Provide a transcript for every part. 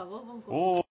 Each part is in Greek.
Εγώ, εγώ.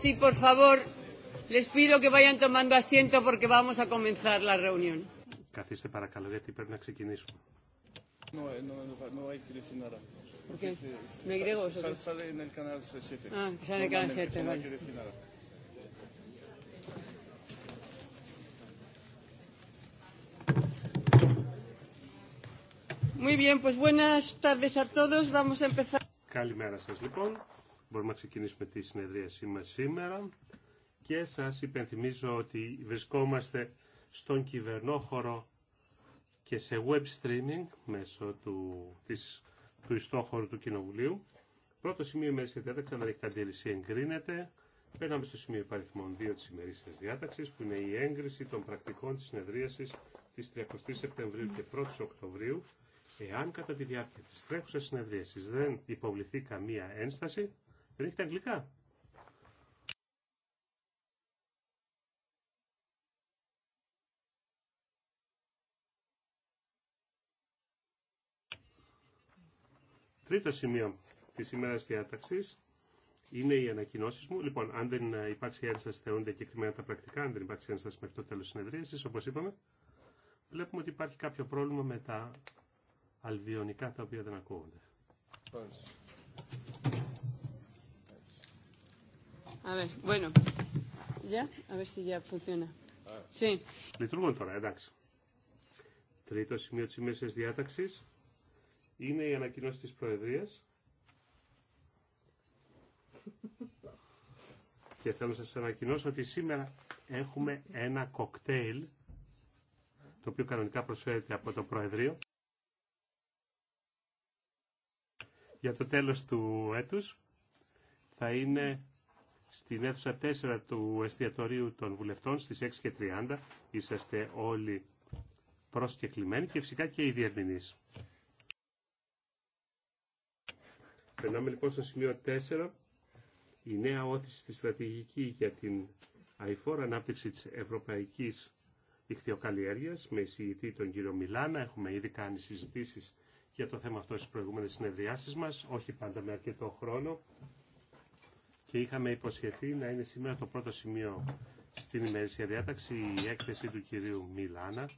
Sí, por favor, les pido que vayan tomando asiento porque vamos a comenzar la reunión. Καθίστε παρακαλώ γιατί πρέπει να ξεκινήσουμε. No, no, no, no hay que decir nada. ¿Por qué? ¿No hay sale en el canal 7. Ah, sale en el canal 7, vale. Muy bien, pues buenas tardes a todos. Vamos a empezar. Καλημέρα σας λοιπόν μπορούμε να ξεκινήσουμε τη συνεδρίασή μας σήμερα και σας υπενθυμίζω ότι βρισκόμαστε στον κυβερνόχωρο και σε web streaming μέσω του, της, του ιστόχωρου του Κοινοβουλίου. Πρώτο σημείο ημερήσια διάταξη, αν έχετε αντίρρηση, εγκρίνεται. Περνάμε στο σημείο υπαριθμών 2 της ημερήσιας διάταξης, που είναι η έγκριση των πρακτικών της συνεδρίασης της 30 Σεπτεμβρίου και 1 Οκτωβρίου Εάν κατά τη διάρκεια της τρέχουσας συνεδρίασης δεν υποβληθεί καμία ένσταση, δεν έχετε αγγλικά. Τρίτο σημείο της ημέρας διάταξης είναι οι ανακοινώσει μου. Λοιπόν, αν δεν υπάρξει ένσταση, θεωρούνται εκτιμένα τα πρακτικά. Αν δεν υπάρξει ένσταση μέχρι το τέλο τη συνεδρίαση, όπω είπαμε, βλέπουμε ότι υπάρχει κάποιο πρόβλημα με τα αλβιονικά τα οποία δεν ακούγονται. A ver, bueno. Ya, a ver si ya funciona. Sí. Λειτουργούν τώρα, εντάξει. Τρίτο σημείο της μέσης διάταξη είναι η ανακοινώση τη προεδρία. Και θέλω να σα ανακοινώσω ότι σήμερα έχουμε ένα κοκτέιλ το οποίο κανονικά προσφέρεται από το Προεδρείο για το τέλος του έτους θα είναι στην αίθουσα 4 του εστιατορίου των βουλευτών στις 6.30. Είσαστε όλοι προσκεκλημένοι και φυσικά και οι διερμηνείς. Περνάμε λοιπόν στο σημείο 4. Η νέα όθηση στη στρατηγική για την αηφόρα ανάπτυξη της Ευρωπαϊκής δικτυοκαλλιέργειας με εισηγητή τον κύριο Μιλάνα. Έχουμε ήδη κάνει συζητήσεις για το θέμα αυτό στις προηγούμενες συνεδριάσεις μας, όχι πάντα με αρκετό χρόνο και είχαμε υποσχεθεί να είναι σήμερα το πρώτο σημείο στην ημερήσια διάταξη η έκθεση του κυρίου Μιλάνα.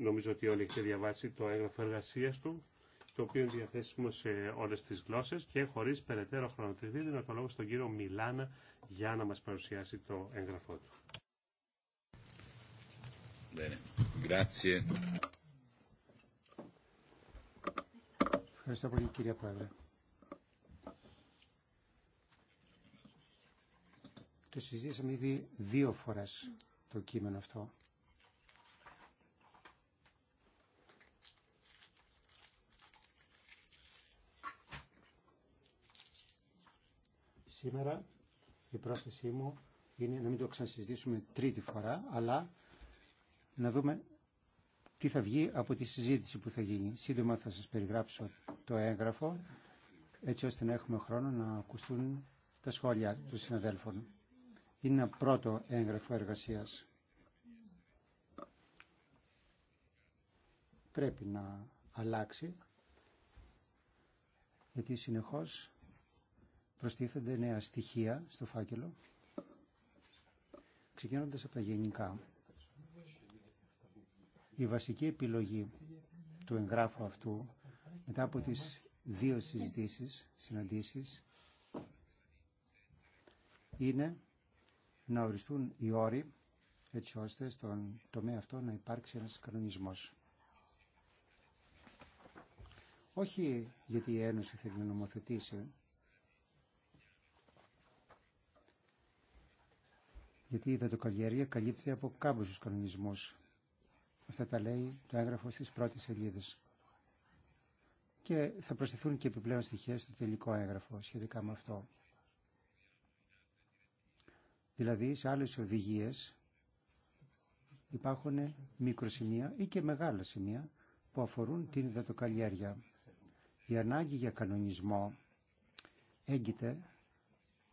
Νομίζω ότι όλοι έχετε διαβάσει το έγγραφο εργασία του, το οποίο είναι διαθέσιμο σε όλε τι γλώσσε και χωρί περαιτέρω χρονοτριβή δίνω το λόγο στον κύριο Μιλάνα για να μα παρουσιάσει το έγγραφό του. Ευχαριστώ πολύ κύριε Πρόεδρε. Το συζήτησαμε ήδη δύο φορές το κείμενο αυτό. Σήμερα η πρόθεσή μου είναι να μην το ξανασυζητήσουμε τρίτη φορά, αλλά να δούμε τι θα βγει από τη συζήτηση που θα γίνει. Σύντομα θα σας περιγράψω το έγγραφο, έτσι ώστε να έχουμε χρόνο να ακουστούν τα σχόλια των συναδέλφων. Είναι ένα πρώτο έγγραφο εργασίας. Πρέπει να αλλάξει, γιατί συνεχώς προστίθενται νέα στοιχεία στο φάκελο, ξεκινώντας από τα γενικά. Η βασική επιλογή του εγγράφου αυτού, μετά από τις δύο συζητήσεις, συναντήσεις, είναι να οριστούν οι όροι έτσι ώστε στον τομέα αυτό να υπάρξει ένας κανονισμός. Όχι γιατί η Ένωση θέλει να νομοθετήσει, γιατί η δατοκαλλιέργεια καλύπτει από τους κανονισμούς. Αυτά τα λέει το έγγραφο στις πρώτες σελίδες. Και θα προσθεθούν και επιπλέον στοιχεία στο τελικό έγγραφο σχετικά με αυτό. Δηλαδή σε άλλες οδηγίες υπάρχουν μικροσημεία ή και μεγάλα σημεία που αφορούν την υδατοκαλλιέργεια. Η ανάγκη για κανονισμό έγκυται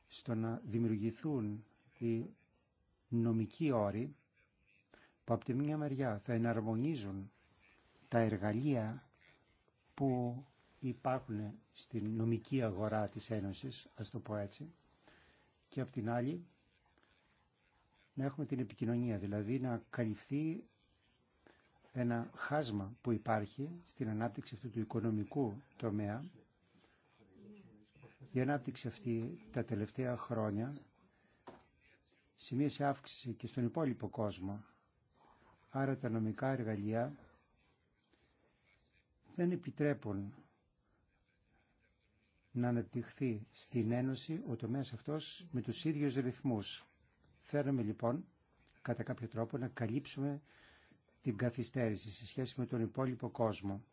στο να δημιουργηθούν οι νομικοί όροι που από τη μία μεριά θα εναρμονίζουν τα εργαλεία που υπάρχουν στην νομική αγορά της Ένωσης, ας το πω έτσι, και από την άλλη να έχουμε την επικοινωνία, δηλαδή να καλυφθεί ένα χάσμα που υπάρχει στην ανάπτυξη αυτού του οικονομικού τομέα. Η ανάπτυξη αυτή τα τελευταία χρόνια σημείωσε αύξηση και στον υπόλοιπο κόσμο. Άρα τα νομικά εργαλεία δεν επιτρέπουν να αναπτυχθεί στην Ένωση ο τομέας αυτός με τους ίδιους ρυθμούς. Θέλουμε λοιπόν κατά κάποιο τρόπο να καλύψουμε την καθυστέρηση σε σχέση με τον υπόλοιπο κόσμο.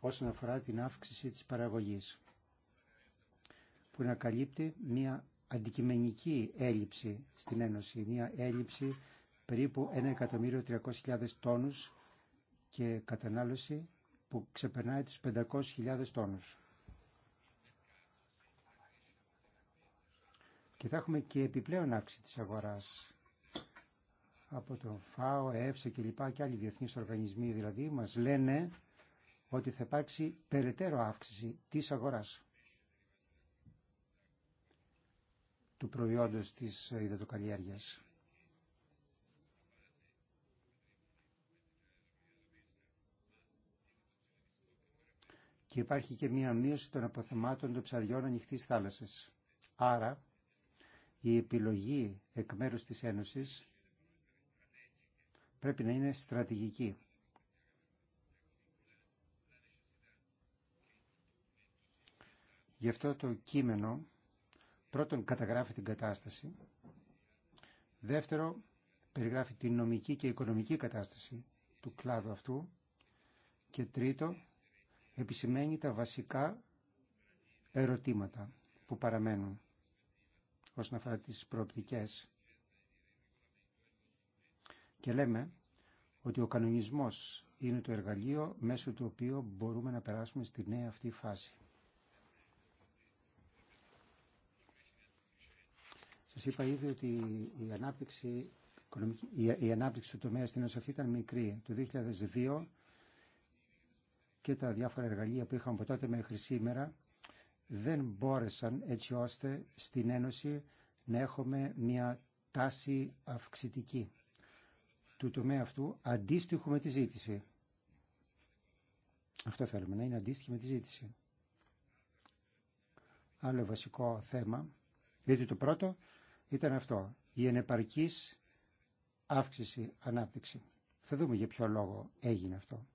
όσον αφορά την αύξηση της παραγωγής, που να καλύπτει μια αντικειμενική έλλειψη στην Ένωση, μια έλλειψη περίπου 1.300.000 τόνους και κατανάλωση που ξεπερνάει τους 500.000 τόνους. και θα έχουμε και επιπλέον αύξηση της αγοράς από τον ΦΑΟ, ΕΕΦΣΕ και λοιπά και άλλοι διεθνείς οργανισμοί δηλαδή μας λένε ότι θα υπάρξει περαιτέρω αύξηση της αγοράς του προϊόντος της υδατοκαλλιέργειας. Και υπάρχει και μία μείωση των αποθεμάτων των ψαριών ανοιχτής θάλασσας. Άρα, η επιλογή εκ μέρους της Ένωσης πρέπει να είναι στρατηγική. Γι' αυτό το κείμενο πρώτον καταγράφει την κατάσταση, δεύτερο περιγράφει την νομική και οικονομική κατάσταση του κλάδου αυτού και τρίτο επισημαίνει τα βασικά ερωτήματα που παραμένουν όσον αφορά τις προοπτικές. Και λέμε ότι ο κανονισμός είναι το εργαλείο μέσω του οποίου μπορούμε να περάσουμε στη νέα αυτή φάση. Σας είπα ήδη ότι η ανάπτυξη, του τομέα στην Ένωση αυτή ήταν μικρή. Το 2002 και τα διάφορα εργαλεία που είχαμε από τότε μέχρι σήμερα δεν μπόρεσαν έτσι ώστε στην Ένωση να έχουμε μια τάση αυξητική του τομέα αυτού αντίστοιχο με τη ζήτηση. Αυτό θέλουμε, να είναι αντίστοιχη με τη ζήτηση. Άλλο βασικό θέμα, γιατί το πρώτο ήταν αυτό, η ενεπαρκής αύξηση ανάπτυξη. Θα δούμε για ποιο λόγο έγινε αυτό.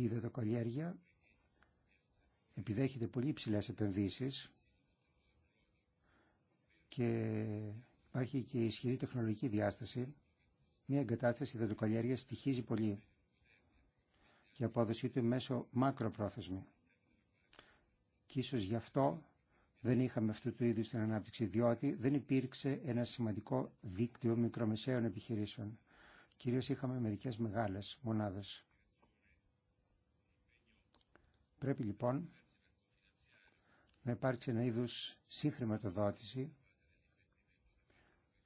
η υδατοκαλλιέργεια επιδέχεται πολύ υψηλές επενδύσεις και υπάρχει και ισχυρή τεχνολογική διάσταση. Μία εγκατάσταση υδατοκαλλιέργειας στοιχίζει πολύ και η απόδοσή του μέσω μακροπρόθεσμη. Και ίσως γι' αυτό δεν είχαμε αυτού του είδους την ανάπτυξη, διότι δεν υπήρξε ένα σημαντικό δίκτυο μικρομεσαίων επιχειρήσεων. Κυρίως είχαμε μερικές μεγάλες μονάδες. Πρέπει λοιπόν να υπάρξει ένα είδους συγχρηματοδότηση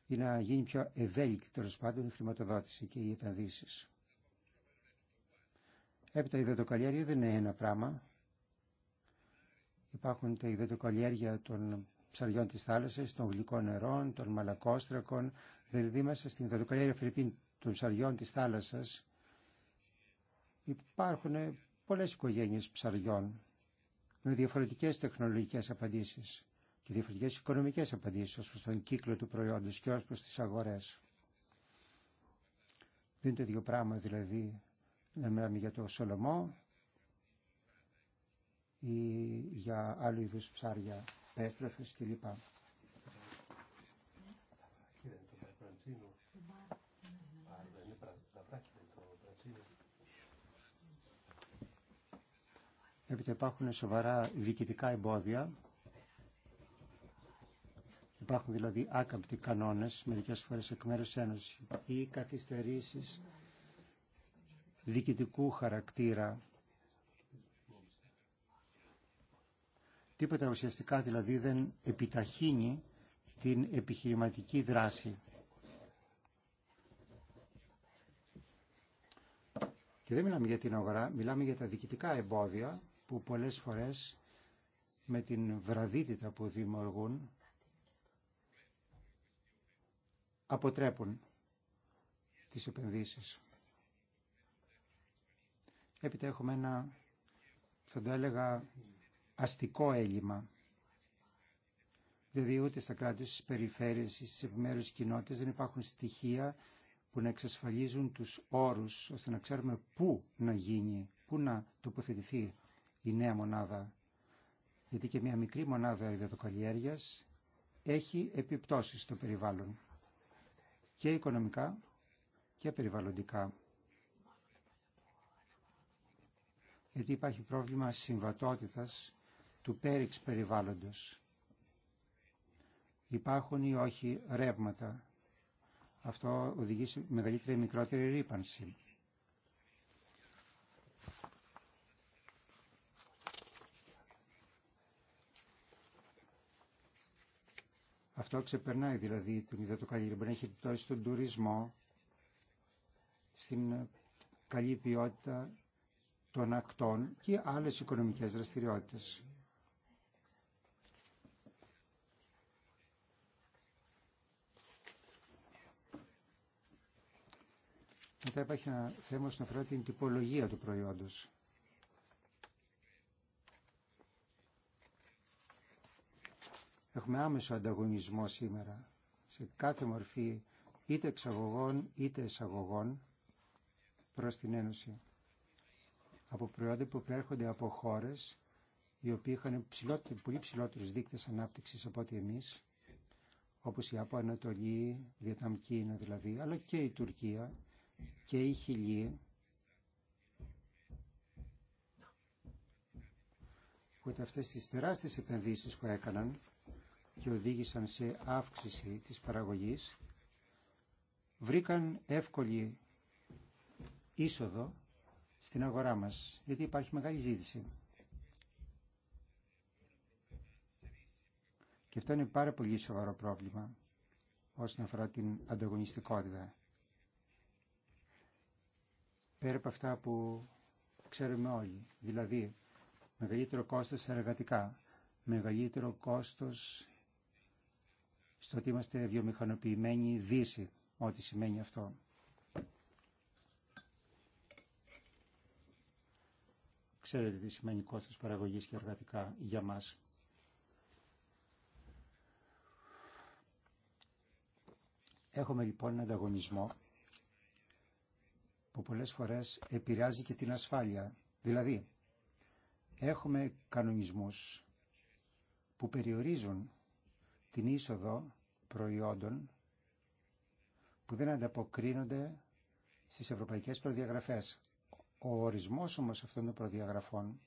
ή να γίνει πιο ευέλικτη τέλο πάντων η χρηματοδότηση και οι επενδύσει. Έπειτα η δεδοκαλλιέργεια δεν είναι ένα πράγμα. Υπάρχουν τα υδατοκαλλιέργεια των ψαριών της θάλασσας, των γλυκών νερών, των μαλακόστρακων. Δηλαδή μέσα στην υδατοκαλλιέργεια των ψαριών της θάλασσας υπάρχουν πολλές οικογένειες ψαριών με διαφορετικές τεχνολογικές απαντήσεις και διαφορετικές οικονομικές απαντήσεις ως προς τον κύκλο του προϊόντος και ως προς τις αγορές. Δεν είναι το ίδιο πράγμα δηλαδή να μιλάμε για το Σολομό ή για άλλου είδους ψάρια, πέστροφες κλπ. έπειτα υπάρχουν σοβαρά διοικητικά εμπόδια. Υπάρχουν δηλαδή άκαμπτοι κανόνες, μερικές φορές εκ μέρους Ένωσης, ή καθυστερήσεις διοικητικού χαρακτήρα. Τίποτα ουσιαστικά δηλαδή δεν επιταχύνει την επιχειρηματική δράση. Και δεν μιλάμε για την αγορά, μιλάμε για τα διοικητικά εμπόδια που πολλές φορές με την βραδύτητα που δημιουργούν αποτρέπουν τις επενδύσεις. Έπειτα έχουμε ένα, θα το έλεγα, αστικό έλλειμμα. Δηλαδή ούτε στα κράτη, στις περιφέρειες, στις επιμέρους κοινότητες δεν υπάρχουν στοιχεία που να εξασφαλίζουν τους όρους ώστε να ξέρουμε πού να γίνει, πού να τοποθετηθεί η νέα μονάδα, γιατί και μια μικρή μονάδα ιδιωτοκαλλιέργειας έχει επιπτώσεις στο περιβάλλον και οικονομικά και περιβαλλοντικά. Γιατί υπάρχει πρόβλημα συμβατότητας του πέριξ περιβάλλοντος. Υπάρχουν ή όχι ρεύματα. Αυτό οδηγεί σε μεγαλύτερη ή μικρότερη ρήπανση. Αυτό ξεπερνάει δηλαδή του υδατοκαλλιέργεια. Μπορεί να έχει επιπτώσει στον τουρισμό, στην ε, καλή ποιότητα των ακτών και άλλες οικονομικές δραστηριότητες. Μετά υπάρχει ένα θέμα όσον αφορά την τυπολογία του προϊόντος. Έχουμε άμεσο ανταγωνισμό σήμερα σε κάθε μορφή είτε εξαγωγών είτε εισαγωγών προς την Ένωση. Από προϊόντα που προέρχονται από χώρες οι οποίοι είχαν πολύ ψηλότερους δείκτες ανάπτυξης από ό,τι εμείς, όπως η από Ανατολή, Βιετναμ, Κίνα δηλαδή, αλλά και η Τουρκία και η Χιλή, που αυτές τις τεράστιες επενδύσεις που έκαναν, και οδήγησαν σε αύξηση της παραγωγής, βρήκαν εύκολη είσοδο στην αγορά μας, γιατί υπάρχει μεγάλη ζήτηση. Και αυτό είναι πάρα πολύ σοβαρό πρόβλημα όσον αφορά την ανταγωνιστικότητα. Πέρα από αυτά που ξέρουμε όλοι, δηλαδή μεγαλύτερο κόστος εργατικά, μεγαλύτερο κόστος στο ότι είμαστε βιομηχανοποιημένοι δύση, ό,τι σημαίνει αυτό. Ξέρετε τι σημαίνει κόστος παραγωγής και εργατικά για μας. Έχουμε λοιπόν έναν ανταγωνισμό που πολλές φορές επηρεάζει και την ασφάλεια. Δηλαδή, έχουμε κανονισμούς που περιορίζουν την είσοδο προϊόντων που δεν ανταποκρίνονται στις ευρωπαϊκές προδιαγραφές. Ο ορισμός όμως αυτών των προδιαγραφών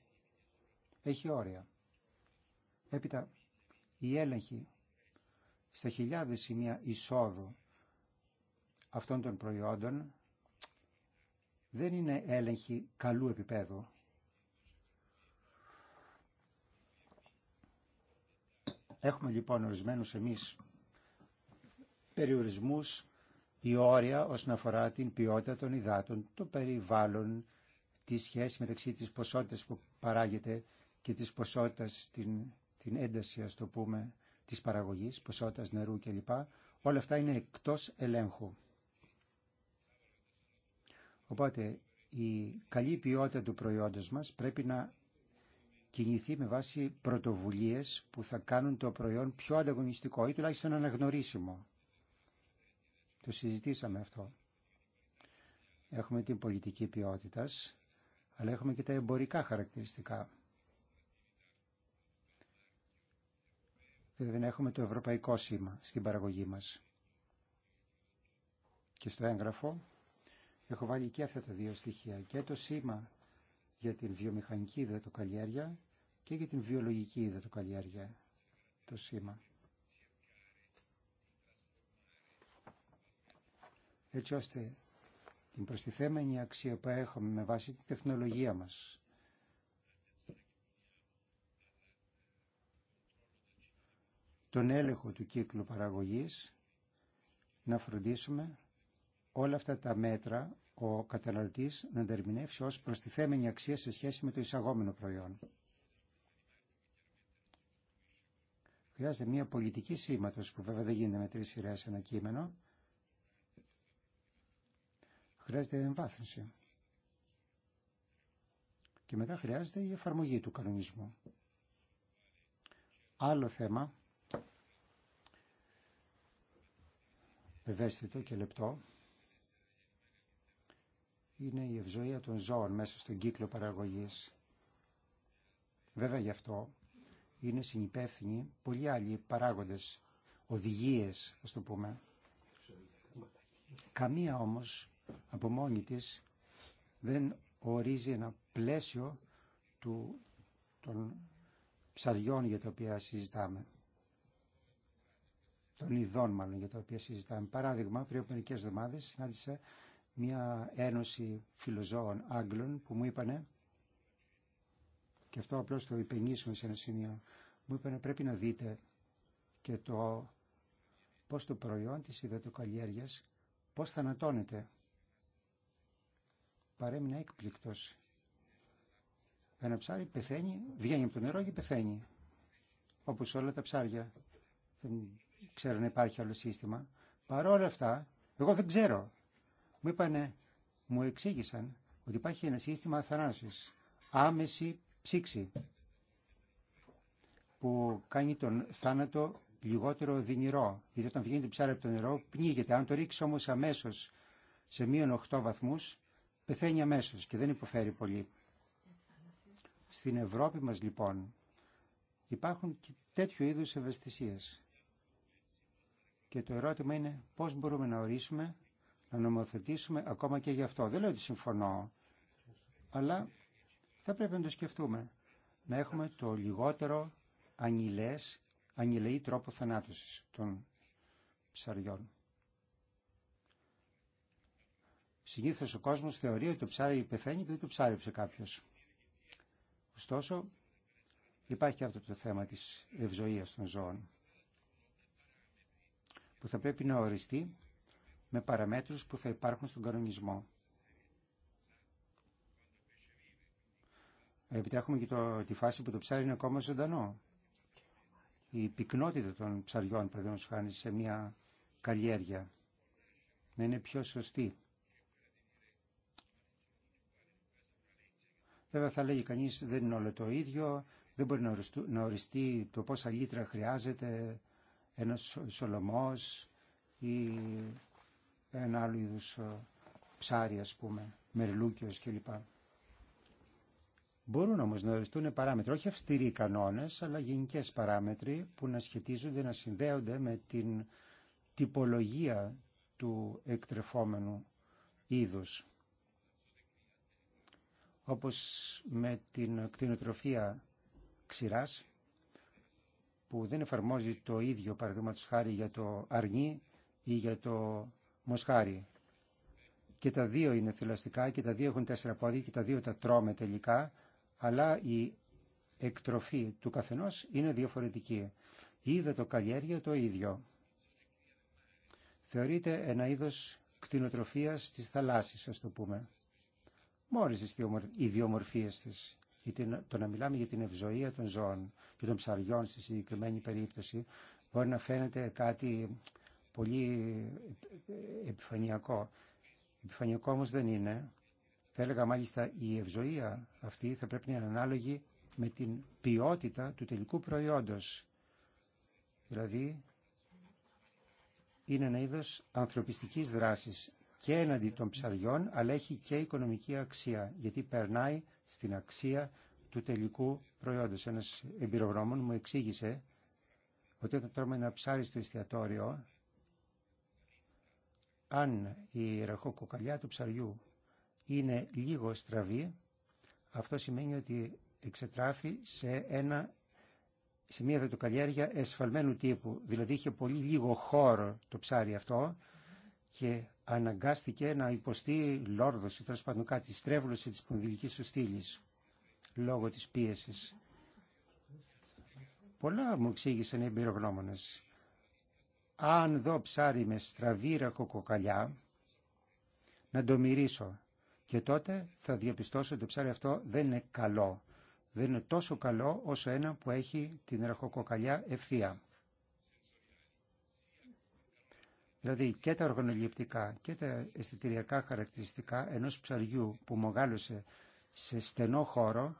έχει όρια. Έπειτα, η έλεγχη στα χιλιάδες σημεία εισόδου αυτών των προϊόντων δεν είναι έλεγχη καλού επίπεδου. Έχουμε λοιπόν ορισμένους εμείς περιορισμούς ή όρια όσον αφορά την ποιότητα των υδάτων, το περιβάλλον, τη σχέση μεταξύ της ποσότητας που παράγεται και της ποσότητας την, την ένταση, ας το πούμε, της παραγωγής, ποσότητας νερού κλπ. Όλα αυτά είναι εκτός ελέγχου. Οπότε η καλή ποιότητα του προϊόντος μας πρέπει να κινηθεί με βάση πρωτοβουλίες που θα κάνουν το προϊόν πιο ανταγωνιστικό ή τουλάχιστον αναγνωρίσιμο. Το συζητήσαμε αυτό. Έχουμε την πολιτική ποιότητας, αλλά έχουμε και τα εμπορικά χαρακτηριστικά. Δεν έχουμε το ευρωπαϊκό σήμα στην παραγωγή μας. Και στο έγγραφο έχω βάλει και αυτά τα δύο στοιχεία. Και το σήμα για την βιομηχανική υδατοκαλλιέργεια και για την βιολογική υδατοκαλλιέργεια το σήμα. Έτσι ώστε την προστιθέμενη αξία που έχουμε με βάση την τεχνολογία μας τον έλεγχο του κύκλου παραγωγής να φροντίσουμε όλα αυτά τα μέτρα ο καταναλωτής να τα ερμηνεύσει ως προστιθέμενη αξία σε σχέση με το εισαγόμενο προϊόν. Χρειάζεται μια πολιτική σήματο που βέβαια δεν γίνεται με τρει σειρέ ένα κείμενο. Χρειάζεται εμβάθυνση. Και μετά χρειάζεται η εφαρμογή του κανονισμού. Άλλο θέμα, ευαίσθητο και λεπτό, είναι η ευζοία των ζώων μέσα στον κύκλο παραγωγής. Βέβαια γι' αυτό είναι συνυπεύθυνοι πολλοί άλλοι παράγοντες, οδηγίες ας το πούμε. Καμία όμως από μόνη της δεν ορίζει ένα πλαίσιο του, των ψαριών για τα οποία συζητάμε. Των ειδών μάλλον για τα οποία συζητάμε. Παράδειγμα, πριν από μερικές εβδομάδες συνάντησα μια ένωση φιλοζώων Άγγλων που μου είπανε και αυτό απλώς το υπενήσουμε σε ένα σημείο, μου είπαν «Ναι, πρέπει να δείτε και το πώς το προϊόν της υδατοκαλλιέργειας πώς θανατώνεται. Παρέμεινα έκπληκτος. Ένα ψάρι πεθαίνει, βγαίνει από το νερό και πεθαίνει. Όπως όλα τα ψάρια. Δεν ξέρω να υπάρχει άλλο σύστημα. Παρ' όλα αυτά, εγώ δεν ξέρω. Μου είπανε, μου εξήγησαν ότι υπάρχει ένα σύστημα θανάσης. Άμεση ψήξη που κάνει τον θάνατο λιγότερο δυνηρό. Γιατί όταν βγαίνει το ψάρι από το νερό, πνίγεται. Αν το ρίξει όμω αμέσω σε μείον 8 βαθμούς πεθαίνει αμέσως και δεν υποφέρει πολύ. Στην Ευρώπη μας λοιπόν υπάρχουν και τέτοιου είδους ευαισθησίες. Και το ερώτημα είναι πώς μπορούμε να ορίσουμε, να νομοθετήσουμε ακόμα και γι' αυτό. Δεν λέω ότι συμφωνώ, αλλά θα πρέπει να το σκεφτούμε. Να έχουμε το λιγότερο ανηλές, ανηλεή τρόπο θανάτωσης των ψαριών. Συνήθω ο κόσμος θεωρεί ότι το ψάρι πεθαίνει επειδή το ψάριψε κάποιο. Ωστόσο, υπάρχει αυτό το θέμα της ευζοία των ζώων, που θα πρέπει να οριστεί με παραμέτρους που θα υπάρχουν στον κανονισμό. Επειδή έχουμε και το, τη φάση που το ψάρι είναι ακόμα ζωντανό. Η πυκνότητα των ψαριών, παραδείγματο χάνει σε μια καλλιέργεια. Να είναι πιο σωστή. Βέβαια θα λέγει κανείς δεν είναι όλο το ίδιο, δεν μπορεί να οριστεί το πόσα λίτρα χρειάζεται ένας σολομός ή ένα άλλο είδους ε, ψάρι ας πούμε, μερλούκιος κλπ. Μπορούν όμως να οριστούν παράμετροι, όχι αυστηροί κανόνες, αλλά γενικές παράμετροι που να σχετίζονται, να συνδέονται με την τυπολογία του εκτρεφόμενου είδους. Όπως με την κτηνοτροφία ξηράς, που δεν εφαρμόζει το ίδιο παραδείγματο χάρη για το αρνί ή για το μοσχάρι. Και τα δύο είναι θηλαστικά και τα δύο έχουν τέσσερα πόδια και τα δύο τα τρώμε τελικά αλλά η εκτροφή του καθενός είναι διαφορετική. το καλλιέργειο το ίδιο. Θεωρείται ένα είδος κτηνοτροφίας της θαλάσσης, ας το πούμε. Μόλις τις ιδιομορφίες της. Το να μιλάμε για την ευζοία των ζώων και των ψαριών στη συγκεκριμένη περίπτωση μπορεί να φαίνεται κάτι πολύ επιφανειακό. Επιφανειακό όμως δεν είναι. Θα έλεγα μάλιστα η ευζοία αυτή θα πρέπει να είναι ανάλογη με την ποιότητα του τελικού προϊόντος. Δηλαδή είναι ένα είδος ανθρωπιστικής δράσης και έναντι των ψαριών, αλλά έχει και οικονομική αξία, γιατί περνάει στην αξία του τελικού προϊόντος. Ένας εμπειρογνώμων μου εξήγησε ότι όταν τρώμε ένα ψάρι στο εστιατόριο, αν η ραχοκοκαλιά του ψαριού είναι λίγο στραβή, αυτό σημαίνει ότι εξετράφει σε, ένα, σε μια δετοκαλλιέργεια εσφαλμένου τύπου. Δηλαδή είχε πολύ λίγο χώρο το ψάρι αυτό και αναγκάστηκε να υποστεί λόρδος ή τέλο πάντων κάτι στρέβλωση της πονδυλικής του στήλη λόγω της πίεσης. Πολλά μου εξήγησαν οι εμπειρογνώμονες. Αν δω ψάρι με στραβή κοκοκαλιά, να το μυρίσω και τότε θα διαπιστώσω ότι το ψάρι αυτό δεν είναι καλό. Δεν είναι τόσο καλό όσο ένα που έχει την ραχοκοκαλιά ευθεία. Δηλαδή και τα οργανοληπτικά και τα αισθητηριακά χαρακτηριστικά ενός ψαριού που μογάλωσε σε στενό χώρο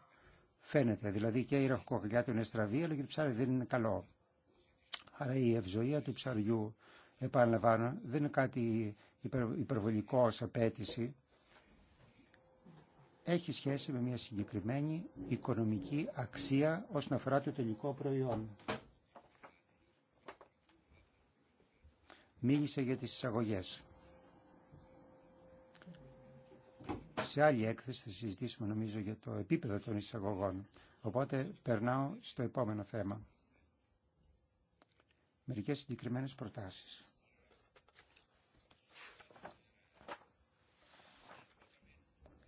φαίνεται. Δηλαδή και η ραχοκοκαλιά του είναι στραβή, αλλά και το ψάρι δεν είναι καλό. Άρα η ευζοία του ψαριού, επαναλαμβάνω, δεν είναι κάτι υπερβολικό ως απέτηση έχει σχέση με μια συγκεκριμένη οικονομική αξία όσον αφορά το τελικό προϊόν. Μίλησε για τις εισαγωγές. Σε άλλη έκθεση θα συζητήσουμε νομίζω για το επίπεδο των εισαγωγών. Οπότε περνάω στο επόμενο θέμα. Μερικές συγκεκριμένες προτάσεις.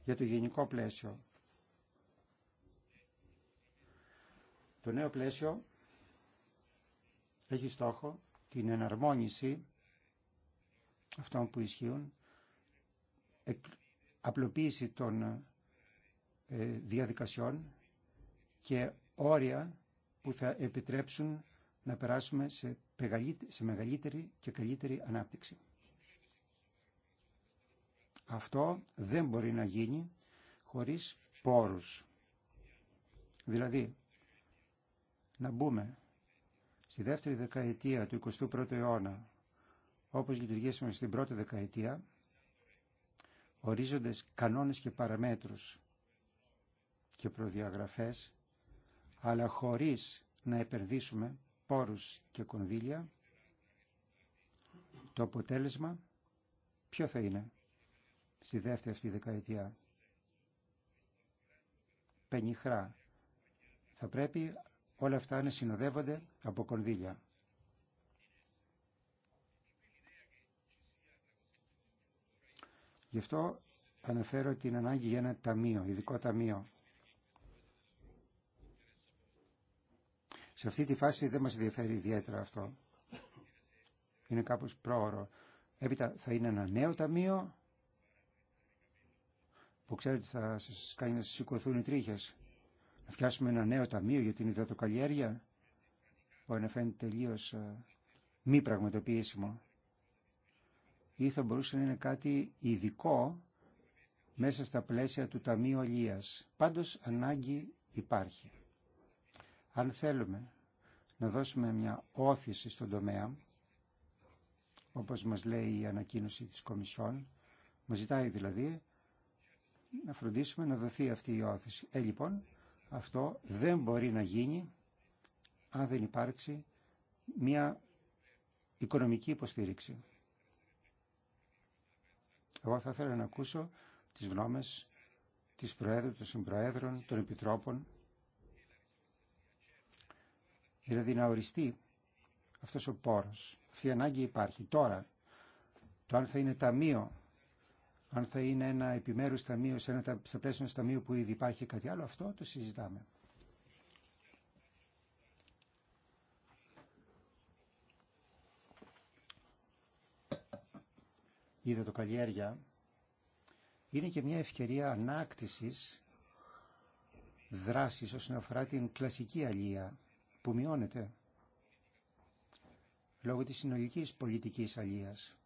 για το γενικό πλαίσιο. Το νέο πλαίσιο έχει στόχο την εναρμόνιση αυτών που ισχύουν, απλοποίηση των ε, διαδικασιών και όρια που θα επιτρέψουν να περάσουμε σε μεγαλύτερη και καλύτερη ανάπτυξη. Αυτό δεν μπορεί να γίνει χωρίς πόρους. Δηλαδή, να μπούμε στη δεύτερη δεκαετία του 21ου αιώνα, όπως λειτουργήσαμε στην πρώτη δεκαετία, ορίζοντας κανόνες και παραμέτρους και προδιαγραφές, αλλά χωρίς να επενδύσουμε πόρους και κονδύλια, το αποτέλεσμα ποιο θα είναι στη δεύτερη αυτή δεκαετία. Πενιχρά. Θα πρέπει όλα αυτά να συνοδεύονται από κονδύλια. Γι' αυτό αναφέρω την ανάγκη για ένα ταμείο, ειδικό ταμείο. Σε αυτή τη φάση δεν μας ενδιαφέρει ιδιαίτερα αυτό. Είναι κάπως πρόωρο. Έπειτα θα είναι ένα νέο ταμείο που ξέρετε θα σα κάνει να σα σηκωθούν οι τρίχε, Να φτιάσουμε ένα νέο ταμείο για την υδατοκαλλιέργεια που αναφέρεται τελείω ε, μη πραγματοποιήσιμο. Ή θα μπορούσε να είναι κάτι ειδικό μέσα στα πλαίσια του Ταμείου Αλίας. Πάντως ανάγκη υπάρχει. Αν θέλουμε να δώσουμε μια όθηση στον τομέα, όπως μας λέει η ανακοίνωση της Κομισιόν, μας ζητάει δηλαδή να φροντίσουμε να δοθεί αυτή η όθηση. Ε, λοιπόν, αυτό δεν μπορεί να γίνει αν δεν υπάρξει μια οικονομική υποστήριξη. Εγώ θα ήθελα να ακούσω τις γνώμες της Προέδρου, των Συμπροέδρων, των Επιτρόπων, δηλαδή να οριστεί αυτός ο πόρος. Αυτή η ανάγκη υπάρχει τώρα. Το αν θα είναι ταμείο αν θα είναι ένα επιμέρους ταμείο σε ένα, στα πλαίσιο που ήδη υπάρχει κάτι άλλο, αυτό το συζητάμε. Η καλλιέργεια. είναι και μια ευκαιρία ανάκτησης δράσης όσον αφορά την κλασική αλία που μειώνεται λόγω της συνολικής πολιτικής αλίας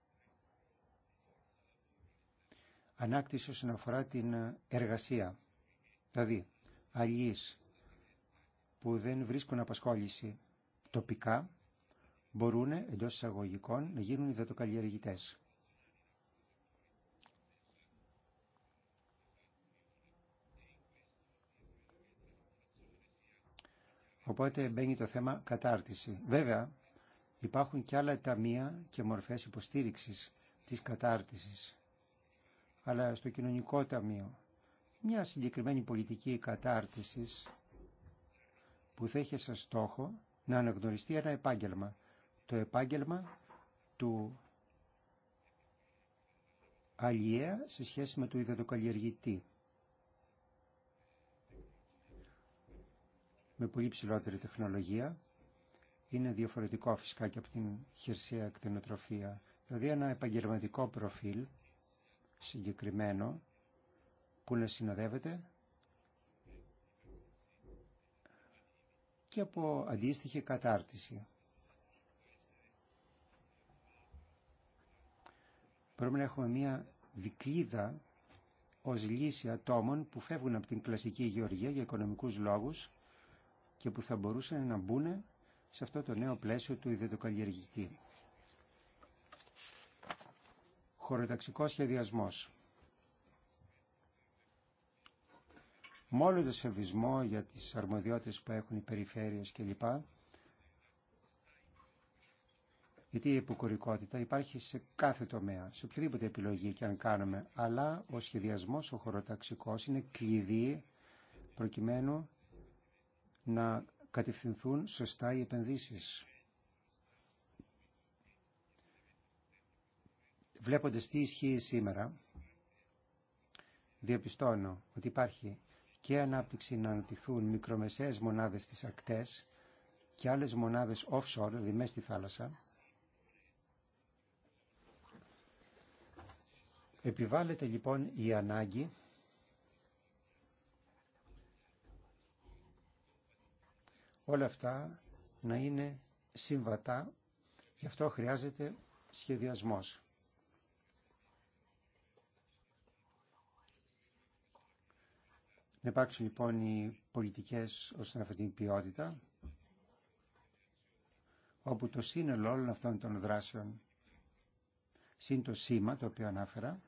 ανάκτηση όσον αφορά την ε, εργασία. Δηλαδή, αλλοίς που δεν βρίσκουν απασχόληση τοπικά μπορούν εντό εισαγωγικών να γίνουν υδατοκαλλιεργητέ. Οπότε μπαίνει το θέμα κατάρτιση. Βέβαια, υπάρχουν και άλλα ταμεία και μορφές υποστήριξης της κατάρτισης αλλά στο κοινωνικό ταμείο. Μια συγκεκριμένη πολιτική κατάρτισης που θα έχει σαν στόχο να αναγνωριστεί ένα επάγγελμα. Το επάγγελμα του αλλιέα σε σχέση με το ιδιωτοκαλλιεργητή. Με πολύ ψηλότερη τεχνολογία. Είναι διαφορετικό φυσικά και από την χερσαία εκτενοτροφία. Δηλαδή ένα επαγγελματικό προφίλ συγκεκριμένο που να συνοδεύεται και από αντίστοιχη κατάρτιση. Πρέπει να έχουμε μία δικλίδα ως λύση ατόμων που φεύγουν από την κλασική γεωργία για οικονομικούς λόγους και που θα μπορούσαν να μπουν σε αυτό το νέο πλαίσιο του ιδετοκαλλιεργητή χωροταξικό σχεδιασμός. Μόνο το σεβισμό για τις αρμοδιότητες που έχουν οι περιφέρειες κλπ. Γιατί η υποκορικότητα υπάρχει σε κάθε τομέα, σε οποιαδήποτε επιλογή και αν κάνουμε. Αλλά ο σχεδιασμός, ο χοροταξικός είναι κλειδί προκειμένου να κατευθυνθούν σωστά οι επενδύσεις. Βλέποντας τι ισχύει σήμερα, διαπιστώνω ότι υπάρχει και ανάπτυξη να αναπτυχθούν μικρομεσαίες μονάδες στις ακτές και άλλες μονάδες offshore, δηλαδή στη θάλασσα. Επιβάλλεται λοιπόν η ανάγκη όλα αυτά να είναι συμβατά, γι' αυτό χρειάζεται σχεδιασμός. Να υπάρξουν λοιπόν οι πολιτικές ώστε να την ποιότητα, όπου το σύνολο όλων αυτών των δράσεων, σύν το σήμα το οποίο ανάφερα,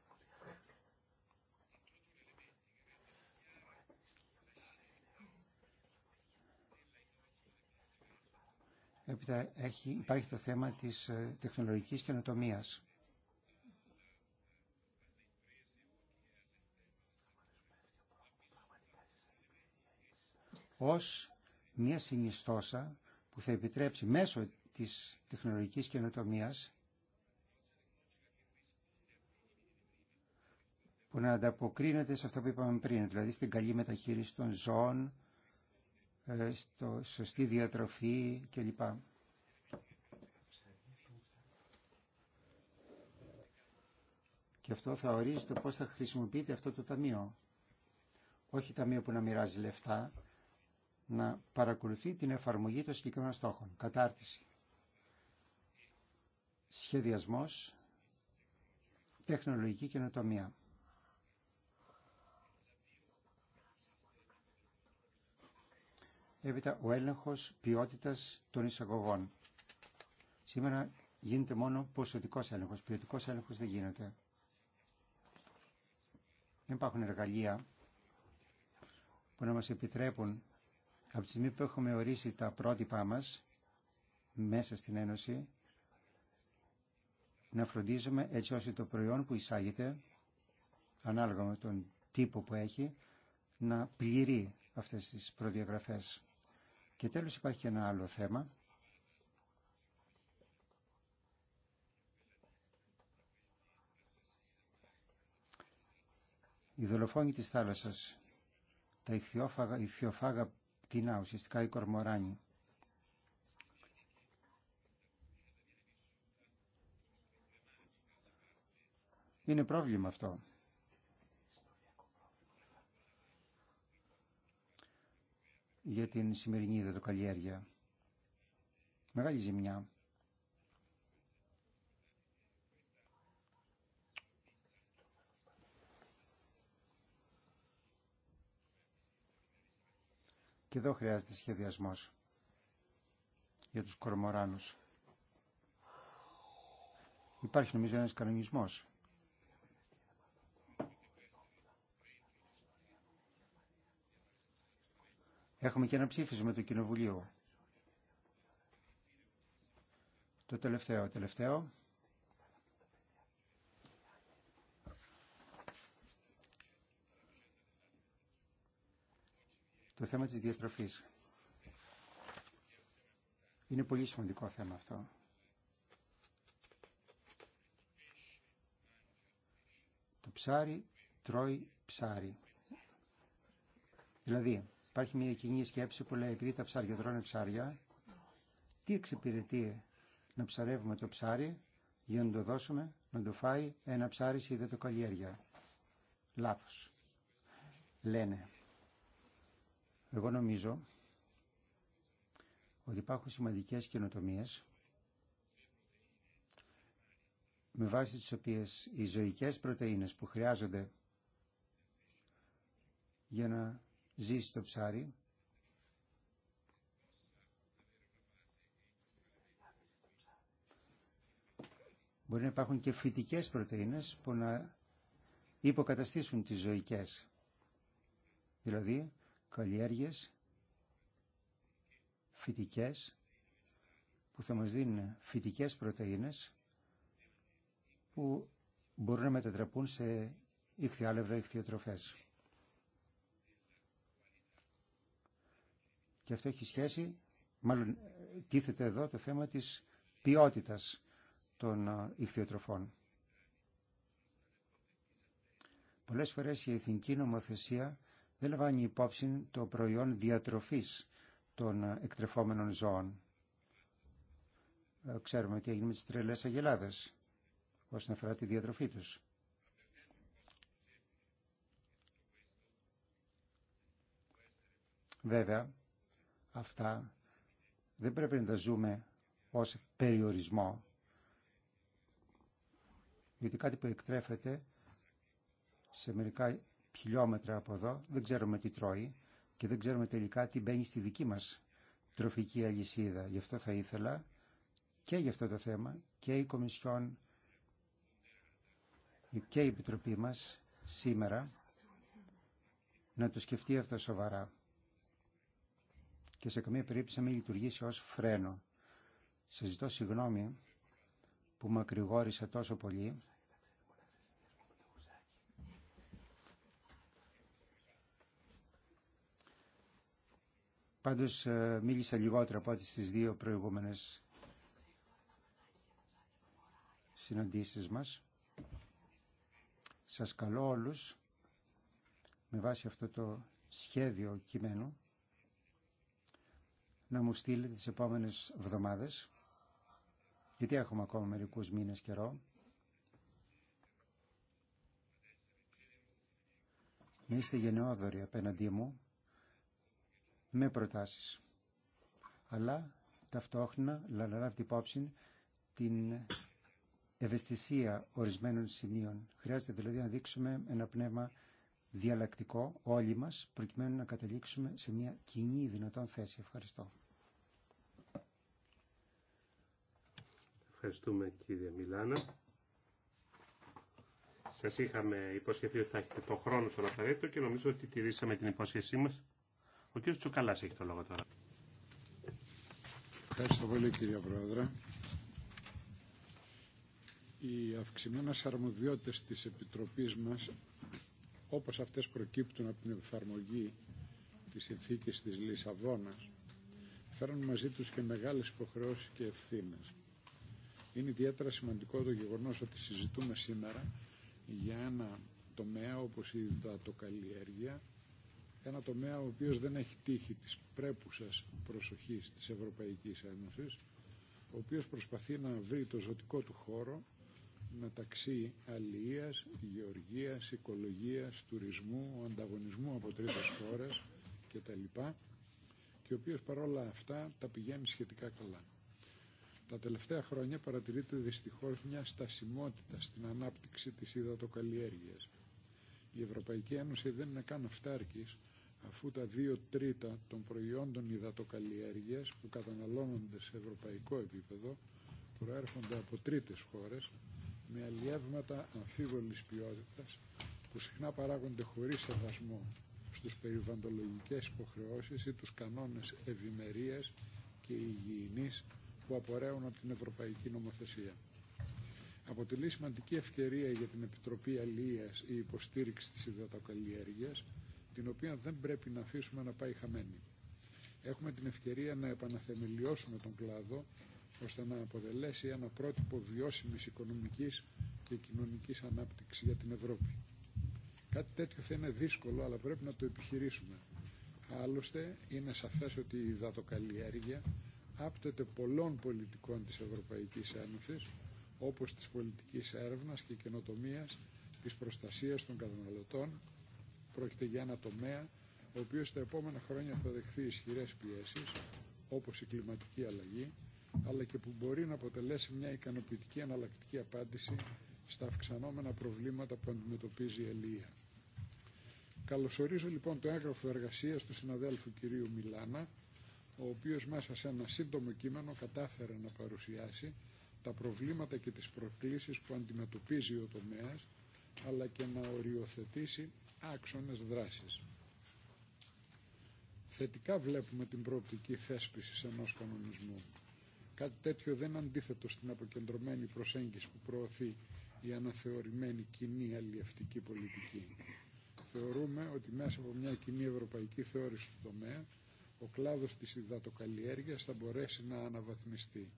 Έπειτα έχει, υπάρχει το θέμα της ε, τεχνολογικής καινοτομίας. ως μια συνιστόσα που θα επιτρέψει μέσω της τεχνολογικής καινοτομίας που να ανταποκρίνεται σε αυτό που είπαμε πριν, δηλαδή στην καλή μεταχείριση των ζώων, ε, στο σωστή διατροφή κλπ. Και αυτό θα ορίζει το πώς θα χρησιμοποιείται αυτό το ταμείο. Όχι ταμείο που να μοιράζει λεφτά, να παρακολουθεί την εφαρμογή των συγκεκριμένων στόχων. Κατάρτιση. Σχεδιασμός. Τεχνολογική καινοτομία. Έπειτα ο έλεγχος ποιότητας των εισαγωγών. Σήμερα γίνεται μόνο ποσοτικός έλεγχος. Ποιοτικός έλεγχος δεν γίνεται. Δεν υπάρχουν εργαλεία που να μας επιτρέπουν από τη στιγμή που έχουμε ορίσει τα πρότυπά μας μέσα στην Ένωση, να φροντίζουμε έτσι ώστε το προϊόν που εισάγεται, ανάλογα με τον τύπο που έχει, να πληρεί αυτές τις προδιαγραφές. Και τέλος υπάρχει και ένα άλλο θέμα. Οι δολοφόνοι της θάλασσας, τα ηχθιόφάγα, πτηνά, ουσιαστικά οι Κορμοράνη Είναι πρόβλημα αυτό. για την σημερινή δεδοκαλλιέργεια. Μεγάλη ζημιά. Και εδώ χρειάζεται σχεδιασμός για τους κορμοράνους. Υπάρχει νομίζω ένας κανονισμός. Έχουμε και ένα ψήφισμα του Κοινοβουλίου. Το τελευταίο, τελευταίο. το θέμα της διατροφής. Είναι πολύ σημαντικό θέμα αυτό. Το ψάρι τρώει ψάρι. Δηλαδή, υπάρχει μια κοινή σκέψη που λέει επειδή τα ψάρια τρώνε ψάρια, τι εξυπηρετεί να ψαρεύουμε το ψάρι για να το δώσουμε να το φάει ένα ψάρι σε ιδετοκαλλιέργεια. Λάθος. Λένε εγώ νομίζω ότι υπάρχουν σημαντικές καινοτομίες με βάση τις οποίες οι ζωικές πρωτεΐνες που χρειάζονται για να ζήσει το ψάρι μπορεί να υπάρχουν και φυτικές πρωτεΐνες που να υποκαταστήσουν τις ζωικές. Δηλαδή, καλλιέργειες φυτικές που θα μας δίνουν φυτικές πρωτεΐνες που μπορούν να μετατραπούν σε ηχθιάλευρα ηχθιοτροφές. Και αυτό έχει σχέση, μάλλον τίθεται εδώ το θέμα της ποιότητας των ε, ηχθιοτροφών. Πολλές φορές η εθνική νομοθεσία δεν λαμβάνει υπόψη το προϊόν διατροφής των εκτρεφόμενων ζώων. Ε, ξέρουμε τι έγινε με τις τρελές αγελάδες όσον αφορά τη διατροφή τους. Βέβαια, αυτά δεν πρέπει να τα ζούμε ως περιορισμό, γιατί κάτι που εκτρέφεται σε μερικά χιλιόμετρα από εδώ, δεν ξέρουμε τι τρώει και δεν ξέρουμε τελικά τι μπαίνει στη δική μας τροφική αλυσίδα. Γι' αυτό θα ήθελα και γι' αυτό το θέμα και η Κομισιόν και η Επιτροπή μας σήμερα να το σκεφτεί αυτό σοβαρά και σε καμία περίπτωση να μην λειτουργήσει ως φρένο. Σας ζητώ συγγνώμη που μακρηγόρησα τόσο πολύ Πάντως ε, μίλησα λιγότερο από ό,τι στις δύο προηγούμενες συναντήσεις μας. Σας καλώ όλους με βάση αυτό το σχέδιο κειμένου να μου στείλετε τις επόμενες εβδομάδες γιατί έχουμε ακόμα μερικούς μήνες καιρό να είστε γενναιόδοροι απέναντί μου με προτάσεις. Αλλά ταυτόχρονα την υπόψη την ευαισθησία ορισμένων σημείων. Χρειάζεται δηλαδή να δείξουμε ένα πνεύμα διαλλακτικό όλοι μας προκειμένου να καταλήξουμε σε μια κοινή δυνατόν θέση. Ευχαριστώ. Ευχαριστούμε κύριε Μιλάνα. Σας είχαμε υποσχεθεί ότι θα έχετε τον χρόνο στον απαραίτητο και νομίζω ότι τηρήσαμε την υπόσχεσή μας. Ο κύριος Τσουκαλάς έχει το λόγο τώρα. Ευχαριστώ πολύ κύριε Πρόεδρε. Οι αυξημένες αρμοδιότητες της Επιτροπής μας, όπως αυτές προκύπτουν από την εφαρμογή της συνθήκης της Λισαβόνας, φέρνουν μαζί τους και μεγάλες υποχρεώσεις και ευθύνες. Είναι ιδιαίτερα σημαντικό το γεγονός ότι συζητούμε σήμερα για ένα τομέα όπως η υδατοκαλλιέργεια ένα τομέα ο οποίος δεν έχει τύχει της πρέπουσας προσοχής της Ευρωπαϊκής Ένωσης, ο οποίος προσπαθεί να βρει το ζωτικό του χώρο μεταξύ αλληλείας, γεωργίας, οικολογίας, τουρισμού, ανταγωνισμού από τρίτες χώρες κτλ. και ο οποίος παρόλα αυτά τα πηγαίνει σχετικά καλά. Τα τελευταία χρόνια παρατηρείται δυστυχώς μια στασιμότητα στην ανάπτυξη της υδατοκαλλιέργειας. Η Ευρωπαϊκή Ένωση δεν είναι καν αυτάρκης αφού τα δύο τρίτα των προϊόντων υδατοκαλλιέργειας που καταναλώνονται σε ευρωπαϊκό επίπεδο προέρχονται από τρίτες χώρες με αλλιεύματα αμφίβολης ποιότητας που συχνά παράγονται χωρίς σεβασμό στους περιβαντολογικές υποχρεώσεις ή τους κανόνες ευημερία και υγιεινής που απορρέουν από την Ευρωπαϊκή Νομοθεσία. Αποτελεί σημαντική ευκαιρία για την Επιτροπή Αλίας η υποστήριξη της υδατοκαλλιέργειας την οποία δεν πρέπει να αφήσουμε να πάει χαμένη. Έχουμε την ευκαιρία να επαναθεμελιώσουμε τον κλάδο ώστε να αποτελέσει ένα πρότυπο βιώσιμη οικονομικής και κοινωνικής ανάπτυξης για την Ευρώπη. Κάτι τέτοιο θα είναι δύσκολο, αλλά πρέπει να το επιχειρήσουμε. Άλλωστε, είναι σαφές ότι η δατοκαλλιέργεια άπτεται πολλών πολιτικών της Ευρωπαϊκής Ένωσης, όπως της πολιτικής έρευνας και καινοτομίας, της προστασίας των καταναλωτών, Πρόκειται για ένα τομέα ο οποίος τα επόμενα χρόνια θα δεχθεί ισχυρές πιέσεις, όπως η κλιματική αλλαγή, αλλά και που μπορεί να αποτελέσει μια ικανοποιητική αναλλακτική απάντηση στα αυξανόμενα προβλήματα που αντιμετωπίζει η Ελία. Καλωσορίζω λοιπόν το έγγραφο εργασία του συναδέλφου κυρίου Μιλάνα, ο οποίος μέσα σε ένα σύντομο κείμενο κατάφερε να παρουσιάσει τα προβλήματα και τις προκλήσεις που αντιμετωπίζει ο τομέας αλλά και να οριοθετήσει άξονες δράσης. Θετικά βλέπουμε την προοπτική θέσπιση ενός κανονισμού. Κάτι τέτοιο δεν αντίθετο στην αποκεντρωμένη προσέγγιση που προωθεί η αναθεωρημένη κοινή αλλιευτική πολιτική. Θεωρούμε ότι μέσα από μια κοινή ευρωπαϊκή θεώρηση του τομέα, ο κλάδος της υδατοκαλλιέργειας θα μπορέσει να αναβαθμιστεί.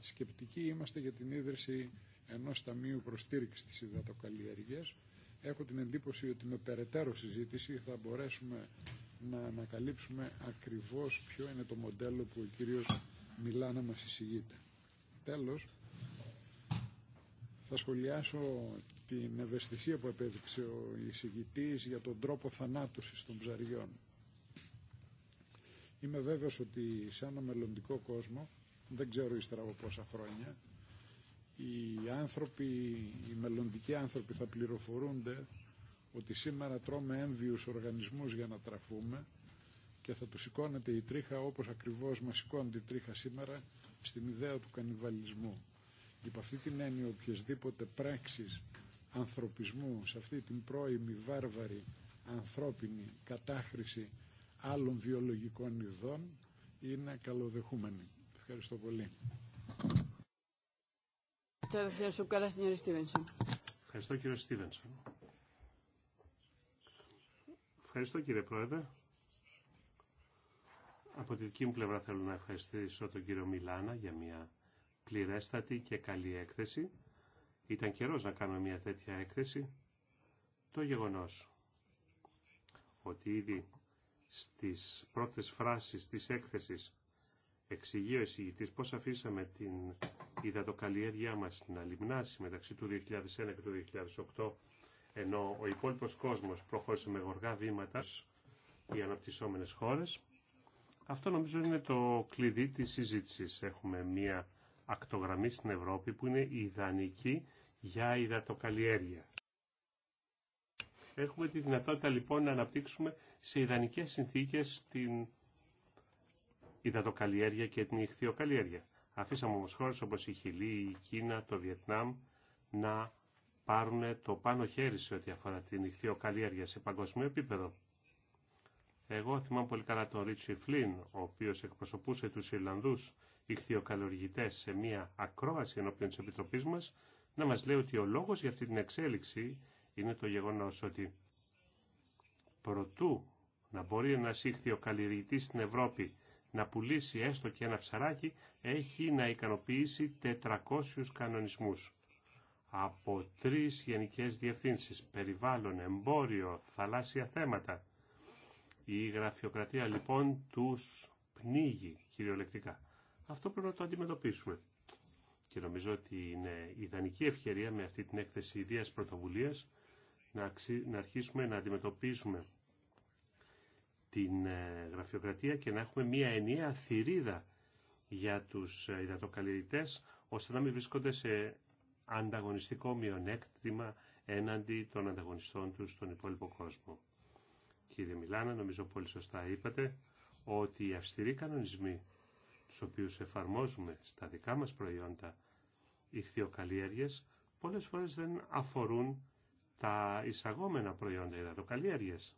Σκεπτικοί είμαστε για την ίδρυση Ενό Ταμείου Προστήριξης της υδατοκαλλιέργεια. έχω την εντύπωση ότι με περαιτέρω συζήτηση θα μπορέσουμε να ανακαλύψουμε ακριβώς ποιο είναι το μοντέλο που ο κύριος Μιλάνα μας εισηγείται. Τέλος, θα σχολιάσω την ευαισθησία που επέδειξε ο εισηγητή για τον τρόπο θανάτωση των ψαριών. Είμαι βέβαιος ότι σε ένα μελλοντικό κόσμο, δεν ξέρω ύστερα από πόσα χρόνια, οι άνθρωποι, οι μελλοντικοί άνθρωποι θα πληροφορούνται ότι σήμερα τρώμε έμβιους οργανισμούς για να τραφούμε και θα του σηκώνεται η τρίχα όπως ακριβώς μας σηκώνεται η τρίχα σήμερα στην ιδέα του κανιβαλισμού. Υπ' αυτή την έννοια οποιασδήποτε πράξεις ανθρωπισμού σε αυτή την πρώιμη βάρβαρη ανθρώπινη κατάχρηση άλλων βιολογικών ειδών είναι καλοδεχούμενη. Ευχαριστώ πολύ. Ευχαριστώ κύριε Στίβενσον. Ευχαριστώ κύριε Πρόεδρε. Από τη δική μου πλευρά θέλω να ευχαριστήσω τον κύριο Μιλάνα για μια πληρέστατη και καλή έκθεση. Ήταν καιρός να κάνουμε μια τέτοια έκθεση. Το γεγονός ότι ήδη στις πρώτες φράσεις της έκθεσης εξηγεί ο εισηγητής πώς αφήσαμε την υδατοκαλλιέργειά μας να λιμνάσει μεταξύ του 2001 και του 2008, ενώ ο υπόλοιπος κόσμος προχώρησε με γοργά βήματα οι αναπτυσσόμενες χώρες. Αυτό νομίζω είναι το κλειδί της συζήτησης. Έχουμε μία ακτογραμμή στην Ευρώπη που είναι ιδανική για υδατοκαλλιέργεια. Έχουμε τη δυνατότητα λοιπόν να αναπτύξουμε σε ιδανικές συνθήκες την υδατοκαλλιέργεια και την ηχθειοκαλλιέργεια. Αφήσαμε όμω χώρε όπω η Χιλή, η Κίνα, το Βιετνάμ να πάρουν το πάνω χέρι σε ό,τι αφορά την ηχθειοκαλλιέργεια σε παγκοσμίο επίπεδο. Εγώ θυμάμαι πολύ καλά τον Ρίτσι Φλίν, ο οποίο εκπροσωπούσε του Ιρλανδού ηχθειοκαλλιεργητέ σε μια ακρόαση ενώπιον τη επιτροπή μα, να μα λέει ότι ο λόγο για αυτή την εξέλιξη είναι το γεγονό ότι προτού να μπορεί ένα καλλιεργητή στην Ευρώπη να πουλήσει έστω και ένα ψαράκι έχει να ικανοποιήσει 400 κανονισμούς από τρεις γενικές διευθύνσεις, περιβάλλον, εμπόριο, θαλάσσια θέματα. Η γραφειοκρατία λοιπόν τους πνίγει κυριολεκτικά. Αυτό πρέπει να το αντιμετωπίσουμε. Και νομίζω ότι είναι ιδανική ευκαιρία με αυτή την έκθεση ιδίας πρωτοβουλίας να αρχίσουμε να αντιμετωπίσουμε την ε, γραφειοκρατία και να έχουμε μια ενιαία θηρίδα για τους ε, υδατοκαλλιεργητές ώστε να μην βρίσκονται σε ανταγωνιστικό μειονέκτημα έναντι των ανταγωνιστών τους στον υπόλοιπο κόσμο. Κύριε Μιλάνα, νομίζω πολύ σωστά είπατε ότι οι αυστηροί κανονισμοί τους οποίους εφαρμόζουμε στα δικά μας προϊόντα ηχθειοκαλλιέργειες πολλές φορές δεν αφορούν τα εισαγόμενα προϊόντα υδατοκαλλιέργειες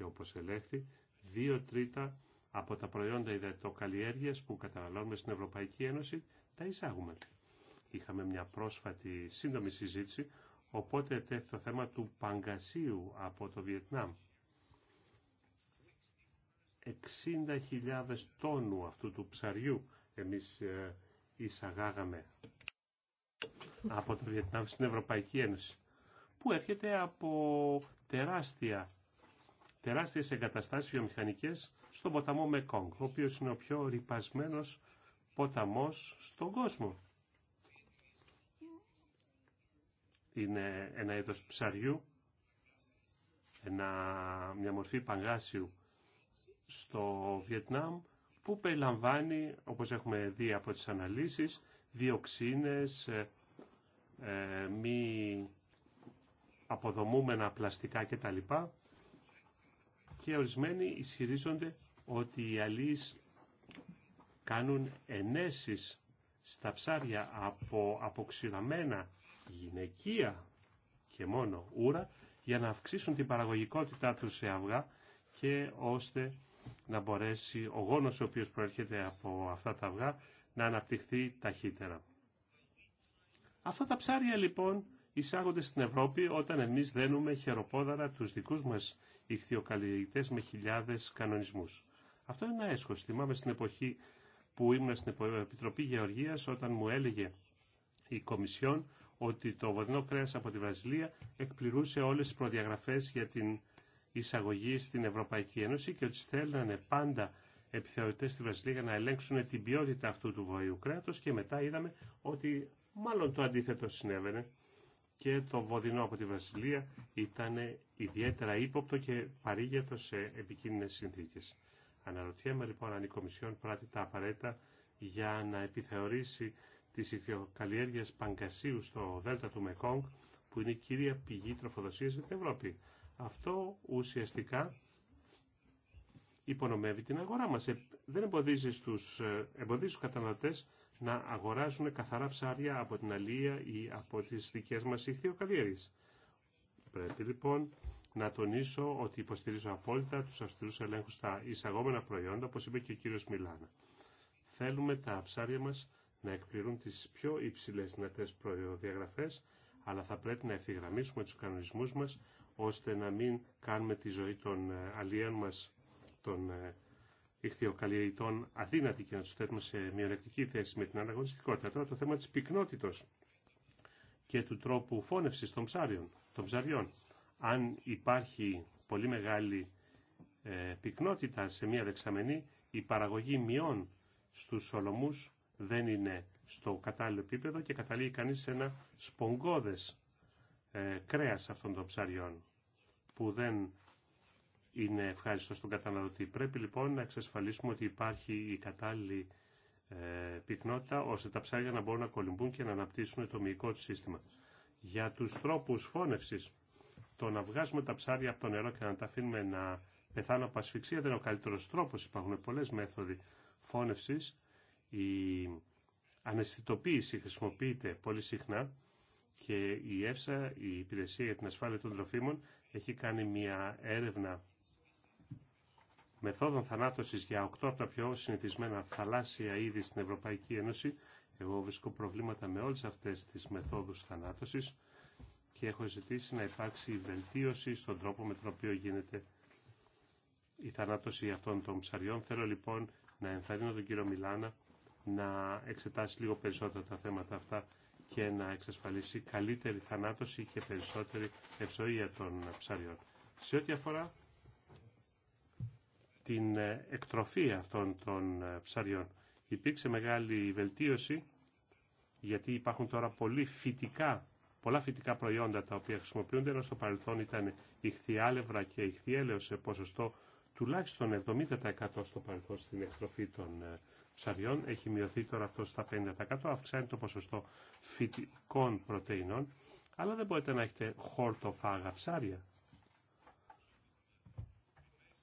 και όπως ελέγχθη, δύο τρίτα από τα προϊόντα υδατοκαλλιέργειας που καταναλώνουμε στην Ευρωπαϊκή Ένωση τα εισάγουμε. Είχαμε μια πρόσφατη σύντομη συζήτηση, οπότε τέθη το θέμα του παγκασίου από το Βιετνάμ. 60.000 τόνου αυτού του ψαριού εμείς ε, εισαγάγαμε από το Βιετνάμ στην Ευρωπαϊκή Ένωση, που έρχεται από τεράστια τεράστιες εγκαταστάσεις βιομηχανικές στον ποταμό Μεκόγκ, ο οποίος είναι ο πιο ρυπασμένος ποταμός στον κόσμο. Είναι ένα είδος ψαριού, ένα, μια μορφή παγάσιου στο Βιετνάμ, που περιλαμβάνει, όπως έχουμε δει από τις αναλύσεις, διοξίνες, ε, ε μη αποδομούμενα πλαστικά κτλ και ορισμένοι ισχυρίζονται ότι οι αλείς κάνουν ενέσεις στα ψάρια από αποξηραμένα γυναικεία και μόνο ούρα για να αυξήσουν την παραγωγικότητά τους σε αυγά και ώστε να μπορέσει ο γόνος ο οποίος προέρχεται από αυτά τα αυγά να αναπτυχθεί ταχύτερα. Αυτά τα ψάρια λοιπόν εισάγονται στην Ευρώπη όταν εμείς δένουμε χεροπόδαρα τους δικούς μας ηχθειοκαλλιεργητές με χιλιάδες κανονισμούς. Αυτό είναι ένα έσχος. Θυμάμαι στην εποχή που ήμουν στην Επιτροπή Γεωργίας όταν μου έλεγε η Κομισιόν ότι το βοδινό κρέας από τη Βραζιλία εκπληρούσε όλες τις προδιαγραφές για την εισαγωγή στην Ευρωπαϊκή Ένωση και ότι στέλνανε πάντα επιθεωρητές στη Βραζιλία για να ελέγξουν την ποιότητα αυτού του βοηού κρέατο και μετά είδαμε ότι μάλλον το αντίθετο συνέβαινε και το βοδινό από τη Βασιλεία ήταν ιδιαίτερα ύποπτο και παρήγετο σε επικίνδυνες συνθήκες. Αναρωτιέμαι λοιπόν αν η Κομισιόν πράττει τα απαραίτητα για να επιθεωρήσει τις ιδιοκαλλιέργειε Παγκασίου στο Δέλτα του Μεκόγκ, που είναι η κύρια πηγή τροφοδοσίας στην Ευρώπη. Αυτό ουσιαστικά υπονομεύει την αγορά μας. Ε, δεν εμποδίζει στους, ε, εμποδίζει στους να αγοράζουν καθαρά ψάρια από την αλία ή από τις δικές μας ηχθειοκαλλιέργειες. Πρέπει λοιπόν να τονίσω ότι υποστηρίζω απόλυτα τους αυστηρούς ελέγχους στα εισαγόμενα προϊόντα, όπως είπε και ο κύριος Μιλάνα. Θέλουμε τα ψάρια μας να εκπληρούν τις πιο υψηλές δυνατές προδιαγραφές, αλλά θα πρέπει να ευθυγραμμίσουμε τους κανονισμούς μας, ώστε να μην κάνουμε τη ζωή των ε, αλίων μας, των ε, ηχθειοκαλλιεργητών αδύνατη και να του θέτουμε σε μειονεκτική θέση με την αναγωνιστικότητα. Τώρα το θέμα τη πυκνότητα και του τρόπου φώνευση των, ψάριων, των ψαριών. Αν υπάρχει πολύ μεγάλη ε, πυκνότητα σε μία δεξαμενή, η παραγωγή μειών στους σολομούς δεν είναι στο κατάλληλο επίπεδο και καταλήγει κανείς σε ένα σπογγόδες ε, κρέας αυτών των ψαριών που δεν είναι ευχάριστο στον καταναλωτή. Πρέπει λοιπόν να εξασφαλίσουμε ότι υπάρχει η κατάλληλη ε, πυκνότητα ώστε τα ψάρια να μπορούν να κολυμπούν και να αναπτύσσουν το μυϊκό του σύστημα. Για του τρόπου φώνευση, το να βγάζουμε τα ψάρια από το νερό και να τα αφήνουμε να πεθάνουν από ασφυξία δεν είναι ο καλύτερο τρόπο, Υπάρχουν πολλέ μέθοδοι φώνευση. Η αναισθητοποίηση χρησιμοποιείται πολύ συχνά και η ΕΦΣΑ, η Υπηρεσία για την Ασφάλεια των Τροφίμων, έχει κάνει μια έρευνα μεθόδων θανάτωσης για οκτώ από τα πιο συνηθισμένα θαλάσσια είδη στην Ευρωπαϊκή Ένωση. Εγώ βρίσκω προβλήματα με όλες αυτές τις μεθόδους θανάτωσης και έχω ζητήσει να υπάρξει βελτίωση στον τρόπο με τον οποίο γίνεται η θανάτωση αυτών των ψαριών. Θέλω λοιπόν να ενθαρρύνω τον κύριο Μιλάνα να εξετάσει λίγο περισσότερο τα θέματα αυτά και να εξασφαλίσει καλύτερη θανάτωση και περισσότερη ευσοία των ψαριών. Σε ό,τι αφορά την ε, εκτροφή αυτών των ε, ψαριών. Υπήρξε μεγάλη βελτίωση γιατί υπάρχουν τώρα πολύ φυτικά, πολλά φυτικά προϊόντα τα οποία χρησιμοποιούνται ενώ στο παρελθόν ήταν ηχθιάλευρα και ηχθιέλαιος σε ποσοστό τουλάχιστον 70% στο παρελθόν στην εκτροφή των ε, ψαριών. Έχει μειωθεί τώρα αυτό στα 50%, αυξάνει το ποσοστό φυτικών πρωτεϊνών, αλλά δεν μπορείτε να έχετε χόρτο φάγα ψάρια.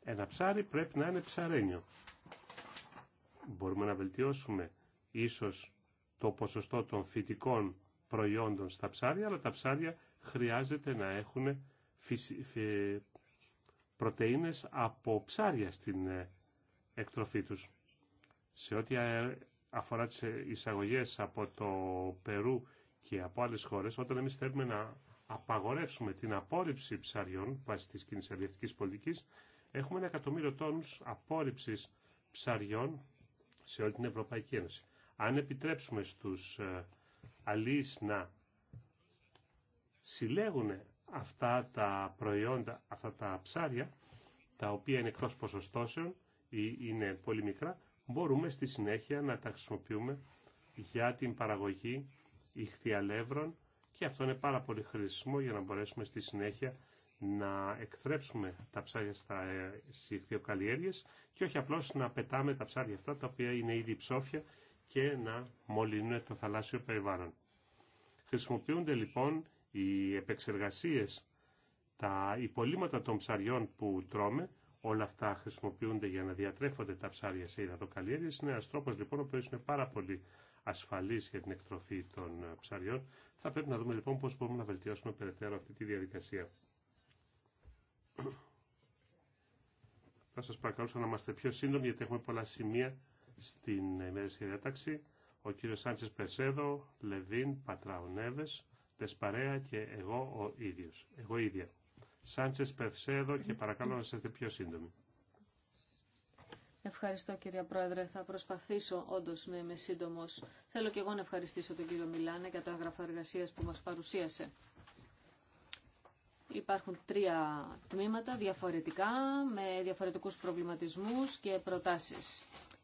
Ένα ψάρι πρέπει να είναι ψαρένιο. Μπορούμε να βελτιώσουμε ίσως το ποσοστό των φυτικών προϊόντων στα ψάρια, αλλά τα ψάρια χρειάζεται να έχουν πρωτεΐνες από ψάρια στην ε, εκτροφή τους. Σε ό,τι ε, αφορά τις ε, εισαγωγές από το Περού και από άλλες χώρες, όταν εμείς θέλουμε να απαγορεύσουμε την απόρριψη ψαριών βάσει της κοινής πολιτικής, Έχουμε ένα εκατομμύριο τόνους απόρριψης ψαριών σε όλη την Ευρωπαϊκή Ένωση. Αν επιτρέψουμε στους ε, αλείς να συλλέγουν αυτά τα προϊόντα, αυτά τα ψάρια, τα οποία είναι εκτός ποσοστώσεων ή είναι πολύ μικρά, μπορούμε στη συνέχεια να τα χρησιμοποιούμε για την παραγωγή ηχθιαλεύρων και αυτό είναι πάρα πολύ χρήσιμο για να μπορέσουμε στη συνέχεια να εκθρέψουμε τα ψάρια στα ε, ιχθυοκαλλιέργειε και όχι απλώς να πετάμε τα ψάρια αυτά τα οποία είναι ήδη ψόφια και να μολύνουν το θαλάσσιο περιβάλλον. Χρησιμοποιούνται λοιπόν οι επεξεργασίες, τα υπολείμματα των ψαριών που τρώμε, όλα αυτά χρησιμοποιούνται για να διατρέφονται τα ψάρια σε υδατοκαλλιέργειες. Είναι ένας τρόπος λοιπόν ο οποίος είναι πάρα πολύ ασφαλής για την εκτροφή των ψαριών. Θα πρέπει να δούμε λοιπόν πώς μπορούμε να βελτιώσουμε περαιτέρω αυτή τη διαδικασία. Θα σας παρακαλούσα να είμαστε πιο σύντομοι γιατί έχουμε πολλά σημεία στην ημερήσια διάταξη. Ο κύριος Σάντσες Περσέδο Λεβίν, Πατραονέβες, Τεσπαρέα και εγώ ο ίδιος. Εγώ ίδια. Σάντσες Περσέδο και παρακαλώ να είστε πιο σύντομοι. Ευχαριστώ κύριε Πρόεδρε. Θα προσπαθήσω όντω να είμαι σύντομο. Θέλω και εγώ να ευχαριστήσω τον κύριο Μιλάνε για το έγγραφο εργασία που μα παρουσίασε. Υπάρχουν τρία τμήματα διαφορετικά, με διαφορετικούς προβληματισμούς και προτάσεις.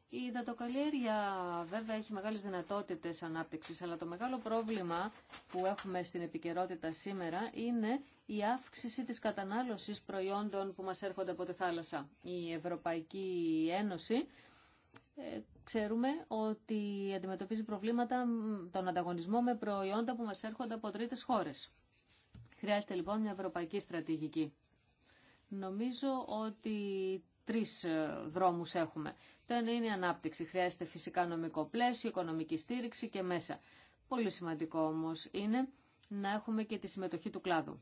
Η υδατοκαλλιέργεια βέβαια έχει μεγάλες δυνατότητες ανάπτυξης, αλλά το μεγάλο πρόβλημα που έχουμε στην επικαιρότητα σήμερα είναι η αύξηση της κατανάλωσης προϊόντων που μας έρχονται από τη θάλασσα. Η Ευρωπαϊκή Ένωση ε, ξέρουμε ότι αντιμετωπίζει προβλήματα τον ανταγωνισμό με προϊόντα που μας έρχονται από τρίτες χώρες. Χρειάζεται λοιπόν μια ευρωπαϊκή στρατηγική. Νομίζω ότι τρεις ε, δρόμους έχουμε. Το ένα είναι η ανάπτυξη. Χρειάζεται φυσικά νομικό πλαίσιο, οικονομική στήριξη και μέσα. Πολύ σημαντικό όμως είναι να έχουμε και τη συμμετοχή του κλάδου.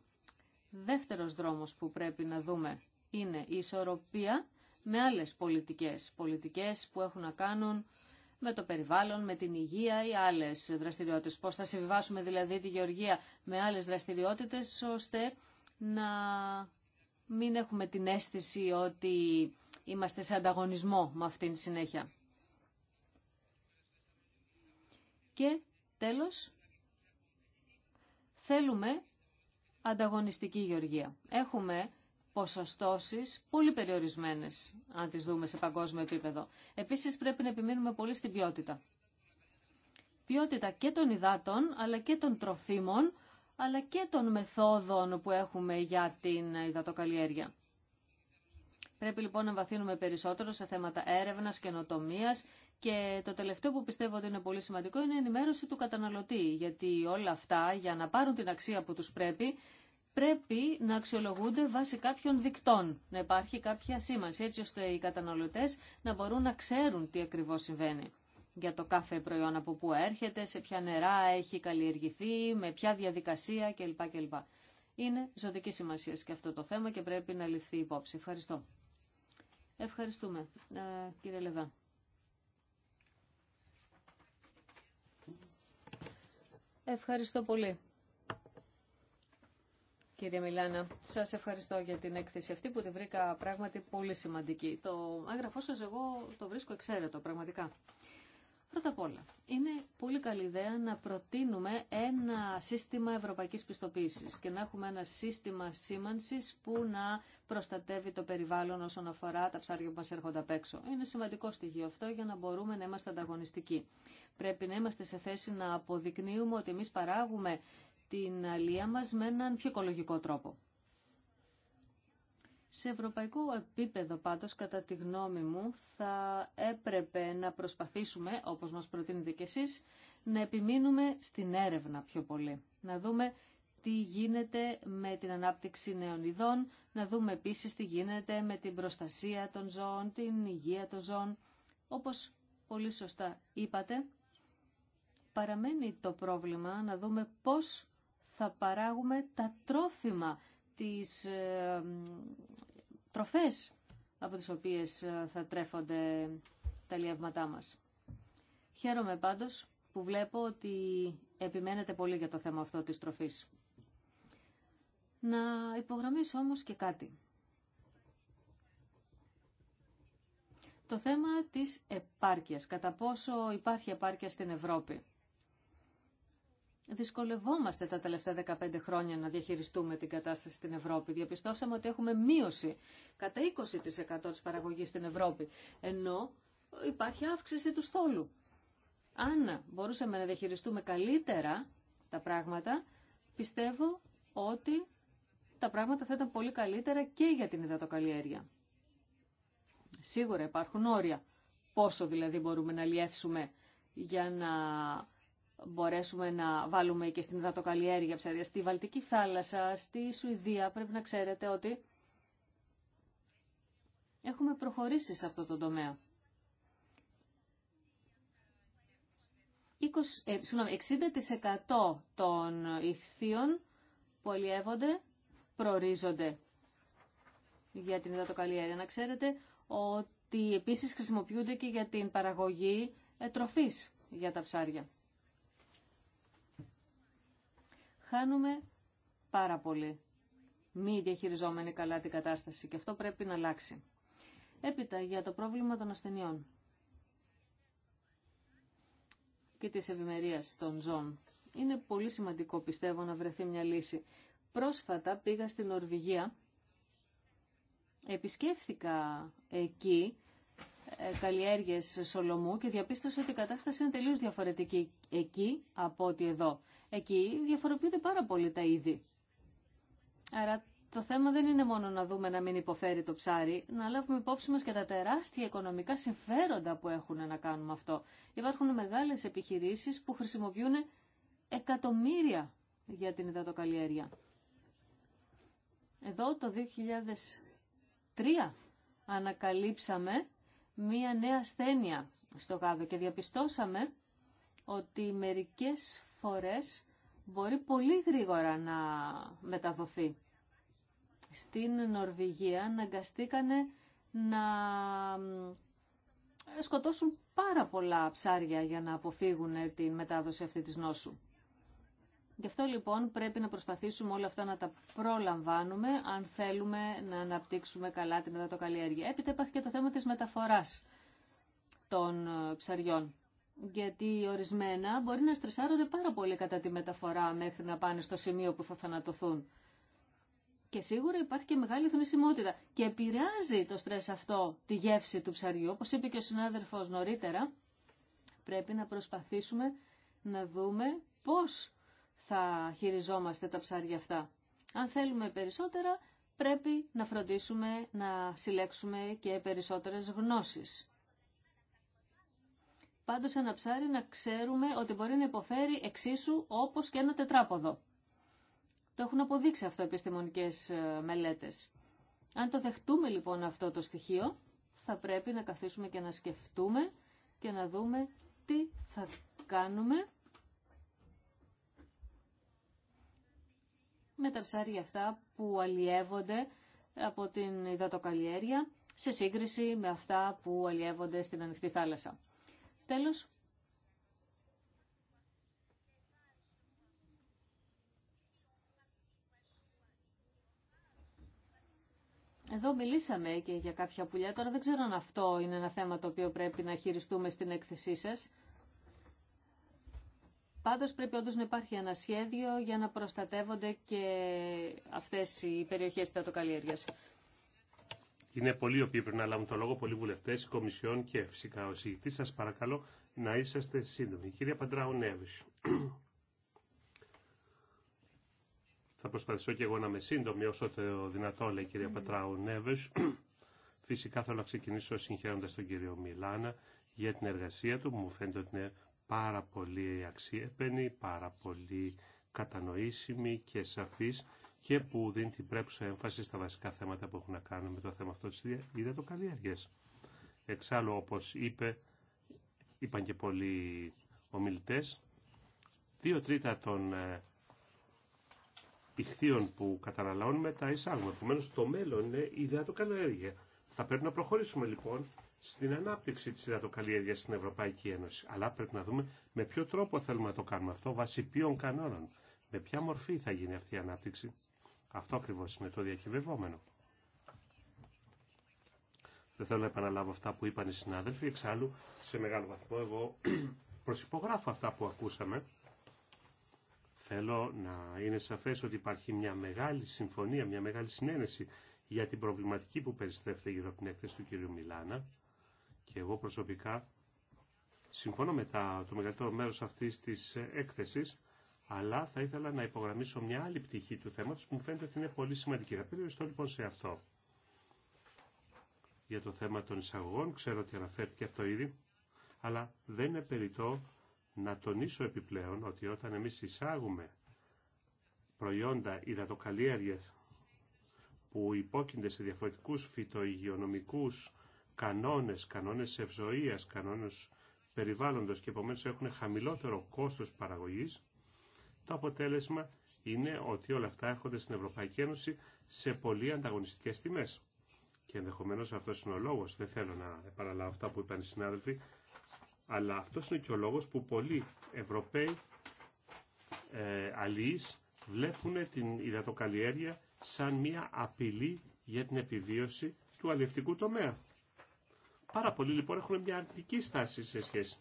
Δεύτερος δρόμος που πρέπει να δούμε είναι η ισορροπία με άλλες πολιτικές. Πολιτικές που έχουν να κάνουν με το περιβάλλον, με την υγεία ή άλλες δραστηριότητες. Πώς θα συμβιβάσουμε δηλαδή τη γεωργία με άλλες δραστηριότητες ώστε να μην έχουμε την αίσθηση ότι είμαστε σε ανταγωνισμό με αυτήν συνέχεια. Και τέλος, θέλουμε ανταγωνιστική γεωργία. Έχουμε ποσοστώσεις πολύ περιορισμένες, αν τις δούμε σε παγκόσμιο επίπεδο. Επίσης πρέπει να επιμείνουμε πολύ στην ποιότητα. Ποιότητα και των υδάτων, αλλά και των τροφίμων, αλλά και των μεθόδων που έχουμε για την υδατοκαλλιέργεια. Πρέπει λοιπόν να βαθύνουμε περισσότερο σε θέματα έρευνας, καινοτομίας και το τελευταίο που πιστεύω ότι είναι πολύ σημαντικό είναι η ενημέρωση του καταναλωτή, γιατί όλα αυτά για να πάρουν την αξία που τους πρέπει πρέπει να αξιολογούνται βάσει κάποιων δικτών. Να υπάρχει κάποια σήμανση έτσι ώστε οι καταναλωτές να μπορούν να ξέρουν τι ακριβώς συμβαίνει για το κάθε προϊόν από πού έρχεται, σε ποια νερά έχει καλλιεργηθεί, με ποια διαδικασία κλπ. κλπ. Είναι ζωτική σημασία και αυτό το θέμα και πρέπει να ληφθεί υπόψη. Ευχαριστώ. Ευχαριστούμε, ε, κύριε Λεβά. Ευχαριστώ πολύ. Κύριε Μιλάνα, σα ευχαριστώ για την έκθεση αυτή που τη βρήκα πράγματι πολύ σημαντική. Το άγγραφό σα εγώ το βρίσκω εξαίρετο πραγματικά. Πρώτα απ' όλα, είναι πολύ καλή ιδέα να προτείνουμε ένα σύστημα ευρωπαϊκή πιστοποίηση και να έχουμε ένα σύστημα σήμανση που να προστατεύει το περιβάλλον όσον αφορά τα ψάρια που μα έρχονται απ' έξω. Είναι σημαντικό στοιχείο αυτό για να μπορούμε να είμαστε ανταγωνιστικοί. Πρέπει να είμαστε σε θέση να αποδεικνύουμε ότι εμεί παράγουμε την αλία μας με έναν πιο οικολογικό τρόπο. Σε ευρωπαϊκό επίπεδο πάντως, κατά τη γνώμη μου, θα έπρεπε να προσπαθήσουμε, όπως μας προτείνετε κι εσείς, να επιμείνουμε στην έρευνα πιο πολύ. Να δούμε τι γίνεται με την ανάπτυξη νέων ειδών, να δούμε επίσης τι γίνεται με την προστασία των ζώων, την υγεία των ζώων. Όπως πολύ σωστά είπατε, παραμένει το πρόβλημα να δούμε πώς θα παράγουμε τα τρόφιμα, τις ε, τροφές από τις οποίες ε, θα τρέφονται τα λιεύματά μας. Χαίρομαι πάντως που βλέπω ότι επιμένετε πολύ για το θέμα αυτό της τροφής. Να υπογραμμίσω όμως και κάτι. Το θέμα της επάρκειας, κατά πόσο υπάρχει επάρκεια στην Ευρώπη δυσκολευόμαστε τα τελευταία 15 χρόνια να διαχειριστούμε την κατάσταση στην Ευρώπη. Διαπιστώσαμε ότι έχουμε μείωση κατά 20% της παραγωγής στην Ευρώπη, ενώ υπάρχει αύξηση του στόλου. Αν μπορούσαμε να διαχειριστούμε καλύτερα τα πράγματα, πιστεύω ότι τα πράγματα θα ήταν πολύ καλύτερα και για την υδατοκαλλιέργεια. Σίγουρα υπάρχουν όρια. Πόσο δηλαδή μπορούμε να λιεύσουμε για να μπορέσουμε να βάλουμε και στην υδατοκαλλιέργεια ψάρια. Στη Βαλτική θάλασσα, στη Σουηδία πρέπει να ξέρετε ότι έχουμε προχωρήσει σε αυτό το τομέα. 60% ε, των ηχθείων πολιεύονται, προορίζονται για την υδατοκαλλιέργεια. Να ξέρετε ότι επίσης χρησιμοποιούνται και για την παραγωγή ε, τροφής για τα ψάρια. χάνουμε πάρα πολύ. Μη διαχειριζόμενη καλά την κατάσταση και αυτό πρέπει να αλλάξει. Έπειτα για το πρόβλημα των ασθενειών και της ευημερία των ζώων. Είναι πολύ σημαντικό πιστεύω να βρεθεί μια λύση. Πρόσφατα πήγα στην Ορβηγία, επισκέφθηκα εκεί καλλιέργειες Σολομού και διαπίστωσε ότι η κατάσταση είναι τελείως διαφορετική εκεί από ότι εδώ. Εκεί διαφοροποιούνται πάρα πολύ τα είδη. Άρα το θέμα δεν είναι μόνο να δούμε να μην υποφέρει το ψάρι, να λάβουμε υπόψη μας και τα τεράστια οικονομικά συμφέροντα που έχουν να κάνουμε αυτό. Υπάρχουν μεγάλες επιχειρήσεις που χρησιμοποιούν εκατομμύρια για την υδατοκαλλιέργεια. Εδώ το 2003 ανακαλύψαμε μία νέα ασθένεια στο γάδο και διαπιστώσαμε ότι μερικές φορές μπορεί πολύ γρήγορα να μεταδοθεί. Στην Νορβηγία αναγκαστήκανε να σκοτώσουν πάρα πολλά ψάρια για να αποφύγουν την μετάδοση αυτή της νόσου. Γι' αυτό λοιπόν πρέπει να προσπαθήσουμε όλα αυτά να τα προλαμβάνουμε αν θέλουμε να αναπτύξουμε καλά την εδατοκαλλιέργεια. Έπειτα υπάρχει και το θέμα της μεταφοράς των ε, ψαριών. Γιατί ορισμένα μπορεί να στρεσάρονται πάρα πολύ κατά τη μεταφορά μέχρι να πάνε στο σημείο που θα θανατωθούν. Και σίγουρα υπάρχει και μεγάλη θνησιμότητα. Και επηρεάζει το στρες αυτό τη γεύση του ψαριού. Όπως είπε και ο συνάδελφος νωρίτερα, πρέπει να προσπαθήσουμε να δούμε πώς θα χειριζόμαστε τα ψάρια αυτά. Αν θέλουμε περισσότερα, πρέπει να φροντίσουμε να συλλέξουμε και περισσότερες γνώσεις. Πάντως ένα ψάρι να ξέρουμε ότι μπορεί να υποφέρει εξίσου όπως και ένα τετράποδο. Το έχουν αποδείξει αυτό επιστημονικές ε, μελέτες. Αν το δεχτούμε λοιπόν αυτό το στοιχείο, θα πρέπει να καθίσουμε και να σκεφτούμε και να δούμε τι θα κάνουμε με τα ψάρια αυτά που αλλιεύονται από την υδατοκαλλιέργεια σε σύγκριση με αυτά που αλλιεύονται στην ανοιχτή θάλασσα. Τέλος, Εδώ μιλήσαμε και για κάποια πουλιά. Τώρα δεν ξέρω αν αυτό είναι ένα θέμα το οποίο πρέπει να χειριστούμε στην έκθεσή σας. Πάντως πρέπει όντω να υπάρχει ένα σχέδιο για να προστατεύονται και αυτέ οι περιοχέ περιοχές υδατοκαλλιέργειας. Είναι πολλοί οι οποίοι πρέπει να λάβουν το λόγο, πολλοί βουλευτέ, Κομισιόν και φυσικά ο συγητή. Σα παρακαλώ να είσαστε σύντομοι. Κυρία Παντράου Νέβη. Θα προσπαθήσω και εγώ να είμαι σύντομη όσο το δυνατό, λέει η κυρία ναι. Πατράου Νέβε. Φυσικά θέλω να ξεκινήσω συγχαίροντα τον κύριο Μιλάνα για την εργασία του. Μου φαίνεται ότι πάρα πολύ αξιέπαινη, πάρα πολύ κατανοήσιμη και σαφής και που δίνει την πρέπουσα έμφαση στα βασικά θέματα που έχουν να κάνουν με το θέμα αυτό της υδατοκαλλιέργειας. Εξάλλου, όπως είπε, είπαν και πολλοί ομιλητές, δύο τρίτα των ε, ηχθείων που καταναλώνουμε τα εισάγουμε. Επομένως, το μέλλον είναι η ιδεατοκαλλιέργεια. Θα πρέπει να προχωρήσουμε λοιπόν στην ανάπτυξη της υδατοκαλλιέργειας στην Ευρωπαϊκή Ένωση. Αλλά πρέπει να δούμε με ποιο τρόπο θέλουμε να το κάνουμε αυτό, βάσει ποιων κανόνων, με ποια μορφή θα γίνει αυτή η ανάπτυξη. Αυτό ακριβώ είναι το διακυβευόμενο. Δεν θέλω να επαναλάβω αυτά που είπαν οι συνάδελφοι, εξάλλου σε μεγάλο βαθμό εγώ προσυπογράφω αυτά που ακούσαμε. Θέλω να είναι σαφές ότι υπάρχει μια μεγάλη συμφωνία, μια μεγάλη συνένεση για την προβληματική που περιστρέφεται γύρω από την έκθεση του κ. Μιλάνα και εγώ προσωπικά συμφωνώ με τα, το μεγαλύτερο μέρος αυτής της ε, έκθεσης, αλλά θα ήθελα να υπογραμμίσω μια άλλη πτυχή του θέματος που μου φαίνεται ότι είναι πολύ σημαντική. Θα περιοριστώ λοιπόν σε αυτό. Για το θέμα των εισαγωγών, ξέρω ότι αναφέρθηκε αυτό ήδη, αλλά δεν είναι περιττό να τονίσω επιπλέον ότι όταν εμείς εισάγουμε προϊόντα υδατοκαλλιέργειας που υπόκεινται σε διαφορετικούς φυτοϊγειονομικούς κανόνες, κανόνες ευζοίας, κανόνες περιβάλλοντος και επομένως έχουν χαμηλότερο κόστος παραγωγής, το αποτέλεσμα είναι ότι όλα αυτά έρχονται στην Ευρωπαϊκή Ένωση σε πολύ ανταγωνιστικές τιμές. Και ενδεχομένως αυτός είναι ο λόγος, δεν θέλω να επαναλάβω αυτά που είπαν οι συνάδελφοι, αλλά αυτός είναι και ο λόγος που πολλοί Ευρωπαίοι ε, αλληλείς βλέπουν την υδατοκαλλιέργεια σαν μια απειλή για την επιβίωση του αλληλευτικού τομέα. Πάρα πολλοί λοιπόν έχουν μια αρνητική στάση σε σχέση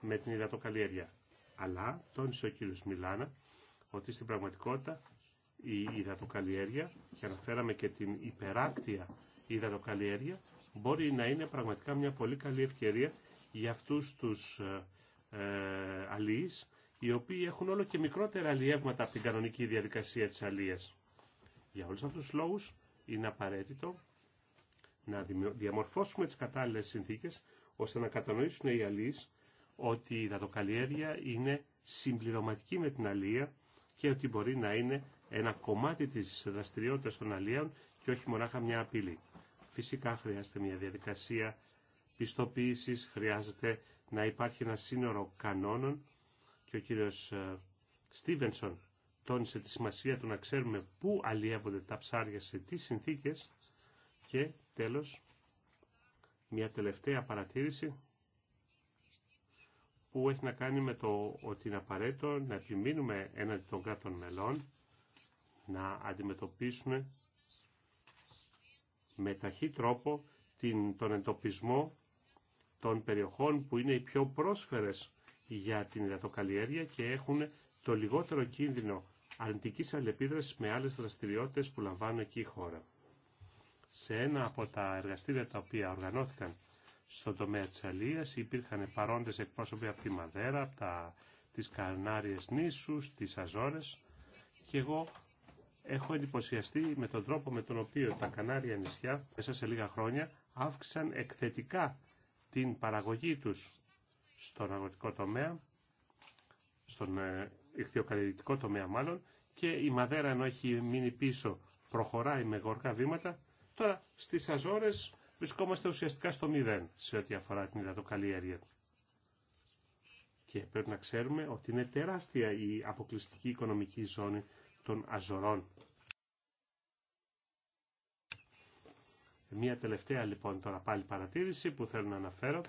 με την υδατοκαλλιέργεια. Αλλά τόνισε ο κύριος Μιλάνα ότι στην πραγματικότητα η υδατοκαλλιέργεια και αναφέραμε και την υπεράκτια υδατοκαλλιέργεια μπορεί να είναι πραγματικά μια πολύ καλή ευκαιρία για αυτούς τους ε, ε οι οποίοι έχουν όλο και μικρότερα αλλιεύματα από την κανονική διαδικασία της αλίας. Για όλους αυτούς τους λόγους είναι απαραίτητο να διαμορφώσουμε τις κατάλληλες συνθήκες ώστε να κατανοήσουν οι αλλοίς ότι η δατοκαλλιέργεια είναι συμπληρωματική με την αλία και ότι μπορεί να είναι ένα κομμάτι της δραστηριότητας των αλιών και όχι μονάχα μια απειλή. Φυσικά χρειάζεται μια διαδικασία πιστοποίησης, χρειάζεται να υπάρχει ένα σύνορο κανόνων και ο κύριος ε, Στίβενσον τόνισε τη σημασία του να ξέρουμε πού αλλιεύονται τα ψάρια σε τι συνθήκες και τέλος, μια τελευταία παρατήρηση που έχει να κάνει με το ότι είναι απαραίτητο να επιμείνουμε έναντι των κράτων μελών να αντιμετωπίσουμε με ταχύ τρόπο την, τον εντοπισμό των περιοχών που είναι οι πιο πρόσφερες για την υδατοκαλλιέργεια και έχουν το λιγότερο κίνδυνο αρνητικής αλληλεπίδρασης με άλλες δραστηριότητες που λαμβάνουν εκεί η χώρα. Σε ένα από τα εργαστήρια τα οποία οργανώθηκαν στον τομέα της αλίας υπήρχαν παρόντες εκπρόσωποι από τη Μαδέρα, από τα, τις Κανάριες νήσους, τις Αζόρες και εγώ έχω εντυπωσιαστεί με τον τρόπο με τον οποίο τα Κανάρια νησιά μέσα σε λίγα χρόνια αύξησαν εκθετικά την παραγωγή τους στον αγροτικό τομέα, στον ιχθυοκαλλιεργητικό ε, τομέα μάλλον και η Μαδέρα ενώ έχει μείνει πίσω προχωράει με γόρκα βήματα Τώρα, στις Αζόρες βρισκόμαστε ουσιαστικά στο μηδέν σε ό,τι αφορά την υδατοκαλλιέργεια. Και πρέπει να ξέρουμε ότι είναι τεράστια η αποκλειστική οικονομική ζώνη των Αζωρών. Μία τελευταία λοιπόν τώρα πάλι παρατήρηση που θέλω να αναφέρω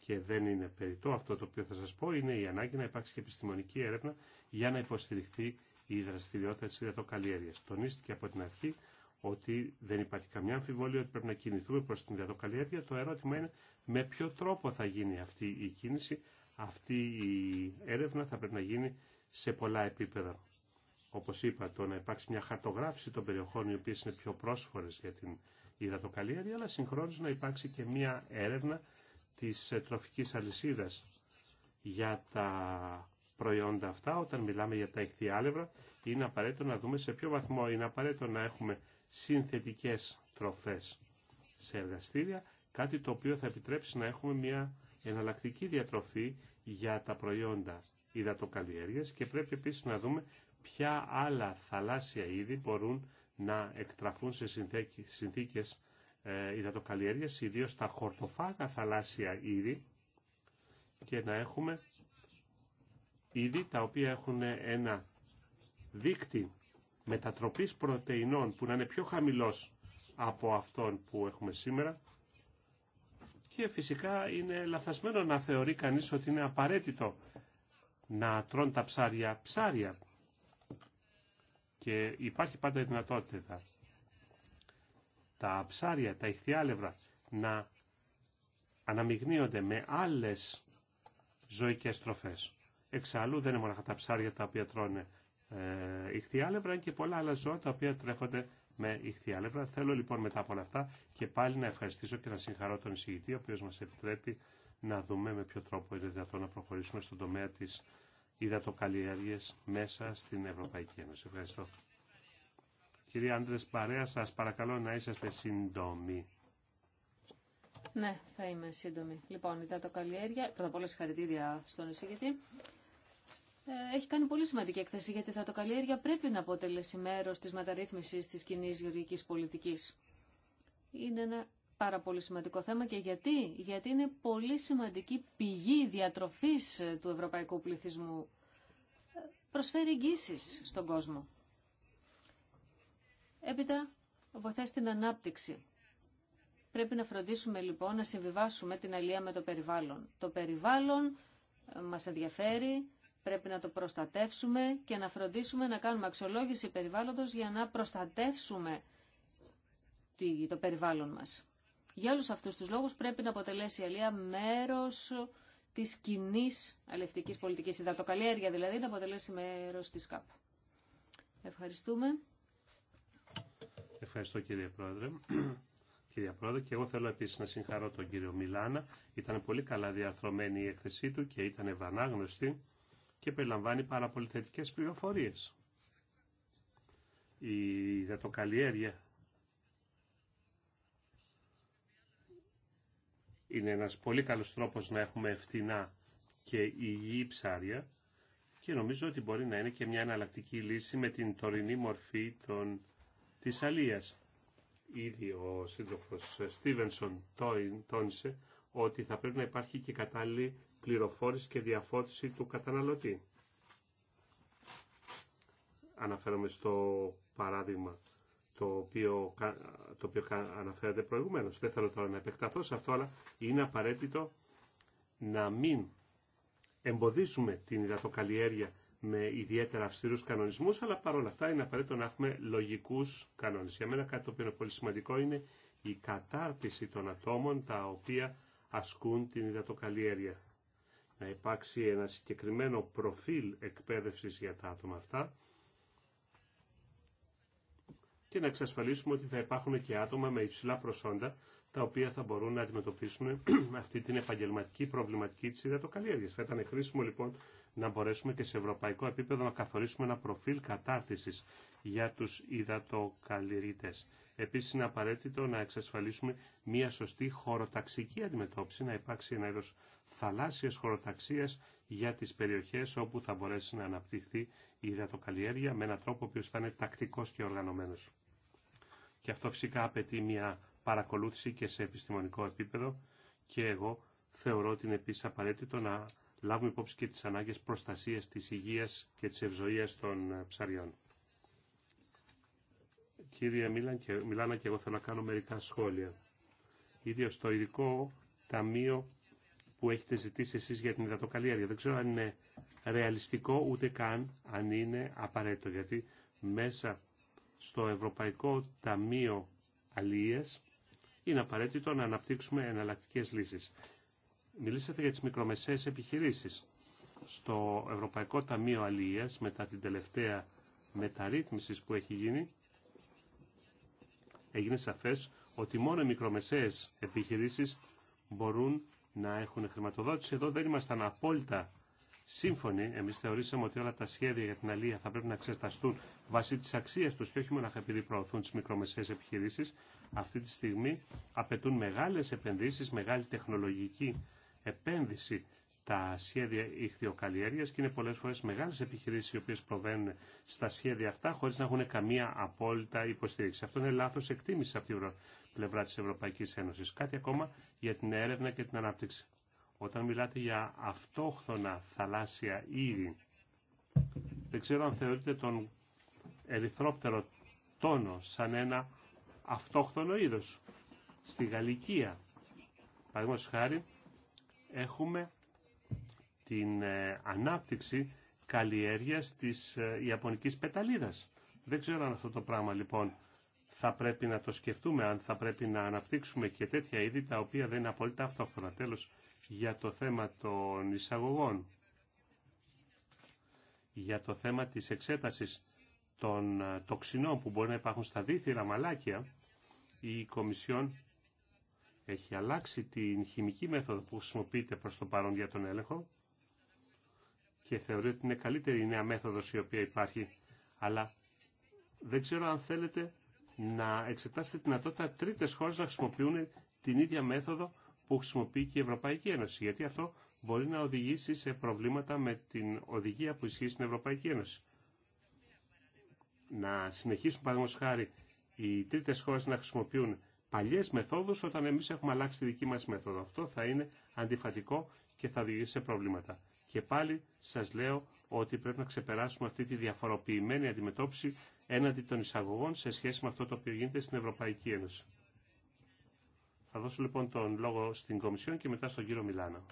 και δεν είναι περιττό αυτό το οποίο θα σας πω είναι η ανάγκη να υπάρξει και επιστημονική έρευνα για να υποστηριχθεί η δραστηριότητα της υδατοκαλλιέργειας. Τονίστηκε από την αρχή ότι δεν υπάρχει καμιά αμφιβολία ότι πρέπει να κινηθούμε προς την υδατοκαλλιέργεια. Το ερώτημα είναι με ποιο τρόπο θα γίνει αυτή η κίνηση, αυτή η έρευνα θα πρέπει να γίνει σε πολλά επίπεδα. Όπως είπα, το να υπάρξει μια χαρτογράφηση των περιοχών οι οποίες είναι πιο πρόσφορες για την υδατοκαλλιέργεια, αλλά συγχρόνως να υπάρξει και μια έρευνα της τροφικής αλυσίδας για τα προϊόντα αυτά, όταν μιλάμε για τα ηχθιάλευρα, είναι απαραίτητο να δούμε σε ποιο βαθμό είναι απαραίτητο να έχουμε συνθετικές τροφές σε εργαστήρια, κάτι το οποίο θα επιτρέψει να έχουμε μια εναλλακτική διατροφή για τα προϊόντα υδατοκαλλιέργειας και πρέπει επίσης να δούμε ποια άλλα θαλάσσια είδη μπορούν να εκτραφούν σε συνθήκες ε, υδατοκαλλιέργειας, ιδίως τα χορτοφάγα θαλάσσια είδη και να έχουμε είδη τα οποία έχουν ένα δίκτυο μετατροπής πρωτεϊνών που να είναι πιο χαμηλός από αυτόν που έχουμε σήμερα και φυσικά είναι λαθασμένο να θεωρεί κανείς ότι είναι απαραίτητο να τρών τα ψάρια ψάρια και υπάρχει πάντα η δυνατότητα τα ψάρια, τα ηχθιάλευρα να αναμειγνύονται με άλλες ζωικές τροφές. Εξάλλου δεν είναι μόνο τα ψάρια τα οποία τρώνε ε, ηχθιάλευρα και πολλά άλλα ζώα τα οποία τρέφονται με ηχθιάλευρα. Θέλω λοιπόν μετά από όλα αυτά και πάλι να ευχαριστήσω και να συγχαρώ τον εισηγητή, ο οποίο μα επιτρέπει να δούμε με ποιο τρόπο είναι δυνατόν να προχωρήσουμε στον τομέα τη υδατοκαλλιέργεια μέσα στην Ευρωπαϊκή Ένωση. Ευχαριστώ. Κύριε Άντρε Παρέα, σα παρακαλώ να είσαστε σύντομοι. Ναι, θα είμαι σύντομη. Λοιπόν, η Πρώτα απ' όλα συγχαρητήρια στον εισηγητή. Ε, έχει κάνει πολύ σημαντική έκθεση γιατί θα το πρέπει να αποτελέσει μέρος της μεταρρύθμισης της κοινή γεωργικής πολιτικής. Είναι ένα πάρα πολύ σημαντικό θέμα και γιατί, γιατί είναι πολύ σημαντική πηγή διατροφής του ευρωπαϊκού πληθυσμού. Προσφέρει εγγύσει στον κόσμο. Έπειτα βοηθάει στην ανάπτυξη. Πρέπει να φροντίσουμε λοιπόν να συμβιβάσουμε την αλλία με το περιβάλλον. Το περιβάλλον ε, μας ενδιαφέρει, Πρέπει να το προστατεύσουμε και να φροντίσουμε να κάνουμε αξιολόγηση περιβάλλοντος για να προστατεύσουμε το περιβάλλον μας. Για όλους αυτούς τους λόγους πρέπει να αποτελέσει η αλία μέρος της κοινή αλευτικής πολιτικής. Η δατοκαλλιέργεια δηλαδή να αποτελέσει μέρος της ΚΑΠ. Ευχαριστούμε. Ευχαριστώ κύριε Πρόεδρε. Κύριε Πρόεδρε, και εγώ θέλω επίση να συγχαρώ τον κύριο Μιλάνα. Ήταν πολύ καλά διαρθρωμένη η έκθεσή του και ήταν ευανάγνωστη και περιλαμβάνει πάρα πολύ θετικές πληροφορίες. Η υδατοκαλλιέργεια είναι ένας πολύ καλός τρόπος να έχουμε φτηνά και υγιή ψάρια και νομίζω ότι μπορεί να είναι και μια εναλλακτική λύση με την τωρινή μορφή των, της αλίας. Ήδη ο σύντροφος Στίβενσον τόνισε ότι θα πρέπει να υπάρχει και κατάλληλη πληροφόρηση και διαφώτιση του καταναλωτή. Αναφέρομαι στο παράδειγμα το οποίο, το οποίο αναφέρατε προηγουμένως. Δεν θέλω τώρα να επεκταθώ σε αυτό, αλλά είναι απαραίτητο να μην εμποδίσουμε την υδατοκαλλιέργεια με ιδιαίτερα αυστηρού κανονισμού, αλλά παρόλα αυτά είναι απαραίτητο να έχουμε λογικού κανόνε. Για μένα κάτι το οποίο είναι πολύ σημαντικό είναι η κατάρτιση των ατόμων τα οποία ασκούν την υδατοκαλλιέργεια να υπάρξει ένα συγκεκριμένο προφίλ εκπαίδευσης για τα άτομα αυτά και να εξασφαλίσουμε ότι θα υπάρχουν και άτομα με υψηλά προσόντα τα οποία θα μπορούν να αντιμετωπίσουν αυτή την επαγγελματική προβληματική της υδατοκαλλιέργειας. Θα ήταν χρήσιμο λοιπόν να μπορέσουμε και σε ευρωπαϊκό επίπεδο να καθορίσουμε ένα προφίλ κατάρτισης για τους υδατοκαλλιεργητές. Επίσης είναι απαραίτητο να εξασφαλίσουμε μια σωστή χωροταξική αντιμετώπιση, να υπάρξει ένα είδος θαλάσσιας χωροταξίας για τις περιοχές όπου θα μπορέσει να αναπτυχθεί η υδατοκαλλιέργεια με έναν τρόπο που θα είναι τακτικός και οργανωμένος. Και αυτό φυσικά απαιτεί μια παρακολούθηση και σε επιστημονικό επίπεδο και εγώ θεωρώ ότι είναι επίσης απαραίτητο να λάβουμε υπόψη και τις ανάγκες προστασίας της υγείας και της ευζοίας των ψαριών. Κύριε Μίλαν και, Μιλάνα και εγώ θέλω να κάνω μερικά σχόλια. Ήδη στο ειδικό ταμείο που έχετε ζητήσει εσείς για την υδατοκαλλιέργεια. Δεν ξέρω αν είναι ρεαλιστικό ούτε καν αν είναι απαραίτητο. Γιατί μέσα στο Ευρωπαϊκό Ταμείο Αλίες είναι απαραίτητο να αναπτύξουμε εναλλακτικές λύσεις. Μιλήσατε για τις μικρομεσαίες επιχειρήσεις. Στο Ευρωπαϊκό Ταμείο Αλίας μετά την τελευταία μεταρρύθμιση που έχει γίνει έγινε σαφές ότι μόνο οι μικρομεσαίες επιχειρήσεις μπορούν να έχουν χρηματοδότηση. Εδώ δεν ήμασταν απόλυτα σύμφωνοι. Εμείς θεωρήσαμε ότι όλα τα σχέδια για την αλία θα πρέπει να εξεταστούν βάσει της αξίας τους και όχι μόνο επειδή προωθούν τις μικρομεσαίες επιχειρήσεις. Αυτή τη στιγμή απαιτούν μεγάλες επενδύσεις, μεγάλη τεχνολογική επένδυση τα σχέδια ιχθυοκαλλιέργειας και είναι πολλές φορές μεγάλες επιχειρήσεις οι οποίες προβαίνουν στα σχέδια αυτά χωρίς να έχουν καμία απόλυτα υποστήριξη. Αυτό είναι λάθος εκτίμηση από την πλευρά της Ευρωπαϊκής Ένωσης. Κάτι ακόμα για την έρευνα και την ανάπτυξη. Όταν μιλάτε για αυτόχθονα θαλάσσια είδη, δεν ξέρω αν θεωρείτε τον ερυθρόπτερο τόνο σαν ένα αυτόχθονο είδος. Στη Γαλλικία, παραδείγματος χάρη, έχουμε την ε, ανάπτυξη καλλιέργειας της ε, Ιαπωνικής πεταλίδας. Δεν ξέρω αν αυτό το πράγμα λοιπόν θα πρέπει να το σκεφτούμε, αν θα πρέπει να αναπτύξουμε και τέτοια είδη τα οποία δεν είναι απολύτω αυτόχρονα. Τέλος, για το θέμα των εισαγωγών, για το θέμα της εξέτασης των ε, τοξινών που μπορεί να υπάρχουν στα δίθυρα μαλάκια, η Κομισιόν έχει αλλάξει την χημική μέθοδο που χρησιμοποιείται προς το παρόν για τον έλεγχο και θεωρεί ότι είναι καλύτερη η νέα μέθοδος η οποία υπάρχει. Αλλά δεν ξέρω αν θέλετε να εξετάσετε τη δυνατότητα τρίτες χώρες να χρησιμοποιούν την ίδια μέθοδο που χρησιμοποιεί και η Ευρωπαϊκή Ένωση. Γιατί αυτό μπορεί να οδηγήσει σε προβλήματα με την οδηγία που ισχύει στην Ευρωπαϊκή Ένωση. Να συνεχίσουν, παραδείγματο χάρη, οι τρίτε χώρε να χρησιμοποιούν παλιέ μεθόδου όταν εμεί έχουμε αλλάξει τη δική μα μέθοδο. Αυτό θα είναι αντιφατικό και θα οδηγήσει σε προβλήματα. Και πάλι σας λέω ότι πρέπει να ξεπεράσουμε αυτή τη διαφοροποιημένη αντιμετώπιση έναντι των εισαγωγών σε σχέση με αυτό το οποίο γίνεται στην Ευρωπαϊκή Ένωση. Θα δώσω λοιπόν τον λόγο στην Κομισιόν και μετά στον κύριο Μιλάνα.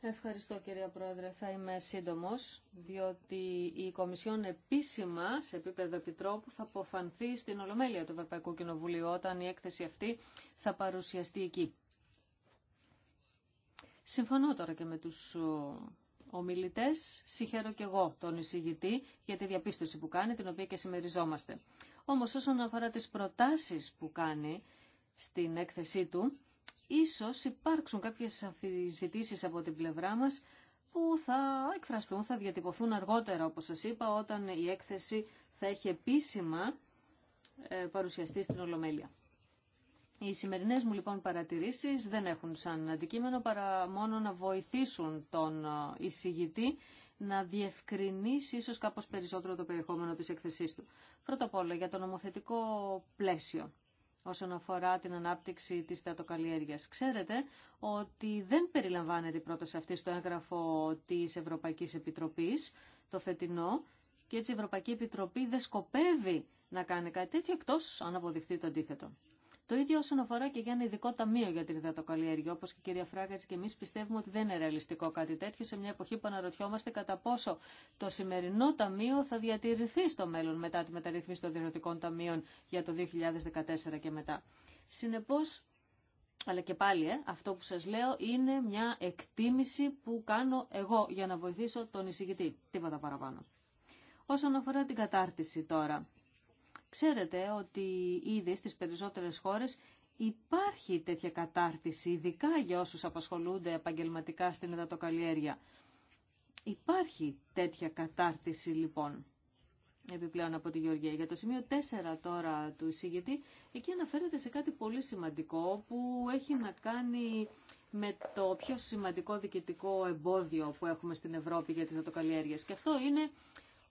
Ευχαριστώ κύριε Πρόεδρε. Θα είμαι σύντομος, διότι η Κομισιόν επίσημα σε επίπεδο επιτρόπου θα αποφανθεί στην Ολομέλεια του Ευρωπαϊκού Κοινοβουλίου όταν η έκθεση αυτή θα παρουσιαστεί εκεί. Συμφωνώ τώρα και με τους ομιλητές. Συγχαίρω και εγώ τον εισηγητή για τη διαπίστωση που κάνει, την οποία και συμμεριζόμαστε. Όμως όσον αφορά τις προτάσεις που κάνει στην έκθεσή του, ίσως υπάρξουν κάποιες αμφισβητήσεις από την πλευρά μας που θα εκφραστούν, θα διατυπωθούν αργότερα, όπως σας είπα, όταν η έκθεση θα έχει επίσημα ε, παρουσιαστεί στην Ολομέλεια. Οι σημερινές μου λοιπόν παρατηρήσεις δεν έχουν σαν αντικείμενο παρά μόνο να βοηθήσουν τον ε, εισηγητή να διευκρινίσει ίσως κάπως περισσότερο το περιεχόμενο της εκθεσής του. Πρώτα απ' όλα για το νομοθετικό πλαίσιο όσον αφορά την ανάπτυξη της θεατοκαλλιέργειας. Ξέρετε ότι δεν περιλαμβάνεται η πρόταση αυτή στο έγγραφο της Ευρωπαϊκής Επιτροπής το φετινό και έτσι η Ευρωπαϊκή Επιτροπή δεν σκοπεύει να κάνει κάτι τέτοιο εκτός αν αποδειχτεί το αντίθετο. Το ίδιο όσον αφορά και για ένα ειδικό ταμείο για την υδατοκαλλιέργεια. Όπω και η κυρία Φράγκα, και εμεί πιστεύουμε ότι δεν είναι ρεαλιστικό κάτι τέτοιο σε μια εποχή που αναρωτιόμαστε κατά πόσο το σημερινό ταμείο θα διατηρηθεί στο μέλλον μετά τη μεταρρύθμιση των διευθυντικών ταμείων για το 2014 και μετά. Συνεπώ, αλλά και πάλι ε, αυτό που σας λέω είναι μια εκτίμηση που κάνω εγώ για να βοηθήσω τον εισηγητή. Τίποτα παραπάνω. Όσον αφορά την κατάρτιση τώρα, Ξέρετε ότι ήδη στις περισσότερες χώρες υπάρχει τέτοια κατάρτιση, ειδικά για όσους απασχολούνται επαγγελματικά στην υδατοκαλλιέργεια. Υπάρχει τέτοια κατάρτιση λοιπόν επιπλέον από τη Γεωργία. Για το σημείο 4 τώρα του εισηγητή, εκεί αναφέρεται σε κάτι πολύ σημαντικό που έχει να κάνει με το πιο σημαντικό διοικητικό εμπόδιο που έχουμε στην Ευρώπη για τις δατοκαλλιέργειες. Και αυτό είναι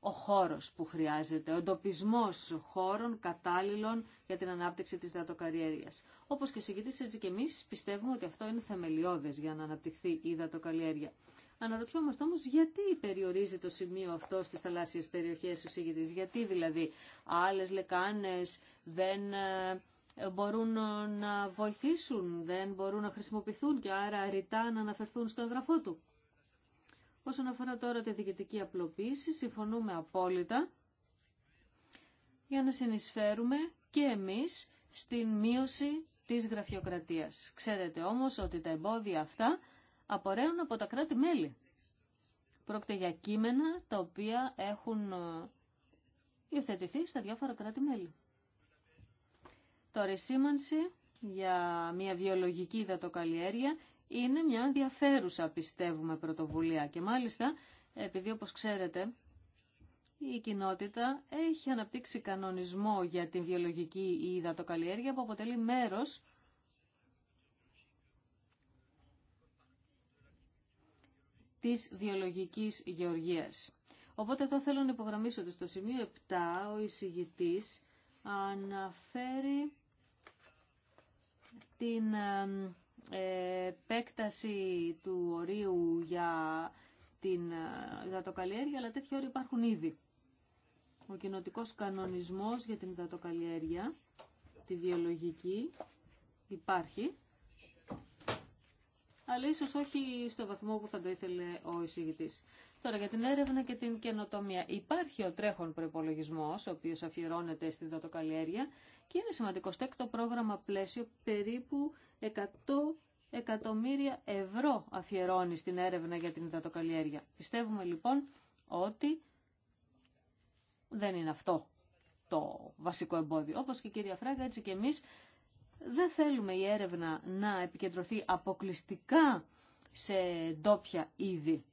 ο χώρος που χρειάζεται, ο εντοπισμό χώρων κατάλληλων για την ανάπτυξη της δατοκαλλιέργειας. Όπως και ο συγκεκριτής, έτσι και εμείς πιστεύουμε ότι αυτό είναι θεμελιώδες για να αναπτυχθεί η δατοκαλλιέργεια. Αναρωτιόμαστε όμως γιατί περιορίζει το σημείο αυτό στις θαλάσσιες περιοχές ο συγκεκριτής, γιατί δηλαδή άλλες λεκάνες δεν ε, μπορούν να βοηθήσουν, δεν μπορούν να χρησιμοποιηθούν και άρα ρητά να αναφερθούν στο εγγραφό του. Όσον αφορά τώρα τη διοικητική απλοποίηση, συμφωνούμε απόλυτα για να συνεισφέρουμε και εμείς στην μείωση της γραφειοκρατίας. Ξέρετε όμως ότι τα εμπόδια αυτά απορρέουν από τα κράτη-μέλη. Πρόκειται για κείμενα τα οποία έχουν ε, υιοθετηθεί στα διάφορα κράτη-μέλη. Τώρα η σήμανση για μια βιολογική υδατοκαλλιέργεια είναι μια ενδιαφέρουσα πιστεύουμε πρωτοβουλία και μάλιστα επειδή όπως ξέρετε η κοινότητα έχει αναπτύξει κανονισμό για την βιολογική υδατοκαλλιέργεια που αποτελεί μέρος της βιολογικής γεωργίας. Οπότε εδώ θέλω να υπογραμμίσω ότι στο σημείο 7 ο εισηγητής αναφέρει την επέκταση του ορίου για, την, για αλλά τέτοια όρια υπάρχουν ήδη. Ο κοινοτικός κανονισμός για την υδατοκαλλιέργεια, τη βιολογική, υπάρχει, αλλά ίσως όχι στο βαθμό που θα το ήθελε ο εισηγητής. Τώρα για την έρευνα και την καινοτομία. Υπάρχει ο τρέχον προπολογισμό, ο οποίος αφιερώνεται στην υδατοκαλλιέργεια και είναι σημαντικό στέκτο πρόγραμμα πλαίσιο περίπου 100 εκατομμύρια ευρώ αφιερώνει στην έρευνα για την υδατοκαλλιέργεια. Πιστεύουμε λοιπόν ότι δεν είναι αυτό το βασικό εμπόδιο. Όπως και η κυρία Φράγκα, έτσι και εμείς δεν θέλουμε η έρευνα να επικεντρωθεί αποκλειστικά σε ντόπια είδη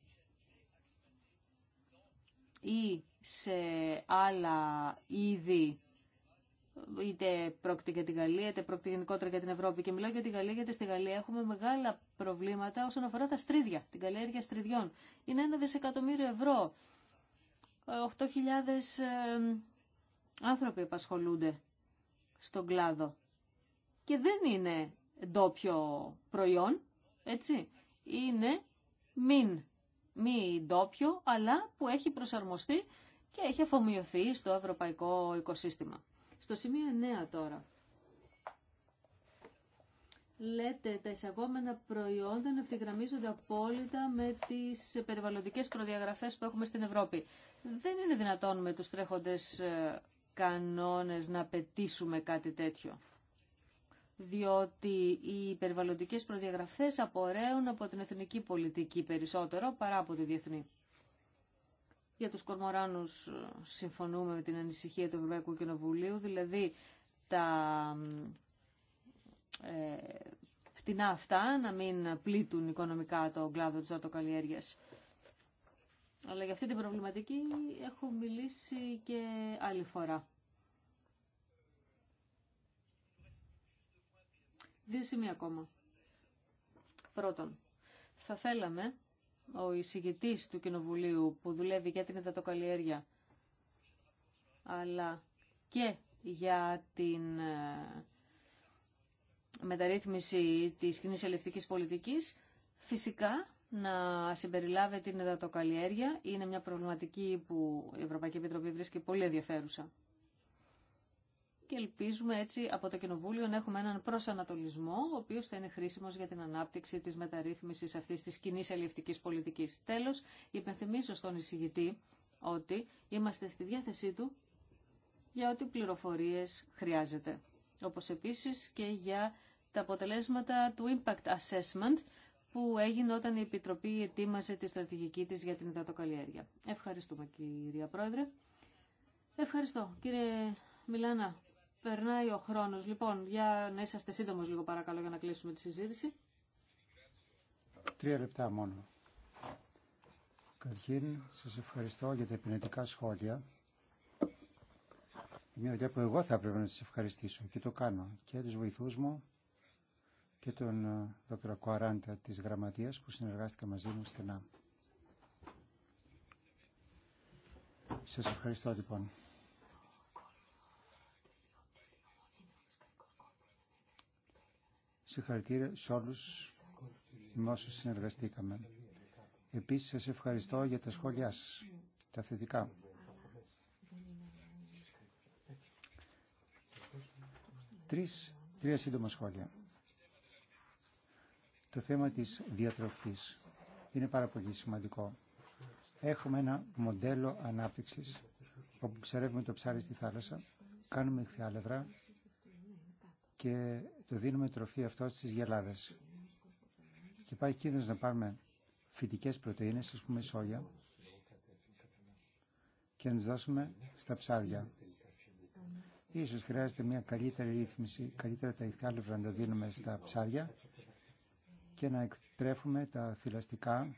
ή σε άλλα είδη είτε πρόκειται για την Γαλλία, είτε πρόκειται γενικότερα για την Ευρώπη. Και μιλάω για τη Γαλλία, γιατί στη Γαλλία έχουμε μεγάλα προβλήματα όσον αφορά τα στρίδια, την καλλιέργεια στριδιών. Είναι ένα δισεκατομμύριο ευρώ. 8.000 ε, άνθρωποι επασχολούνται στον κλάδο. Και δεν είναι ντόπιο προϊόν, έτσι. Είναι μην, μη ντόπιο, αλλά που έχει προσαρμοστεί και έχει αφομοιωθεί στο ευρωπαϊκό οικοσύστημα. Στο σημείο 9 τώρα. Λέτε, τα εισαγόμενα προϊόντα να ευθυγραμμίζονται απόλυτα με τις περιβαλλοντικές προδιαγραφές που έχουμε στην Ευρώπη. Δεν είναι δυνατόν με τους τρέχοντες ε, κανόνες να πετήσουμε κάτι τέτοιο. Διότι οι περιβαλλοντικές προδιαγραφές απορρέουν από την εθνική πολιτική περισσότερο παρά από τη διεθνή. Για τους κορμοράνους ε, συμφωνούμε με την ανησυχία του Ευρωπαϊκού Κοινοβουλίου, δηλαδή τα ε, φτηνά αυτά να μην πλήττουν οικονομικά το κλάδο της ατοκαλλιέργειας. Αλλά για αυτή την προβληματική έχω μιλήσει και άλλη φορά. Δύο σημεία ακόμα. Πρώτον, θα θέλαμε ο εισηγητής του Κοινοβουλίου που δουλεύει για την υδατοκαλλιέργεια αλλά και για την ε, μεταρρύθμιση της κοινή ελευτικής πολιτικής φυσικά να συμπεριλάβει την υδατοκαλλιέργεια είναι μια προβληματική που η Ευρωπαϊκή Επιτροπή βρίσκει πολύ ενδιαφέρουσα και ελπίζουμε έτσι από το Κοινοβούλιο να έχουμε έναν προσανατολισμό ο οποίος θα είναι χρήσιμος για την ανάπτυξη της μεταρρύθμισης αυτής της κοινή αλληλευτικής πολιτικής. Τέλος, υπενθυμίζω στον εισηγητή ότι είμαστε στη διάθεσή του για ό,τι πληροφορίες χρειάζεται. Όπως επίσης και για τα αποτελέσματα του Impact Assessment που έγινε όταν η Επιτροπή ετοίμασε τη στρατηγική της για την υδατοκαλλιέργεια. Ευχαριστούμε κυρία Πρόεδρε. Ευχαριστώ κύριε Μιλάνα περνάει ο χρόνο. Λοιπόν, για να είσαστε σύντομο λίγο παρακαλώ για να κλείσουμε τη συζήτηση. Τρία λεπτά μόνο. Καταρχήν, σας ευχαριστώ για τα επινετικά σχόλια. Μια δουλειά που εγώ θα έπρεπε να σα ευχαριστήσω και το κάνω και του βοηθού μου και τον ε, Δ. Κοαράντα τη Γραμματεία που συνεργάστηκα μαζί μου στενά. Σας ευχαριστώ λοιπόν. Συγχαρητήρια σε όλου με όσου συνεργαστήκαμε. Επίση σα ευχαριστώ για τα σχόλιά σα, τα θετικά. Τρεις, τρία σύντομα σχόλια. Το θέμα της διατροφής είναι πάρα πολύ σημαντικό. Έχουμε ένα μοντέλο ανάπτυξης όπου ψαρεύουμε το ψάρι στη θάλασσα, κάνουμε χθιάλευρα και το δίνουμε τροφή αυτό στι γελάδε. Και υπάρχει κίνδυνο να πάρουμε φυτικές πρωτεΐνες, α πούμε σόγια, και να δώσουμε στα ψάρια. Σω χρειάζεται μια καλύτερη ρύθμιση, καλύτερα τα ηχθάλευρα να τα δίνουμε στα ψάρια και να εκτρέφουμε τα θηλαστικά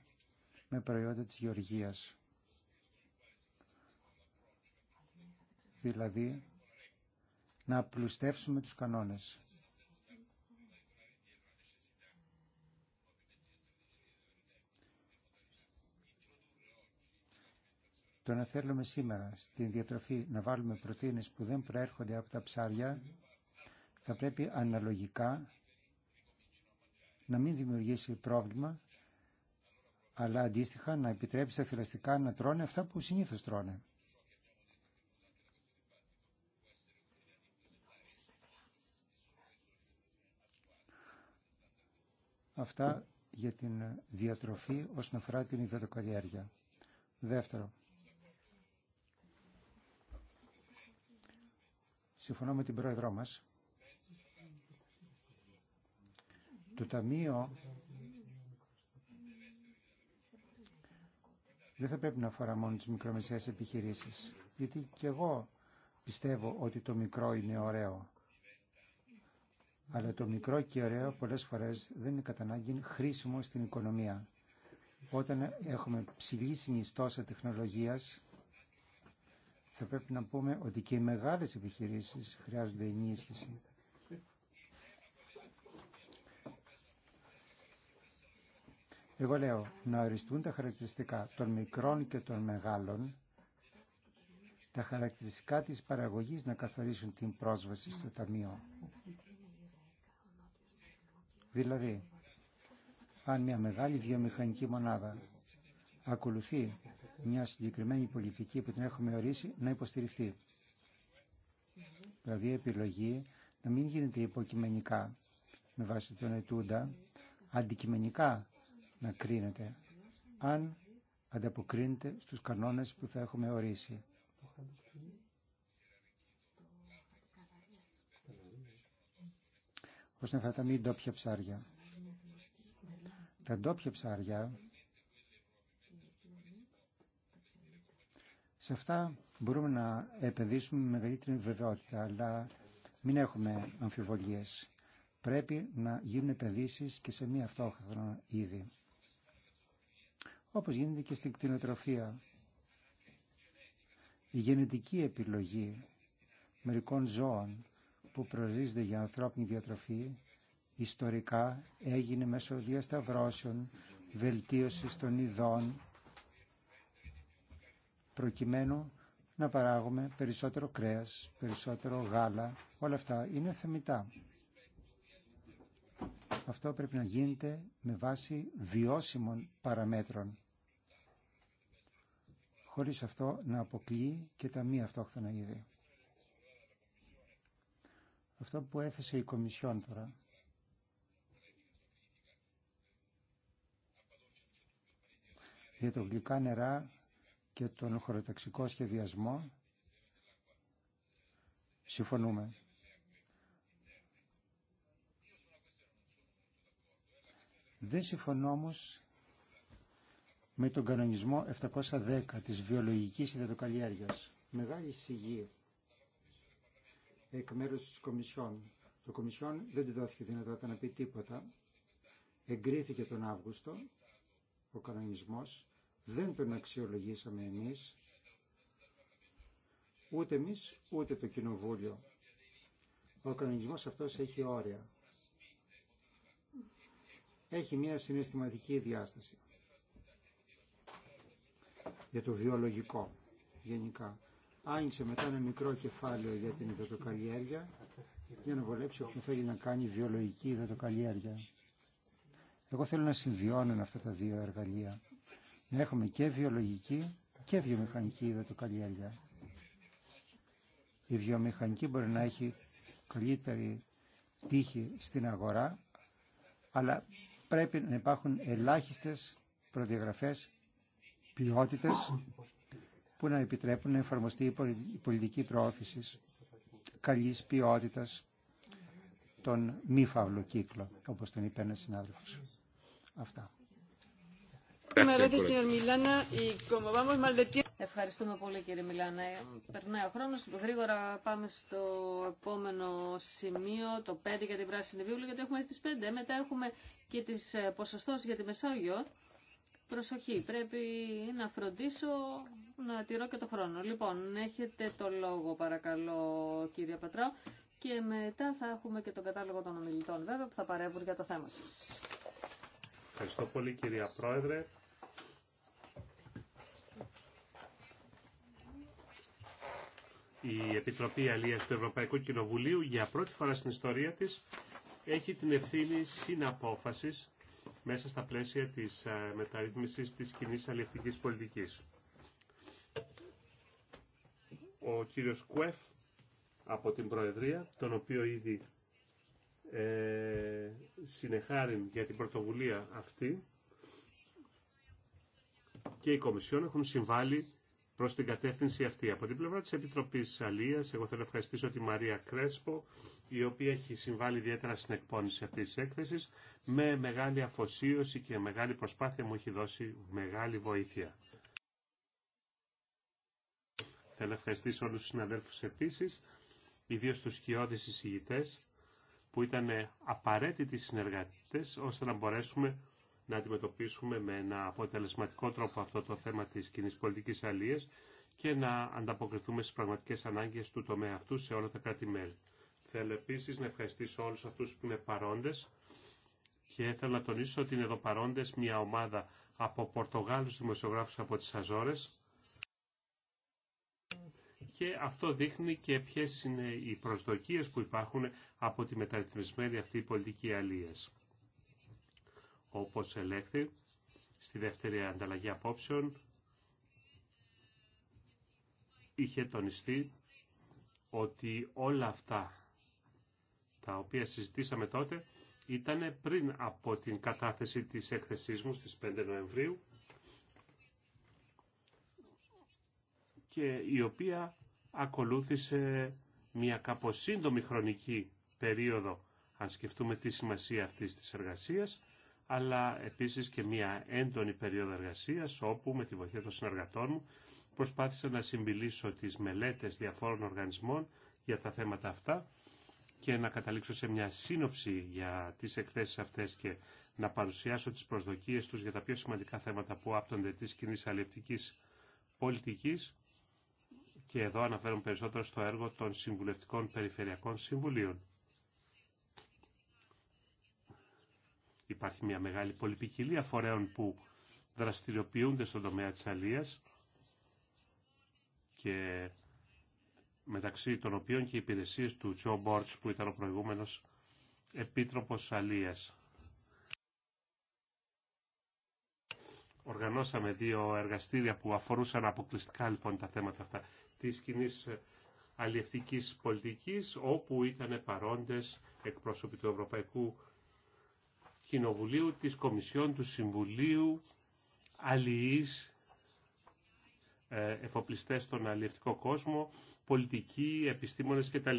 με προϊόντα της γεωργίας. Δηλαδή, να απλουστεύσουμε τους κανόνες. Το να θέλουμε σήμερα στην διατροφή να βάλουμε πρωτεΐνες που δεν προέρχονται από τα ψάρια θα πρέπει αναλογικά να μην δημιουργήσει πρόβλημα αλλά αντίστοιχα να επιτρέψει στα να τρώνε αυτά που συνήθως τρώνε. Αυτά για την διατροφή όσον αφορά την υδατοκαλλιέργεια. Δεύτερο, Συμφωνώ με την πρόεδρό μας. Το Ταμείο δεν θα πρέπει να αφορά μόνο τις μικρομεσαίες επιχειρήσεις. Γιατί και εγώ πιστεύω ότι το μικρό είναι ωραίο. Αλλά το μικρό και ωραίο πολλές φορές δεν είναι κατά ανάγκη χρήσιμο στην οικονομία. Όταν έχουμε ψηλή συνιστόσα τεχνολογίας, θα πρέπει να πούμε ότι και οι μεγάλες επιχειρήσεις χρειάζονται ενίσχυση. Εγώ λέω να οριστούν τα χαρακτηριστικά των μικρών και των μεγάλων, τα χαρακτηριστικά της παραγωγής να καθορίσουν την πρόσβαση στο ταμείο. Δηλαδή, αν μια μεγάλη βιομηχανική μονάδα ακολουθεί μια συγκεκριμένη πολιτική που την έχουμε ορίσει να υποστηριχθεί. Δηλαδή η επιλογή να μην γίνεται υποκειμενικά με βάση τον ετούντα, αντικειμενικά να κρίνεται, αν ανταποκρίνεται στους κανόνες που θα έχουμε ορίσει. Όσον αφορά τα μη ντόπια ψάρια. Τα ντόπια ψάρια Σε αυτά μπορούμε να επενδύσουμε με μεγαλύτερη βεβαιότητα, αλλά μην έχουμε αμφιβολίες. Πρέπει να γίνουν επενδύσει και σε μία αυτόχρονα είδη. Όπως γίνεται και στην κτηνοτροφία. Η γενετική επιλογή μερικών ζώων που προορίζονται για ανθρώπινη διατροφή ιστορικά έγινε μέσω διασταυρώσεων, βελτίωσης των ειδών προκειμένου να παράγουμε περισσότερο κρέας, περισσότερο γάλα, όλα αυτά είναι θεμητά. Αυτό πρέπει να γίνεται με βάση βιώσιμων παραμέτρων. Χωρίς αυτό να αποκλείει και τα μη αυτόχθονα είδη. Αυτό που έθεσε η Κομισιόν τώρα. Για το γλυκά νερά και τον χωροταξικό σχεδιασμό συμφωνούμε. Δεν συμφωνώ όμως με τον κανονισμό 710 της βιολογικής υδατοκαλλιέργειας. Μεγάλη σιγή εκ μέρους της Κομισιόν. Το Κομισιόν δεν του δόθηκε δυνατότητα να πει τίποτα. Εγκρίθηκε τον Αύγουστο ο κανονισμός δεν τον αξιολογήσαμε εμείς, ούτε εμείς, ούτε το Κοινοβούλιο. Ο κανονισμός αυτός έχει όρια. Έχει μια συναισθηματική διάσταση για το βιολογικό γενικά. Άνοιξε μετά ένα μικρό κεφάλαιο για την υδατοκαλλιέργεια για να βολέψει όποιον θέλει να κάνει βιολογική υδατοκαλλιέργεια. Εγώ θέλω να συμβιώνουν αυτά τα δύο εργαλεία έχουμε και βιολογική και βιομηχανική υδατοκαλλιέργεια. Η βιομηχανική μπορεί να έχει καλύτερη τύχη στην αγορά, αλλά πρέπει να υπάρχουν ελάχιστες προδιαγραφές ποιότητες που να επιτρέπουν να εφαρμοστεί η πολιτική προώθηση καλής ποιότητας τον μη φαύλο κύκλο, όπως τον είπε ένας συνάδελφος. Αυτά. Ευχαριστούμε πολύ κύριε Μιλάνα. Ε, περνάει ο χρόνο. Γρήγορα πάμε στο επόμενο σημείο, το 5 για την πράσινη βίβλο, γιατί έχουμε τι 5. Μετά έχουμε και τι ε, ποσοστό για τη Μεσόγειο. Προσοχή, πρέπει να φροντίσω να τηρώ και το χρόνο. Λοιπόν, έχετε το λόγο παρακαλώ κύριε Πατράου και μετά θα έχουμε και τον κατάλογο των ομιλητών βέβαια που θα παρεύουν για το θέμα σα. Ευχαριστώ πολύ κυρία Πρόεδρε. η Επιτροπή Αλίας του Ευρωπαϊκού Κοινοβουλίου για πρώτη φορά στην ιστορία της έχει την ευθύνη συναπόφασης μέσα στα πλαίσια της ε, μεταρρύθμισης της κοινή αλληλευτικής πολιτικής. Ο κύριος Κουέφ από την Προεδρία, τον οποίο ήδη ε, για την πρωτοβουλία αυτή και η Κομισιόν έχουν συμβάλει Προ την κατεύθυνση αυτή. Από την πλευρά τη Επιτροπής Αλία, εγώ θέλω να ευχαριστήσω τη Μαρία Κρέσπο, η οποία έχει συμβάλει ιδιαίτερα στην εκπόνηση αυτή τη έκθεση με μεγάλη αφοσίωση και μεγάλη προσπάθεια μου έχει δώσει μεγάλη βοήθεια. Θέλω να ευχαριστήσω όλου του συναδέλφου επίση, ιδίω του σκιώδει εισηγητέ, που ήταν απαραίτητοι συνεργατέ ώστε να μπορέσουμε να αντιμετωπίσουμε με ένα αποτελεσματικό τρόπο αυτό το θέμα της κοινή πολιτικής αλίας και να ανταποκριθούμε στις πραγματικές ανάγκες του τομέα αυτού σε όλα τα κράτη-μέλη. Θέλω επίσης να ευχαριστήσω όλους αυτούς που είναι παρόντες και θέλω να τονίσω ότι είναι εδώ παρόντες μια ομάδα από Πορτογάλους δημοσιογράφους από τις Αζόρες και αυτό δείχνει και ποιες είναι οι προσδοκίες που υπάρχουν από τη μεταρρυθμισμένη αυτή πολιτική αλίας όπως ελέγχθη στη δεύτερη ανταλλαγή απόψεων είχε τονιστεί ότι όλα αυτά τα οποία συζητήσαμε τότε ήταν πριν από την κατάθεση της έκθεσής μου στις 5 Νοεμβρίου και η οποία ακολούθησε μια κάπως σύντομη χρονική περίοδο αν σκεφτούμε τη σημασία αυτής της εργασίας αλλά επίσης και μια έντονη περίοδο εργασίας, όπου με τη βοήθεια των συνεργατών μου προσπάθησα να συμπιλήσω τις μελέτες διαφόρων οργανισμών για τα θέματα αυτά και να καταλήξω σε μια σύνοψη για τις εκθέσεις αυτές και να παρουσιάσω τις προσδοκίες τους για τα πιο σημαντικά θέματα που άπτονται της κοινή αλληλευτικής πολιτικής και εδώ αναφέρομαι περισσότερο στο έργο των Συμβουλευτικών Περιφερειακών Συμβουλίων. Υπάρχει μια μεγάλη πολυπικιλία φορέων που δραστηριοποιούνται στον τομέα της αλίας και μεταξύ των οποίων και οι υπηρεσίες του Τζο Μπόρτς που ήταν ο προηγούμενος Επίτροπος Αλίας. Οργανώσαμε δύο εργαστήρια που αφορούσαν αποκλειστικά λοιπόν τα θέματα αυτά της κοινή αλλιευτικής πολιτικής όπου ήταν παρόντες εκπρόσωποι του Ευρωπαϊκού Κοινοβουλίου, της Κομισιόν, του Συμβουλίου, αλληλείς, ε, εφοπλιστές στον αλληλευτικό κόσμο, πολιτικοί, επιστήμονες κτλ.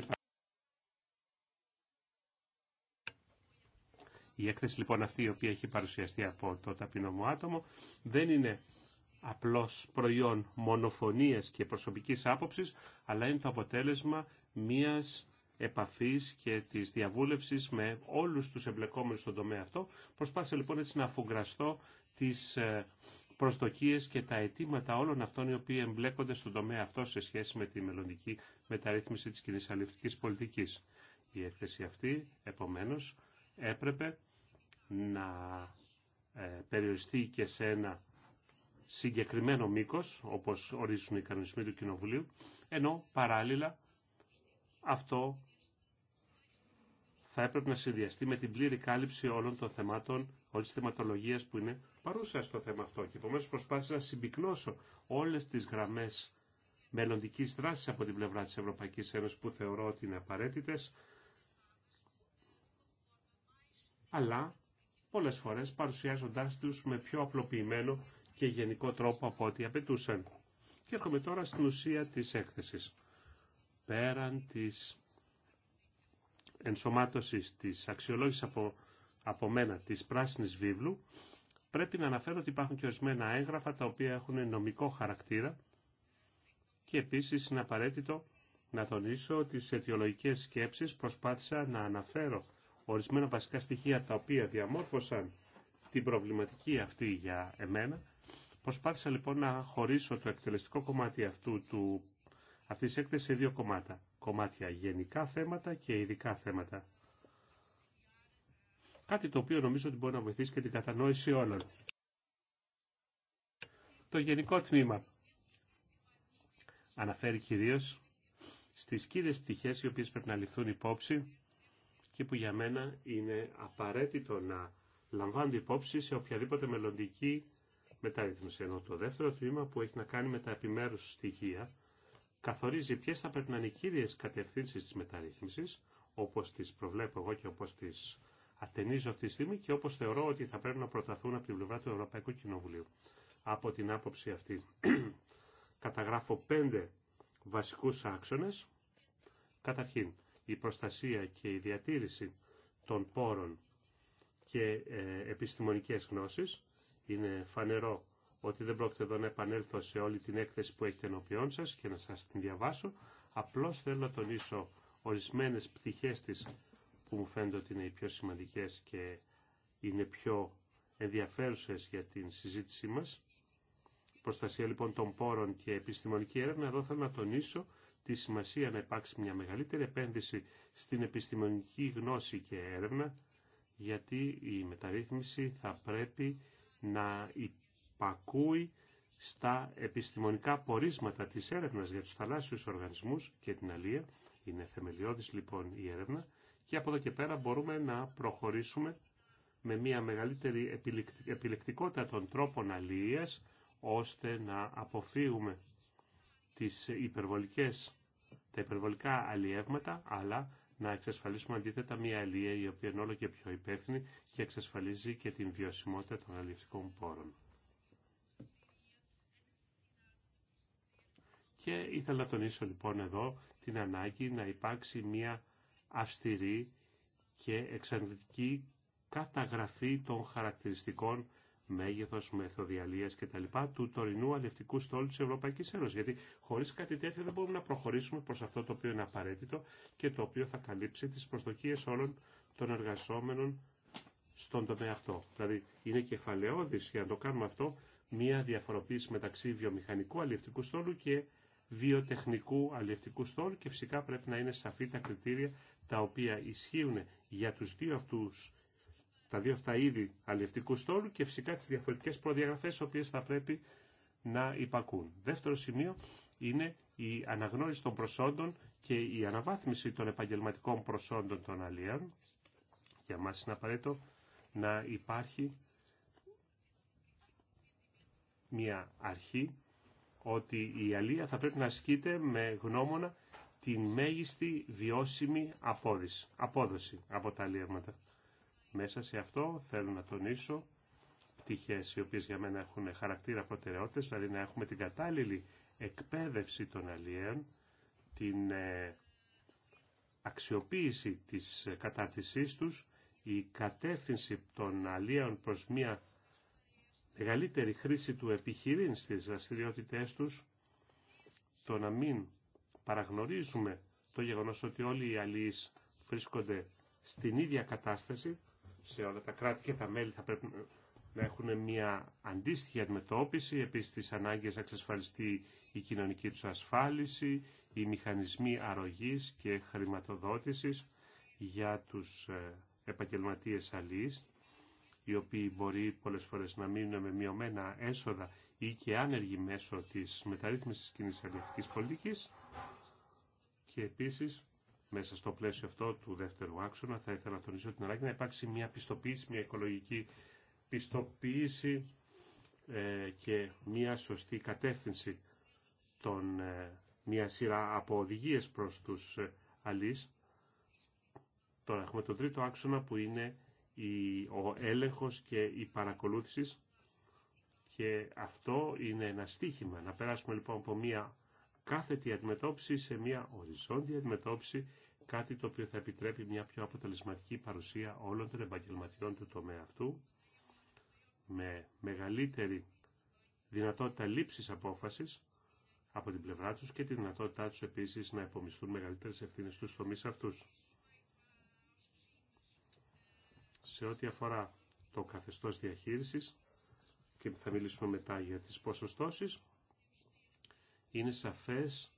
Η έκθεση λοιπόν αυτή η οποία έχει παρουσιαστεί από το ταπεινό μου άτομο δεν είναι απλώς προϊόν μονοφωνίας και προσωπικής άποψης, αλλά είναι το αποτέλεσμα μιας επαφής και της διαβούλευσης με όλους τους εμπλεκόμενους στον τομέα αυτό. Προσπάθησα λοιπόν έτσι να αφουγκραστώ τις ε, προσδοκίες και τα αιτήματα όλων αυτών οι οποίοι εμπλέκονται στον τομέα αυτό σε σχέση με τη μελλοντική μεταρρύθμιση της κοινή αλληλευτικής πολιτικής. Η έκθεση αυτή, επομένως, έπρεπε να ε, περιοριστεί και σε ένα συγκεκριμένο μήκος, όπως ορίζουν οι κανονισμοί του Κοινοβουλίου, ενώ παράλληλα αυτό θα έπρεπε να συνδυαστεί με την πλήρη κάλυψη όλων των θεμάτων, όλη τη θεματολογία που είναι παρούσα στο θέμα αυτό. Και επομένω προσπάθησα να συμπυκνώσω όλε τι γραμμέ μελλοντική δράση από την πλευρά τη Ευρωπαϊκή Ένωση που θεωρώ ότι είναι απαραίτητε. Αλλά πολλέ φορέ παρουσιάζοντά του με πιο απλοποιημένο και γενικό τρόπο από ό,τι απαιτούσαν. Και έρχομαι τώρα στην ουσία της έκθεση πέραν της ενσωμάτωσης της αξιολόγησης από, από μένα της πράσινης βίβλου, πρέπει να αναφέρω ότι υπάρχουν και ορισμένα έγγραφα τα οποία έχουν νομικό χαρακτήρα και επίσης είναι απαραίτητο να τονίσω ότι σε αιτιολογικές σκέψεις προσπάθησα να αναφέρω ορισμένα βασικά στοιχεία τα οποία διαμόρφωσαν την προβληματική αυτή για εμένα. Προσπάθησα λοιπόν να χωρίσω το εκτελεστικό κομμάτι αυτού του αυτή τη έκθεση σε δύο κομμάτα. Κομμάτια γενικά θέματα και ειδικά θέματα. Κάτι το οποίο νομίζω ότι μπορεί να βοηθήσει και την κατανόηση όλων. Το γενικό τμήμα αναφέρει κυρίως στις κύριες πτυχές οι οποίες πρέπει να ληφθούν υπόψη και που για μένα είναι απαραίτητο να λαμβάνονται υπόψη σε οποιαδήποτε μελλοντική μεταρρύθμιση. Ενώ το δεύτερο τμήμα που έχει να κάνει με τα επιμέρους στοιχεία καθορίζει ποιες θα πρέπει να είναι οι κύριες κατευθύνσεις της μεταρρύθμισης, όπως τις προβλέπω εγώ και όπως τις ατενίζω αυτή τη στιγμή και όπως θεωρώ ότι θα πρέπει να προταθούν από την πλευρά του Ευρωπαϊκού Κοινοβουλίου. Από την άποψη αυτή καταγράφω πέντε βασικούς άξονες. Καταρχήν, η προστασία και η διατήρηση των πόρων και ε, επιστημονικές γνώσεις. Είναι φανερό ότι δεν πρόκειται εδώ να επανέλθω σε όλη την έκθεση που έχετε ενώπιόν σας και να σας την διαβάσω. Απλώς θέλω να τονίσω ορισμένες πτυχές της που μου φαίνεται ότι είναι οι πιο σημαντικές και είναι πιο ενδιαφέρουσες για την συζήτησή μας. Προστασία λοιπόν των πόρων και επιστημονική έρευνα. Εδώ θέλω να τονίσω τη σημασία να υπάρξει μια μεγαλύτερη επένδυση στην επιστημονική γνώση και έρευνα, γιατί η μεταρρύθμιση θα πρέπει να ακούει στα επιστημονικά πορίσματα της έρευνας για τους θαλάσσιους οργανισμούς και την αλία. Είναι θεμελιώδης λοιπόν η έρευνα και από εδώ και πέρα μπορούμε να προχωρήσουμε με μια μεγαλύτερη επιλεκτικότητα των τρόπων αλίας ώστε να αποφύγουμε τις υπερβολικές, τα υπερβολικά αλλιεύματα, αλλά να εξασφαλίσουμε αντίθετα μια αλία η οποία είναι όλο και πιο υπεύθυνη και εξασφαλίζει και την βιωσιμότητα των αλληλευτικών πόρων. Και ήθελα να τονίσω λοιπόν εδώ την ανάγκη να υπάρξει μια αυστηρή και εξαντλητική καταγραφή των χαρακτηριστικών μέγεθο, μεθοδιαλία κτλ. του τωρινού αλευτικού στόλου τη Ευρωπαϊκή Ένωση. Γιατί χωρί κάτι τέτοιο δεν μπορούμε να προχωρήσουμε προ αυτό το οποίο είναι απαραίτητο και το οποίο θα καλύψει τι προσδοκίε όλων των εργαζόμενων στον τομέα αυτό. Δηλαδή είναι κεφαλαιόδηση, για να το κάνουμε αυτό μια διαφοροποίηση μεταξύ βιομηχανικού αλευτικού στόλου και βιοτεχνικού αλληλευτικού στόλου και φυσικά πρέπει να είναι σαφή τα κριτήρια τα οποία ισχύουν για τους δύο αυτούς τα δύο αυτά είδη αλληλευτικού στόλου και φυσικά τις διαφορετικές προδιαγραφές οι οποίες θα πρέπει να υπακούν. Δεύτερο σημείο είναι η αναγνώριση των προσόντων και η αναβάθμιση των επαγγελματικών προσόντων των αλλιών. Για μας είναι απαραίτητο να υπάρχει μια αρχή ότι η αλία θα πρέπει να ασκείται με γνώμονα την μέγιστη βιώσιμη απόδοση, απόδοση από τα αλλιεύματα. Μέσα σε αυτό θέλω να τονίσω πτυχές οι οποίες για μένα έχουν χαρακτήρα προτεραιότητες, δηλαδή να έχουμε την κατάλληλη εκπαίδευση των αλλιέων, την ε, αξιοποίηση της κατάρτισής τους, η κατεύθυνση των αλλιέων προς μια μεγαλύτερη χρήση του επιχειρήν στις δραστηριότητε τους, το να μην παραγνωρίζουμε το γεγονός ότι όλοι οι αλληλείς βρίσκονται στην ίδια κατάσταση, σε όλα τα κράτη και τα μέλη θα πρέπει να έχουν μια αντίστοιχη αντιμετώπιση, επίσης τις ανάγκες να εξασφαλιστεί η κοινωνική τους ασφάλιση, οι μηχανισμοί αρρωγής και χρηματοδότησης για τους ε, επαγγελματίες αλληλείς οι οποίοι μπορεί πολλές φορές να μείνουν με μειωμένα έσοδα ή και άνεργοι μέσω της μεταρρύθμισης κοινή αλληλευτικής πολιτικής. Και επίσης, μέσα στο πλαίσιο αυτό του δεύτερου άξονα, θα ήθελα να τονίσω την ανάγκη να υπάρξει μια πιστοποίηση, μια οικολογική πιστοποίηση ε, και μια σωστή κατεύθυνση των, ε, μια σειρά από οδηγίες προς τους ε, Τώρα έχουμε τον τρίτο άξονα που είναι ο έλεγχος και η παρακολούθηση και αυτό είναι ένα στίχημα. Να περάσουμε λοιπόν από μια κάθετη αντιμετώπιση σε μια οριζόντια αντιμετώπιση, κάτι το οποίο θα επιτρέπει μια πιο αποτελεσματική παρουσία όλων των επαγγελματιών του τομέα αυτού, με μεγαλύτερη δυνατότητα λήψης απόφασης από την πλευρά τους και τη δυνατότητά τους επίσης να επομιστούν μεγαλύτερες ευθύνες στους τομείς αυτούς σε ό,τι αφορά το καθεστώς διαχείρισης και θα μιλήσουμε μετά για τις ποσοστώσεις, είναι σαφές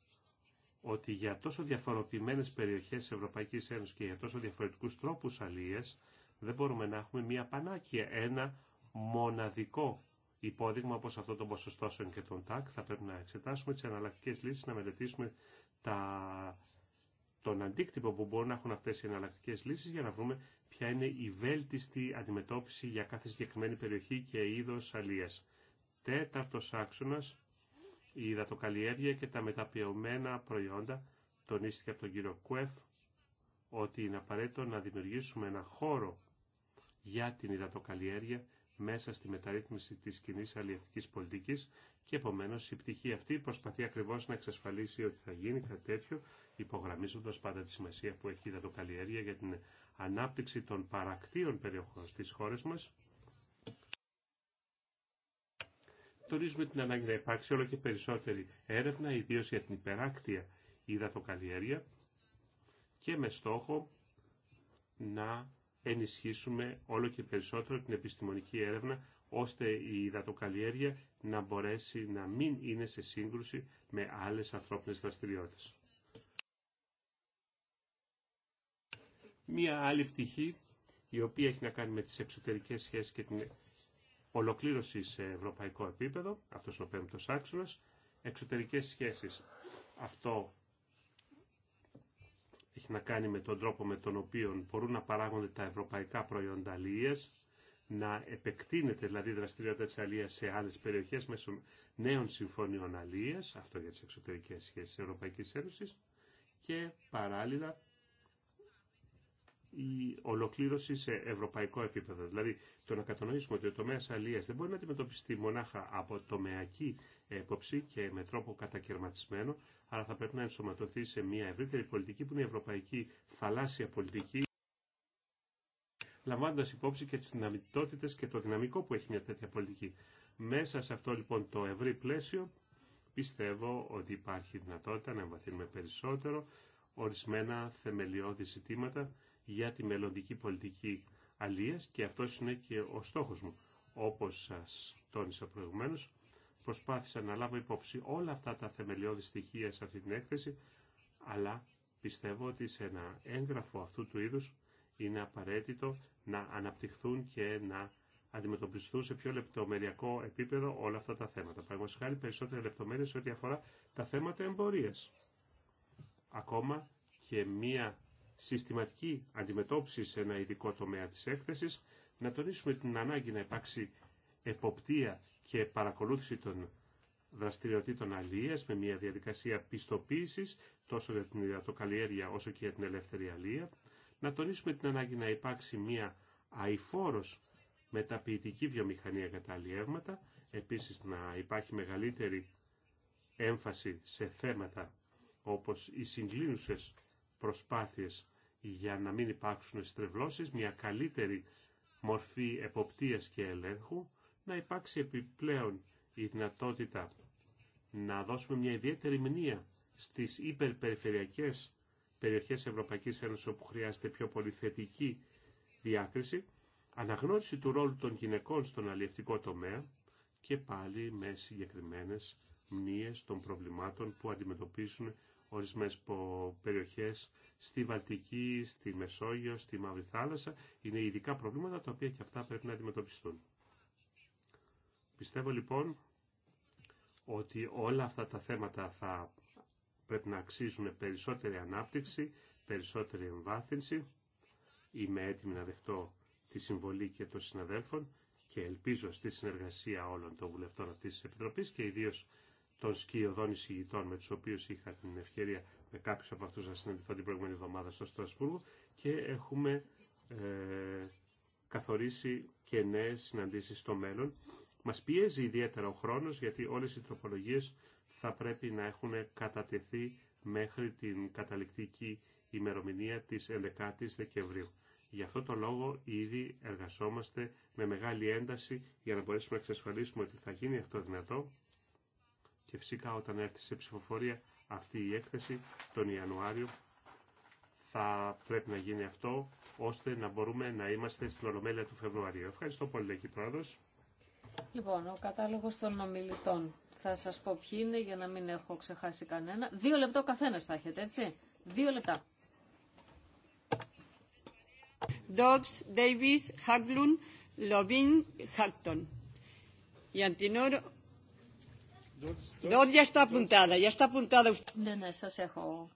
ότι για τόσο διαφοροποιημένες περιοχές της Ευρωπαϊκής Ένωσης και για τόσο διαφορετικούς τρόπους αλίες δεν μπορούμε να έχουμε μία πανάκια, ένα μοναδικό υπόδειγμα όπως αυτό των ποσοστώσεων και των ΤΑΚ. Θα πρέπει να εξετάσουμε τις αναλλακτικές λύσεις, να μελετήσουμε τα τον αντίκτυπο που μπορούν να έχουν αυτέ οι εναλλακτικέ λύσεις για να βρούμε ποια είναι η βέλτιστη αντιμετώπιση για κάθε συγκεκριμένη περιοχή και είδος αλίας. Τέταρτος άξονας, η υδατοκαλλιέργεια και τα μεταποιωμένα προϊόντα, τονίστηκε από τον κύριο Κουέφ, ότι είναι απαραίτητο να δημιουργήσουμε ένα χώρο για την υδατοκαλλιέργεια μέσα στη μεταρρύθμιση της κοινή αλληλευτικής πολιτικής και επομένως η πτυχή αυτή προσπαθεί ακριβώς να εξασφαλίσει ότι θα γίνει κάτι τέτοιο υπογραμμίζοντας πάντα τη σημασία που έχει η δατοκαλλιέργεια για την ανάπτυξη των παρακτήων περιοχών στις χώρες μας. Τονίζουμε την ανάγκη να υπάρξει όλο και περισσότερη έρευνα, ιδίω για την υπεράκτεια υδατοκαλλιέργεια και με στόχο να ενισχύσουμε όλο και περισσότερο την επιστημονική έρευνα ώστε η υδατοκαλλιέργεια να μπορέσει να μην είναι σε σύγκρουση με άλλες ανθρώπινες δραστηριότητες. Μία άλλη πτυχή η οποία έχει να κάνει με τις εξωτερικές σχέσεις και την ολοκλήρωση σε ευρωπαϊκό επίπεδο, αυτός ο πέμπτος άξονας, εξωτερικές σχέσεις. Αυτό έχει να κάνει με τον τρόπο με τον οποίο μπορούν να παράγονται τα ευρωπαϊκά προϊόντα αλίας, να επεκτείνεται δηλαδή η δραστηριότητα της αλίας σε άλλες περιοχές μέσω νέων συμφωνιών αλίας, αυτό για τις εξωτερικές σχέσεις της Ευρωπαϊκής Ένωσης, και παράλληλα η ολοκλήρωση σε ευρωπαϊκό επίπεδο. Δηλαδή το να κατανοήσουμε ότι ο τομέα αλληλεία δεν μπορεί να αντιμετωπιστεί μονάχα από τομεακή έποψη και με τρόπο κατακαιρματισμένο, αλλά θα πρέπει να ενσωματωθεί σε μια ευρύτερη πολιτική που είναι η ευρωπαϊκή θαλάσσια πολιτική, λαμβάνοντα υπόψη και τι δυναμικότητε και το δυναμικό που έχει μια τέτοια πολιτική. Μέσα σε αυτό λοιπόν το ευρύ πλαίσιο πιστεύω ότι υπάρχει δυνατότητα να εμβαθύνουμε περισσότερο ορισμένα θεμελιώδη ζητήματα για τη μελλοντική πολιτική αλίας και αυτός είναι και ο στόχος μου. Όπως σας τόνισα προηγουμένως, προσπάθησα να λάβω υπόψη όλα αυτά τα θεμελιώδη στοιχεία σε αυτή την έκθεση, αλλά πιστεύω ότι σε ένα έγγραφο αυτού του είδους είναι απαραίτητο να αναπτυχθούν και να αντιμετωπιστούν σε πιο λεπτομεριακό επίπεδο όλα αυτά τα θέματα. Παραγωγή χάρη περισσότερε σε ό,τι αφορά τα θέματα εμπορία. Ακόμα και μία συστηματική αντιμετώπιση σε ένα ειδικό τομέα της έκθεσης, να τονίσουμε την ανάγκη να υπάρξει εποπτεία και παρακολούθηση των δραστηριοτήτων αλληλείας με μια διαδικασία πιστοποίησης τόσο για την ιδιωτοκαλλιέργεια όσο και για την ελεύθερη αλληλεία, να τονίσουμε την ανάγκη να υπάρξει μια αηφόρος μεταποιητική βιομηχανία για τα αλλιεύματα, επίσης να υπάρχει μεγαλύτερη έμφαση σε θέματα όπως οι συγκλίνουσες προσπάθειες για να μην υπάρξουν στρεβλώσεις, μια καλύτερη μορφή εποπτείας και ελέγχου, να υπάρξει επιπλέον η δυνατότητα να δώσουμε μια ιδιαίτερη μνήμα στις υπερπεριφερειακές περιοχές Ευρωπαϊκής Ένωσης όπου χρειάζεται πιο πολυθετική διάκριση, αναγνώριση του ρόλου των γυναικών στον αλλιευτικό τομέα και πάλι με συγκεκριμένες μνήες των προβλημάτων που αντιμετωπίσουν ορισμένες περιοχές στη Βαλτική, στη Μεσόγειο, στη Μαύρη Θάλασσα. Είναι ειδικά προβλήματα τα οποία και αυτά πρέπει να αντιμετωπιστούν. Πιστεύω λοιπόν ότι όλα αυτά τα θέματα θα πρέπει να αξίζουν περισσότερη ανάπτυξη, περισσότερη εμβάθυνση. Είμαι έτοιμη να δεχτώ τη συμβολή και των συναδέλφων και ελπίζω στη συνεργασία όλων των βουλευτών αυτής της Επιτροπής και ιδίως των σκιωδών εισηγητών με τους οποίους είχα την ευκαιρία με κάποιους από αυτούς να συναντηθώ την προηγούμενη εβδομάδα στο Στρασβούργο και έχουμε ε, καθορίσει και νέε συναντήσεις στο μέλλον. Μας πιέζει ιδιαίτερα ο χρόνος γιατί όλες οι τροπολογίες θα πρέπει να έχουν κατατεθεί μέχρι την καταληκτική ημερομηνία της 11ης Δεκεμβρίου. Γι' αυτό το λόγο ήδη εργαζόμαστε με μεγάλη ένταση για να μπορέσουμε να εξασφαλίσουμε ότι θα γίνει αυτό δυνατό και φυσικά όταν έρθει σε ψηφοφορία αυτή η έκθεση τον Ιανουάριο θα πρέπει να γίνει αυτό ώστε να μπορούμε να είμαστε στην Ολομέλεια του Φεβρουαρίου. Ευχαριστώ πολύ, κύριε Πρόεδρος. Λοιπόν, ο κατάλογο των ομιλητών. Θα σα πω ποιοι είναι για να μην έχω ξεχάσει κανένα. Δύο λεπτό καθένα θα έχετε, έτσι. Δύο λεπτά. Dogs, Davis, Haglund, Lobin, Hackton. Για την ώρα, apuntada, ya está apuntada Ναι, ναι, σας έχω.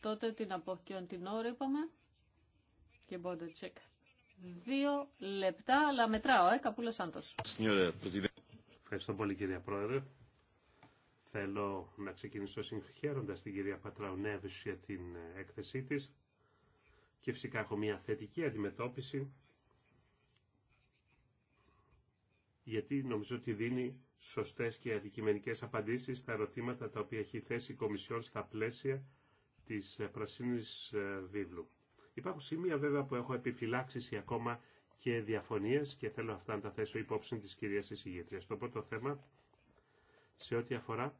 Τότε την από την ώρα είπαμε και πότε τσεκ. Δύο λεπτά, αλλά μετράω, ε, Καπούλο Σάντος. Ευχαριστώ πολύ κυρία Πρόεδρε. Θέλω να ξεκινήσω συγχαίροντας την κυρία Πατραουνέβη για την έκθεσή της και φυσικά έχω μια θετική αντιμετώπιση γιατί νομίζω ότι δίνει σωστές και αντικειμενικές απαντήσεις στα ερωτήματα τα οποία έχει θέσει η Κομισιόν στα πλαίσια της Πρασίνης ε, Βίβλου. Υπάρχουν σημεία βέβαια που έχω επιφυλάξει ή ακόμα και διαφωνίες και θέλω αυτά να τα θέσω υπόψη της κυρίας εισηγήτριας. Το πρώτο θέμα σε ό,τι αφορά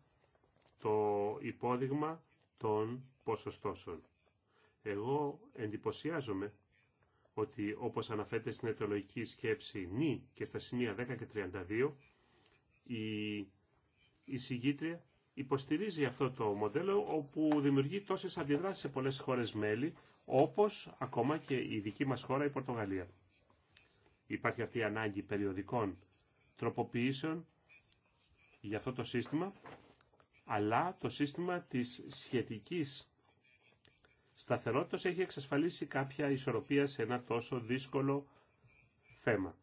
το υπόδειγμα των ποσοστώσεων. Εγώ εντυπωσιάζομαι ότι όπως αναφέρεται στην αιτιολογική σκέψη νη και στα σημεία 10 και 32, η, η υποστηρίζει αυτό το μοντέλο όπου δημιουργεί τόσες αντιδράσεις σε πολλές χώρες μέλη, όπως ακόμα και η δική μας χώρα, η Πορτογαλία. Υπάρχει αυτή η ανάγκη περιοδικών τροποποιήσεων για αυτό το σύστημα, αλλά το σύστημα της σχετικής σταθερότητος έχει εξασφαλίσει κάποια ισορροπία σε ένα τόσο δύσκολο θέμα.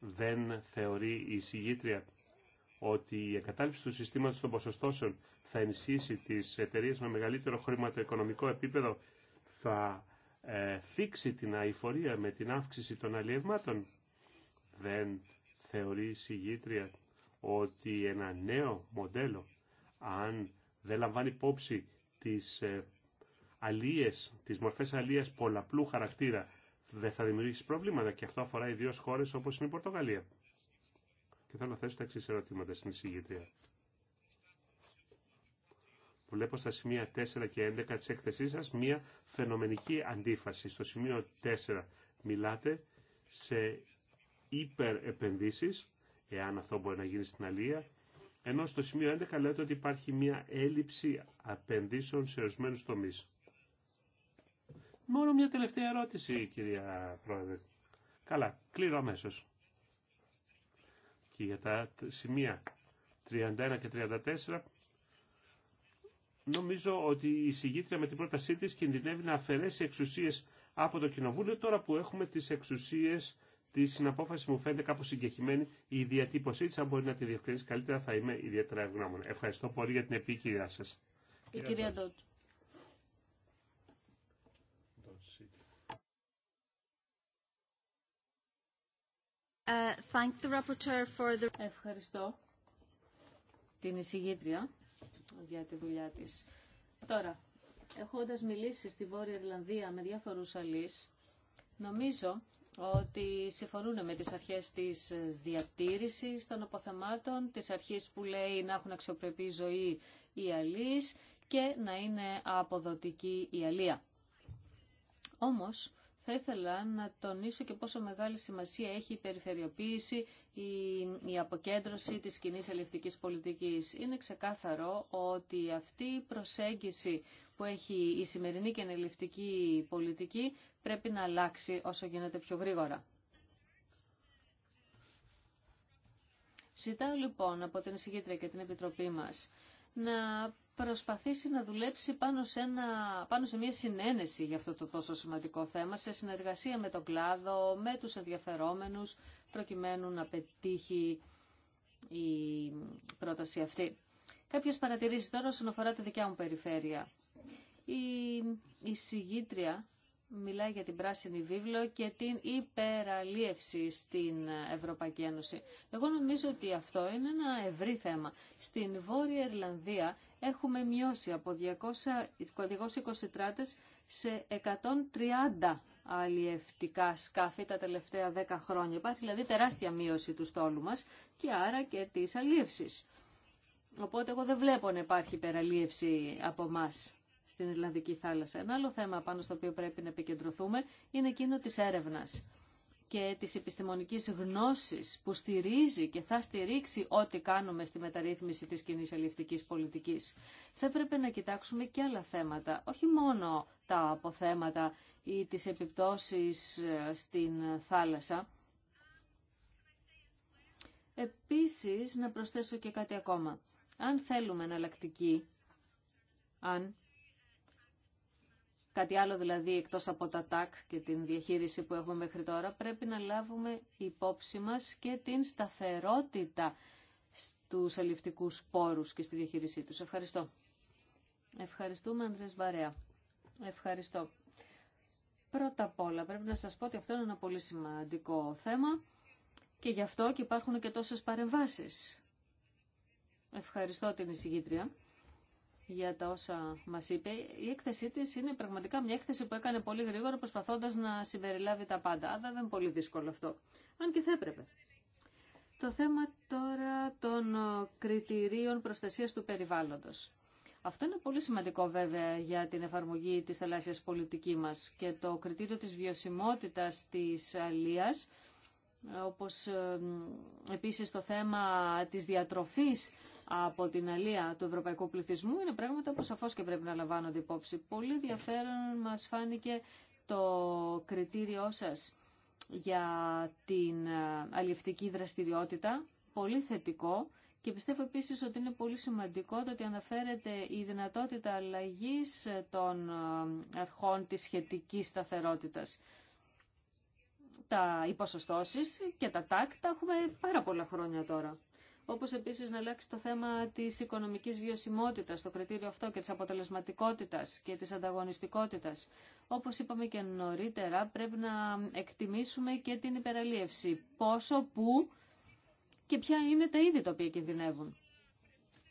Δεν θεωρεί η συγγήτρια ότι η εγκατάλειψη του συστήματος των ποσοστώσεων θα ενισχύσει τις εταιρείε με μεγαλύτερο χρηματοοικονομικό επίπεδο, θα ε, θίξει την αηφορία με την αύξηση των αλλιευμάτων. Δεν θεωρεί η συγγήτρια ότι ένα νέο μοντέλο, αν δεν λαμβάνει υπόψη τις ε, αλίες, τις μορφές αλίες πολλαπλού χαρακτήρα δεν θα δημιουργήσει προβλήματα και αυτό αφορά ιδίως χώρες όπως είναι η Πορτογαλία. Και θέλω να θέσω τα εξή ερωτήματα στην εισηγήτρια. Βλέπω στα σημεία 4 και 11 της έκθεσή σας μία φαινομενική αντίφαση. Στο σημείο 4 μιλάτε σε υπερεπενδύσεις, εάν αυτό μπορεί να γίνει στην αλία, ενώ στο σημείο 11 λέτε ότι υπάρχει μία έλλειψη απενδύσεων σε ορισμένου τομεί. Μόνο μια τελευταία ερώτηση, κυρία Πρόεδρε. Καλά, κλείνω αμέσω. Και για τα σημεία 31 και 34, νομίζω ότι η συγγήτρια με την πρότασή της κινδυνεύει να αφαιρέσει εξουσίες από το Κοινοβούλιο τώρα που έχουμε τις εξουσίες Τη συναπόφαση μου φαίνεται κάπω συγκεχημένη. Η διατύπωσή τη, αν μπορεί να τη διευκρινίσει καλύτερα, θα είμαι ιδιαίτερα ευγνώμων. Ευχαριστώ πολύ για την επίκυριά σα. Η κυρία Ντότ. Ευχαριστώ την εισηγήτρια για τη δουλειά της. Τώρα, έχοντας μιλήσει στη Βόρεια Ιρλανδία με διάφορους αλείς, νομίζω ότι συμφωνούν με τις αρχές της διατήρησης των αποθεμάτων, τις αρχές που λέει να έχουν αξιοπρεπή ζωή οι αλείς και να είναι αποδοτική η αλία. Όμως, θα ήθελα να τονίσω και πόσο μεγάλη σημασία έχει η περιφερειοποίηση, η, αποκέντρωση της κοινή ελευθερικής πολιτικής. Είναι ξεκάθαρο ότι αυτή η προσέγγιση που έχει η σημερινή και ελευθερική πολιτική πρέπει να αλλάξει όσο γίνεται πιο γρήγορα. Ζητάω λοιπόν από την εισηγήτρια και την Επιτροπή μας να προσπαθήσει να δουλέψει πάνω σε, ένα, μια συνένεση για αυτό το τόσο σημαντικό θέμα, σε συνεργασία με τον κλάδο, με τους ενδιαφερόμενους, προκειμένου να πετύχει η πρόταση αυτή. Κάποιες παρατηρήσεις τώρα όσον αφορά τη δικιά μου περιφέρεια. Η, η μιλάει για την πράσινη βίβλο και την υπεραλίευση στην Ευρωπαϊκή Ένωση. Εγώ νομίζω ότι αυτό είναι ένα ευρύ θέμα. Στην Βόρεια Ιρλανδία έχουμε μειώσει από 220 τράτες σε 130 αλλιευτικά σκάφη τα τελευταία 10 χρόνια. Υπάρχει δηλαδή τεράστια μείωση του στόλου μας και άρα και της αλλιεύσης. Οπότε εγώ δεν βλέπω να υπάρχει υπεραλίευση από εμά στην Ιρλανδική θάλασσα. Ένα άλλο θέμα πάνω στο οποίο πρέπει να επικεντρωθούμε είναι εκείνο της έρευνας και της επιστημονικής γνώσης που στηρίζει και θα στηρίξει ό,τι κάνουμε στη μεταρρύθμιση της κοινή αλληλευτικής πολιτικής. Θα έπρεπε να κοιτάξουμε και άλλα θέματα, όχι μόνο τα αποθέματα ή τις επιπτώσεις ε, στην θάλασσα. Επίσης, να προσθέσω και κάτι ακόμα. Αν θέλουμε εναλλακτική, αν κάτι άλλο δηλαδή εκτός από τα τάκ και την διαχείριση που έχουμε μέχρι τώρα, πρέπει να λάβουμε υπόψη μας και την σταθερότητα στους αλληλευτικούς πόρους και στη διαχείρισή τους. Ευχαριστώ. Ευχαριστούμε, Ανδρέας Βαρέα. Ευχαριστώ. Πρώτα απ' όλα πρέπει να σας πω ότι αυτό είναι ένα πολύ σημαντικό θέμα και γι' αυτό και υπάρχουν και τόσες παρεμβάσεις. Ευχαριστώ την εισηγήτρια για τα όσα μα είπε. Η έκθεσή της είναι πραγματικά μια έκθεση που έκανε πολύ γρήγορα προσπαθώντας να συμπεριλάβει τα πάντα. Αλλά δεν είναι πολύ δύσκολο αυτό. Αν και θα έπρεπε. Το θέμα τώρα των κριτηρίων προστασία του περιβάλλοντος. Αυτό είναι πολύ σημαντικό βέβαια για την εφαρμογή της θαλάσσιας πολιτική μας και το κριτήριο της βιωσιμότητας της αλίας όπως ε, επίσης το θέμα της διατροφής από την αλία του ευρωπαϊκού πληθυσμού είναι πράγματα που σαφώς και πρέπει να λαμβάνονται υπόψη. Πολύ ενδιαφέρον μας φάνηκε το κριτήριό σας για την ε, αλληλευτική δραστηριότητα, πολύ θετικό και πιστεύω επίσης ότι είναι πολύ σημαντικό το ότι αναφέρεται η δυνατότητα αλλαγής των ε, αρχών της σχετικής σταθερότητας τα υποσωστώσει και τα τάκ τα έχουμε πάρα πολλά χρόνια τώρα. Όπω επίση να αλλάξει το θέμα τη οικονομική βιωσιμότητα, το κριτήριο αυτό και τη αποτελεσματικότητα και τη ανταγωνιστικότητα. Όπω είπαμε και νωρίτερα, πρέπει να εκτιμήσουμε και την υπεραλίευση. Πόσο, πού και ποια είναι τα είδη τα οποία κινδυνεύουν.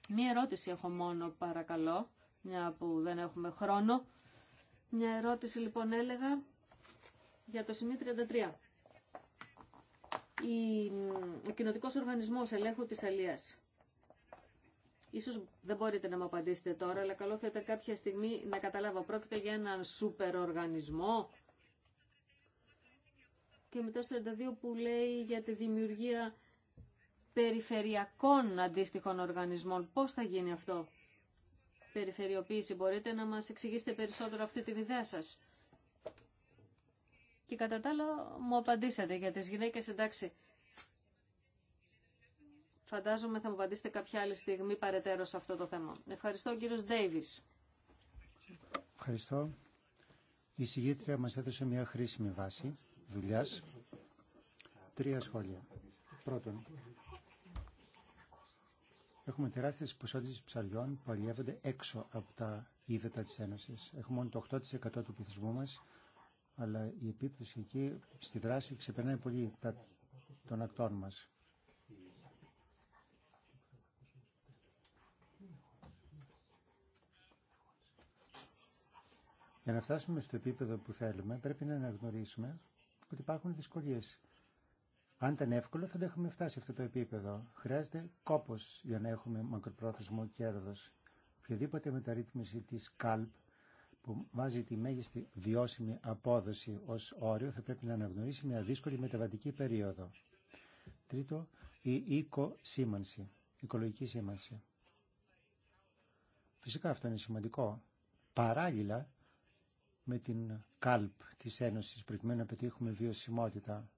Μία ερώτηση έχω μόνο παρακαλώ, μια που δεν έχουμε χρόνο. Μια ερώτηση λοιπόν έλεγα για το σημείο 33 ο κοινοτικός οργανισμός ελέγχου της αλίας. Ίσως δεν μπορείτε να μου απαντήσετε τώρα, αλλά καλό θα ήταν κάποια στιγμή να καταλάβω. Πρόκειται για έναν σούπερ οργανισμό. Και μετά στο 32 που λέει για τη δημιουργία περιφερειακών αντίστοιχων οργανισμών. Πώς θα γίνει αυτό. Περιφερειοποίηση. Μπορείτε να μας εξηγήσετε περισσότερο αυτή την ιδέα σας. Και κατά τα άλλα μου απαντήσατε για τις γυναίκες, εντάξει. Φαντάζομαι θα μου απαντήσετε κάποια άλλη στιγμή παρετέρω σε αυτό το θέμα. Ευχαριστώ κύριος Ντέιβις. Ευχαριστώ. Η συγγήτρια μας έδωσε μια χρήσιμη βάση δουλειάς. Τρία σχόλια. Πρώτον, έχουμε τεράστιες ποσότητες ψαριών που αλλιεύονται έξω από τα ύδατα της Ένωσης. Έχουμε μόνο το 8% του πληθυσμού μας αλλά η επίπτωση εκεί στη δράση ξεπερνάει πολύ τα, των ακτών μας. Για να φτάσουμε στο επίπεδο που θέλουμε, πρέπει να αναγνωρίσουμε ότι υπάρχουν δυσκολίες. Αν ήταν εύκολο, θα το έχουμε φτάσει αυτό το επίπεδο. Χρειάζεται κόπος για να έχουμε μακροπρόθεσμο κέρδος. Οποιαδήποτε μεταρρύθμιση της ΚΑΛΠ που βάζει τη μέγιστη βιώσιμη απόδοση ως όριο θα πρέπει να αναγνωρίσει μια δύσκολη μεταβατική περίοδο. Τρίτο, η οικοσήμανση, οικολογική σήμανση. Φυσικά αυτό είναι σημαντικό. Παράλληλα με την κάλπ της Ένωσης προκειμένου να πετύχουμε βιωσιμότητα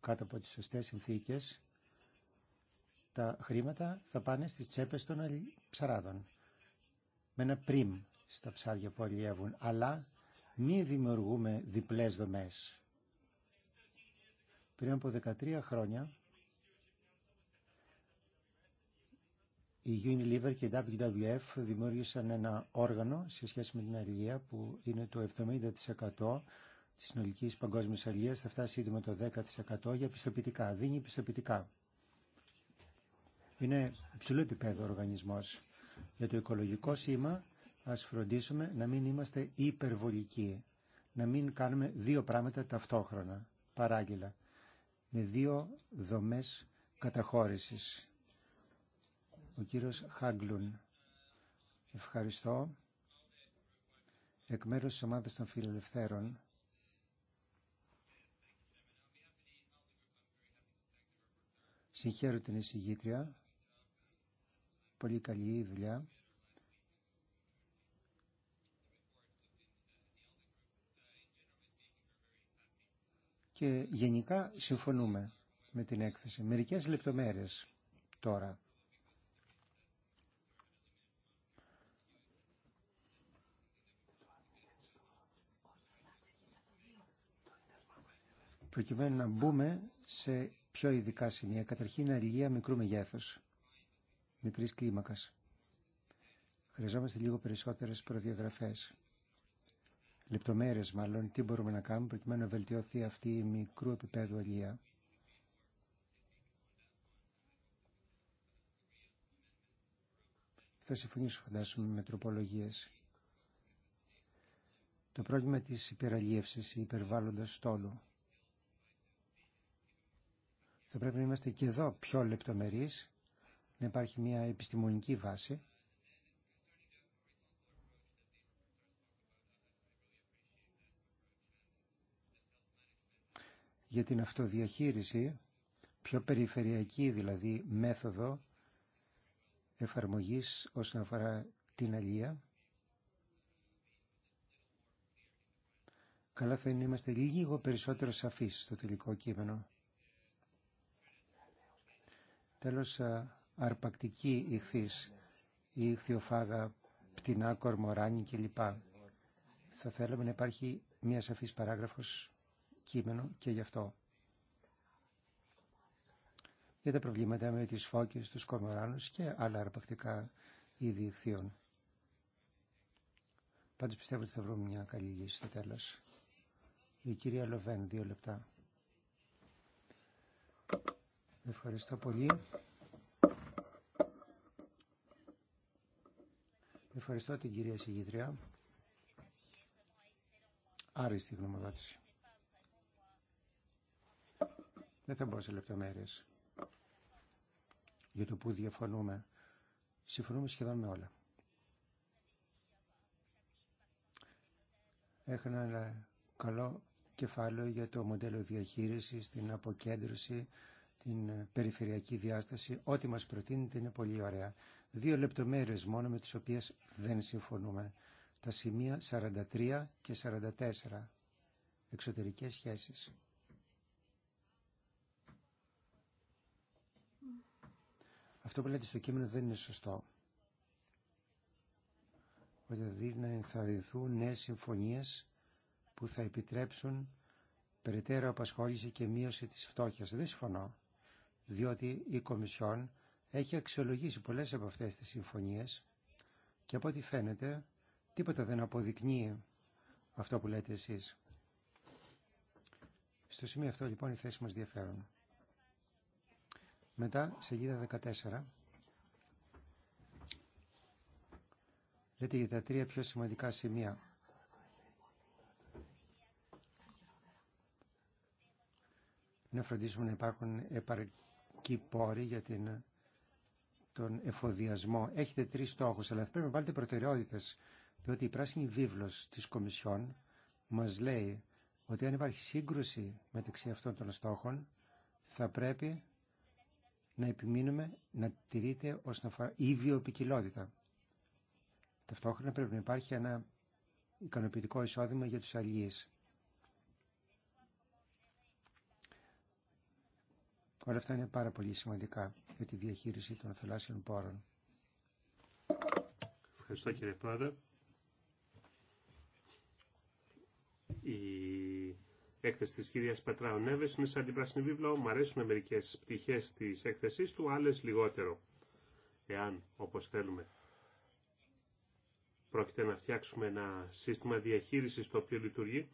κάτω από τις σωστές συνθήκες, τα χρήματα θα πάνε στις τσέπες των ψαράδων. Με ένα πριμ στα ψάρια που αλλιεύουν, αλλά μη δημιουργούμε διπλές δομές. Πριν από 13 χρόνια, η Unilever και η WWF δημιούργησαν ένα όργανο σε σχέση με την αλληλεία που είναι το 70% της συνολικής παγκόσμια αλληλείας, θα φτάσει ήδη με το 10% για πιστοποιητικά, δίνει πιστοποιητικά. Είναι υψηλό επίπεδο ο οργανισμός. Για το οικολογικό σήμα Ας φροντίσουμε να μην είμαστε υπερβολικοί, να μην κάνουμε δύο πράγματα ταυτόχρονα, παράγγελα, με δύο δομές καταχώρησης. Ο κύριος Χάγκλουν. Ευχαριστώ. Εκ μέρους της ομάδας των φιλελευθέρων, συγχαίρω την εισηγήτρια. Πολύ καλή δουλειά. και γενικά συμφωνούμε με την έκθεση. Μερικές λεπτομέρειες τώρα. Προκειμένου να μπούμε σε πιο ειδικά σημεία. Καταρχήν αλληλεία μικρού μεγέθους, μικρής κλίμακας. Χρειαζόμαστε λίγο περισσότερες προδιαγραφές λεπτομέρειες μάλλον, τι μπορούμε να κάνουμε προκειμένου να βελτιωθεί αυτή η μικρού επίπεδου αλληλεία. Θα συμφωνήσω φαντάσουμε με τροπολογίες. Το πρόβλημα της υπεραλίευσης, υπερβάλλοντας στόλου. Θα πρέπει να είμαστε και εδώ πιο λεπτομερείς, να υπάρχει μια επιστημονική βάση για την αυτοδιαχείριση, πιο περιφερειακή δηλαδή μέθοδο εφαρμογής όσον αφορά την αλία. Καλά θα είναι να είμαστε λίγο περισσότερο σαφείς στο τελικό κείμενο. Τέλος, αρπακτική ηχθής, η ηχθιοφάγα, πτηνά, κορμοράνι κλπ. Θα θέλαμε να υπάρχει μια σαφής παράγραφος κείμενο και γι' αυτό. Για τα προβλήματα με τις φώκες, τους κορμοράνους και άλλα αρπακτικά είδη ηχθείων. Πάντως πιστεύω ότι θα βρούμε μια καλή λύση στο τέλος. Η κυρία Λοβέν, δύο λεπτά. Ευχαριστώ πολύ. Ευχαριστώ την κυρία Συγγήτρια. Άριστη γνωμοδότηση. Δεν θα μπω σε λεπτομέρειες για το που διαφωνούμε. Συμφωνούμε σχεδόν με όλα. Έχανα ένα καλό κεφάλαιο για το μοντέλο διαχείρισης, την αποκέντρωση, την περιφερειακή διάσταση. Ό,τι μας προτείνεται είναι πολύ ωραία. Δύο λεπτομέρειες μόνο με τις οποίες δεν συμφωνούμε. Τα σημεία 43 και 44. Εξωτερικές σχέσεις. Αυτό που λέτε στο κείμενο δεν είναι σωστό. Δηλαδή να ενθαρρυνθούν νέες συμφωνίες που θα επιτρέψουν περαιτέρω απασχόληση και μείωση της φτώχειας. Δεν συμφωνώ, διότι η Κομισιόν έχει αξιολογήσει πολλές από αυτές τις συμφωνίες και από ό,τι φαίνεται τίποτα δεν αποδεικνύει αυτό που λέτε εσείς. Στο σημείο αυτό λοιπόν οι θέσεις μας διαφέρουν. Μετά, σελίδα 14. Λέτε για τα τρία πιο σημαντικά σημεία. Να φροντίσουμε να υπάρχουν επαρκή πόροι για την, τον εφοδιασμό. Έχετε τρεις στόχους, αλλά πρέπει να βάλετε προτεραιότητες, διότι η πράσινη βίβλος της Κομισιόν μας λέει ότι αν υπάρχει σύγκρουση μεταξύ αυτών των στόχων, θα πρέπει να επιμείνουμε να τηρείται να αφορά η βιοπικιλότητα. Ταυτόχρονα πρέπει να υπάρχει ένα ικανοποιητικό εισόδημα για τους αλληλείς. Όλα αυτά είναι πάρα πολύ σημαντικά για τη διαχείριση των θαλάσσιων πόρων. Ευχαριστώ κύριε Πρόεδρε έκθεση της κυρίας Πατράου Νέβες είναι σαν την πράσινη βίβλο. Μου αρέσουν μερικές πτυχές της έκθεσής του, άλλες λιγότερο. Εάν, όπως θέλουμε, πρόκειται να φτιάξουμε ένα σύστημα διαχείρισης το οποίο λειτουργεί,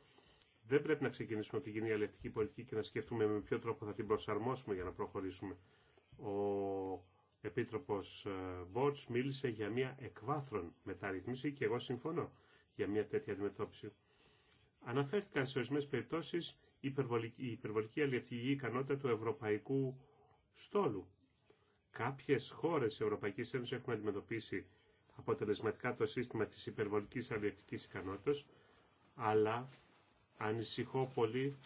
δεν πρέπει να ξεκινήσουμε από την κοινή αλληλευτική πολιτική και να σκεφτούμε με ποιο τρόπο θα την προσαρμόσουμε για να προχωρήσουμε. Ο Επίτροπος ε, Μπότς μίλησε για μια εκβάθρον μεταρρυθμίση και εγώ συμφωνώ για μια τέτοια αντιμετώπιση. Αναφέρθηκαν σε ορισμένε περιπτώσει η υπερβολική, ικανότητα του ευρωπαϊκού στόλου. Κάποιε χώρε τη Ευρωπαϊκή Ένωση έχουν αντιμετωπίσει αποτελεσματικά το σύστημα τη υπερβολική αλληλευτική ικανότητα, αλλά ανησυχώ πολύ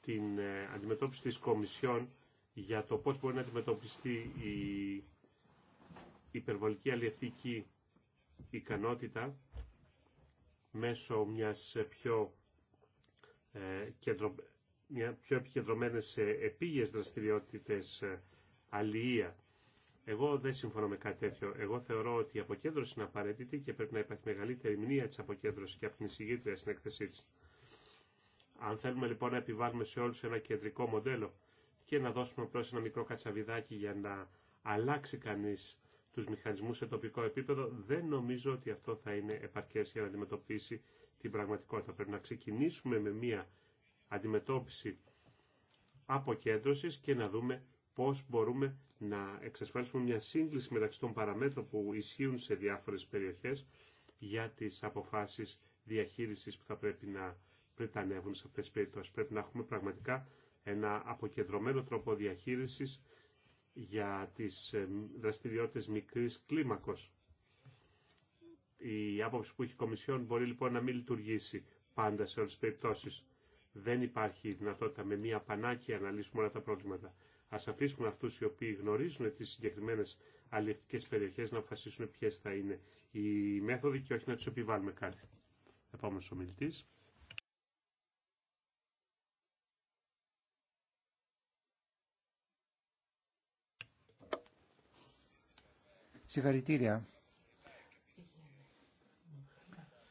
την ε, αντιμετώπιση της Κομισιόν για το πώς μπορεί να αντιμετωπιστεί η υπερβολική αλληλευτική ικανότητα μέσω μιας πιο, ε, κεντρο, μια, πιο επικεντρωμένες σε επίγειες δραστηριότητες ε, αλληλεία. Εγώ δεν συμφωνώ με κάτι τέτοιο. Εγώ θεωρώ ότι η αποκέντρωση είναι απαραίτητη και πρέπει να υπάρχει μεγαλύτερη μνήμα της αποκέντρωσης και από την εισηγήτρια στην έκθεσή της. Αν θέλουμε λοιπόν να επιβάλλουμε σε όλους ένα κεντρικό μοντέλο και να δώσουμε απλώ ένα μικρό κατσαβιδάκι για να αλλάξει κανείς τους μηχανισμούς σε τοπικό επίπεδο, δεν νομίζω ότι αυτό θα είναι επαρκές για να αντιμετωπίσει την πραγματικότητα. Πρέπει να ξεκινήσουμε με μία αντιμετώπιση αποκέντρωσης και να δούμε πώς μπορούμε να εξασφαλίσουμε μια σύγκληση μεταξύ των παραμέτρων που ισχύουν σε διάφορες περιοχές για τις αποφάσεις διαχείρισης που θα πρέπει να πρετανεύουν σε αυτές τις περιπτώσεις. Πρέπει να έχουμε πραγματικά ένα αποκεντρωμένο τρόπο διαχείρισης για τις ε, δραστηριότητες μικρής κλίμακος. Η άποψη που έχει η Κομισιόν μπορεί λοιπόν να μην λειτουργήσει πάντα σε όλες τις περιπτώσεις. Δεν υπάρχει δυνατότητα με μία πανάκια να λύσουμε όλα τα προβλήματα. Ας αφήσουμε αυτούς οι οποίοι γνωρίζουν τις συγκεκριμένες αλληλευτικές περιοχές να αποφασίσουν ποιε θα είναι οι μέθοδοι και όχι να τους επιβάλλουμε κάτι. Επόμενος ομιλητής. Συγχαρητήρια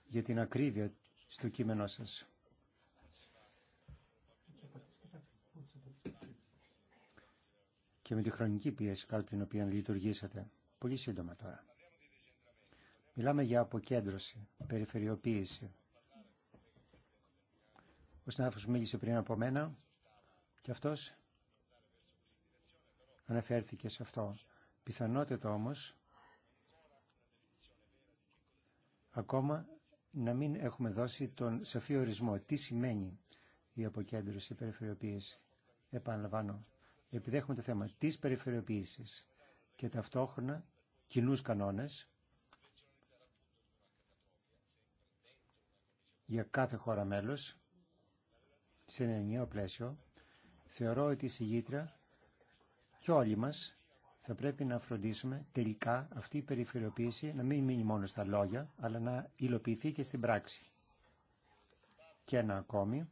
για την ακρίβεια στο κείμενό σας. Και με τη χρονική πίεση κάτω την οποία λειτουργήσατε. Πολύ σύντομα τώρα. Μιλάμε για αποκέντρωση, περιφερειοποίηση. Ο συνάδελφος μίλησε πριν από μένα και αυτός αναφέρθηκε σε αυτό. Πιθανότητα όμως ακόμα να μην έχουμε δώσει τον σαφή ορισμό. Τι σημαίνει η αποκέντρωση, η περιφερειοποίηση. Επαναλαμβάνω, επειδή έχουμε το θέμα της περιφερειοποίησης και ταυτόχρονα κοινούς κανόνες για κάθε χώρα μέλος σε ένα ενιαίο πλαίσιο, θεωρώ ότι η συγγήτρια και όλοι μας θα πρέπει να φροντίσουμε τελικά αυτή η περιφερειοποίηση να μην μείνει μόνο στα λόγια, αλλά να υλοποιηθεί και στην πράξη. Και ένα ακόμη,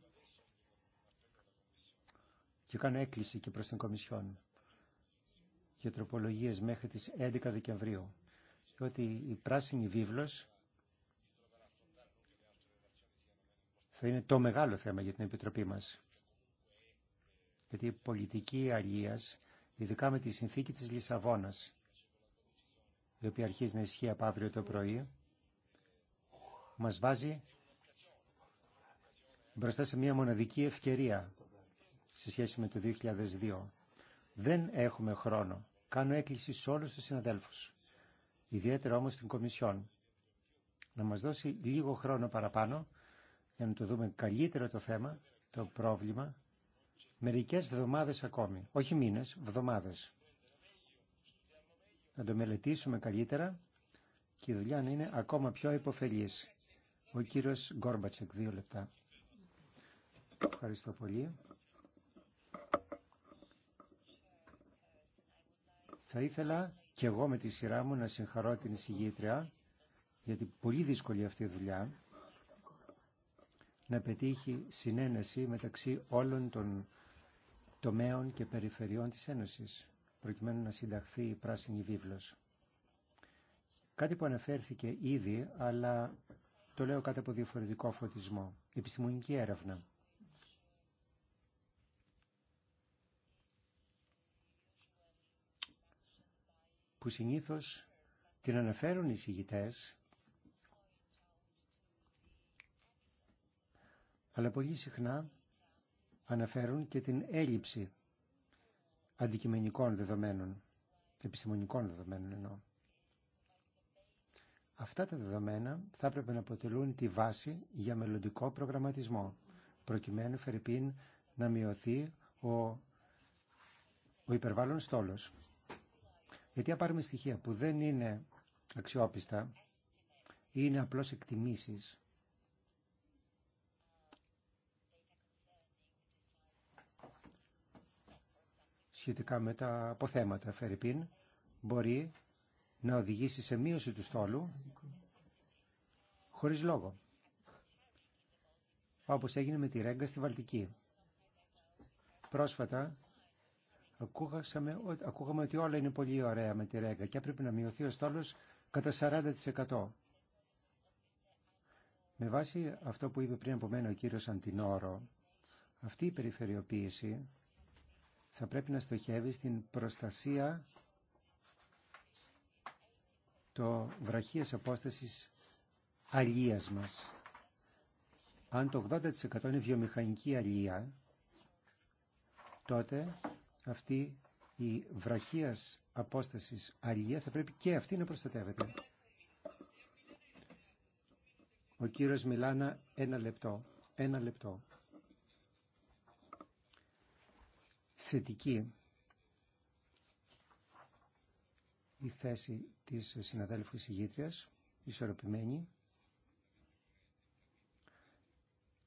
και κάνω έκκληση και προς την Κομισιόν, για τροπολογίες μέχρι τις 11 Δεκεμβρίου, ότι η πράσινη βίβλος θα είναι το μεγάλο θέμα για την Επιτροπή μας. Γιατί η πολιτική αλίας ειδικά με τη συνθήκη της Λισαβόνας, η οποία αρχίζει να ισχύει από αύριο το πρωί, μας βάζει μπροστά σε μια μοναδική ευκαιρία σε σχέση με το 2002. Δεν έχουμε χρόνο. Κάνω έκκληση σε όλους τους συναδέλφους, ιδιαίτερα όμως την Κομισιόν, να μας δώσει λίγο χρόνο παραπάνω για να το δούμε καλύτερα το θέμα, το πρόβλημα μερικές βδομάδες ακόμη, όχι μήνες, βδομάδες. Να το μελετήσουμε καλύτερα και η δουλειά να είναι ακόμα πιο υποφελής. Ο κύριος Γκόρμπατσεκ, δύο λεπτά. Ευχαριστώ πολύ. Θα ήθελα και εγώ με τη σειρά μου να συγχαρώ την εισηγήτρια γιατί πολύ δύσκολη αυτή η δουλειά να πετύχει συνένεση μεταξύ όλων των τομέων και περιφερειών της Ένωσης, προκειμένου να συνταχθεί η πράσινη βίβλος. Κάτι που αναφέρθηκε ήδη, αλλά το λέω κάτω από διαφορετικό φωτισμό. Επιστημονική έρευνα. Που συνήθως την αναφέρουν οι συγητές, αλλά πολύ συχνά αναφέρουν και την έλλειψη αντικειμενικών δεδομένων, επιστημονικών δεδομένων εννοώ. Αυτά τα δεδομένα θα έπρεπε να αποτελούν τη βάση για μελλοντικό προγραμματισμό, προκειμένου Φερρυπίν να μειωθεί ο, ο υπερβάλλον στόλος. Γιατί αν πάρουμε στοιχεία που δεν είναι αξιόπιστα ή είναι απλώς εκτιμήσεις, σχετικά με τα αποθέματα Φερρυπίν μπορεί να οδηγήσει σε μείωση του στόλου χωρίς λόγο. Όπως έγινε με τη Ρέγκα στη Βαλτική. Πρόσφατα ακούγαμε ότι όλα είναι πολύ ωραία με τη Ρέγκα και έπρεπε να μειωθεί ο στόλος κατά 40%. Με βάση αυτό που είπε πριν από μένα ο κύριος Αντινόρο, αυτή η περιφερειοποίηση θα πρέπει να στοχεύει στην προστασία το βραχίας απόστασης αλίας μας. Αν το 80% είναι βιομηχανική αλία, τότε αυτή η βραχίας απόστασης αλία θα πρέπει και αυτή να προστατεύεται. Ο κύριος Μιλάνα, ένα λεπτό. Ένα λεπτό. θετική η θέση της συναδέλφου εισηγήτριας, ισορροπημένη.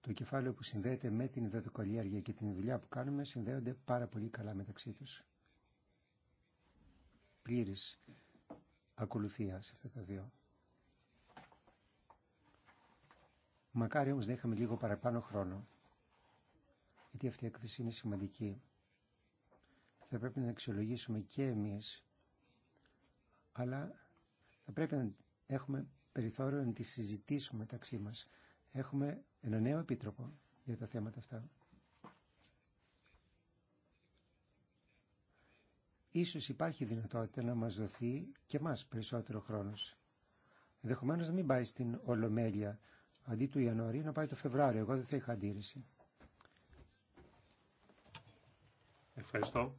Το κεφάλαιο που συνδέεται με την υδατοκαλλιέργεια και την δουλειά που κάνουμε συνδέονται πάρα πολύ καλά μεταξύ τους. Πλήρης ακολουθία σε αυτά τα δύο. Μακάρι όμως να είχαμε λίγο παραπάνω χρόνο, γιατί αυτή η έκθεση είναι σημαντική θα πρέπει να αξιολογήσουμε και εμείς, αλλά θα πρέπει να έχουμε περιθώριο να τη συζητήσουμε μεταξύ μας. Έχουμε ένα νέο επίτροπο για τα θέματα αυτά. Ίσως υπάρχει δυνατότητα να μας δοθεί και μας περισσότερο χρόνος. Ενδεχομένω να μην πάει στην Ολομέλεια αντί του Ιανουαρίου, να πάει το Φεβράριο. Εγώ δεν θα είχα αντίρρηση. Ευχαριστώ.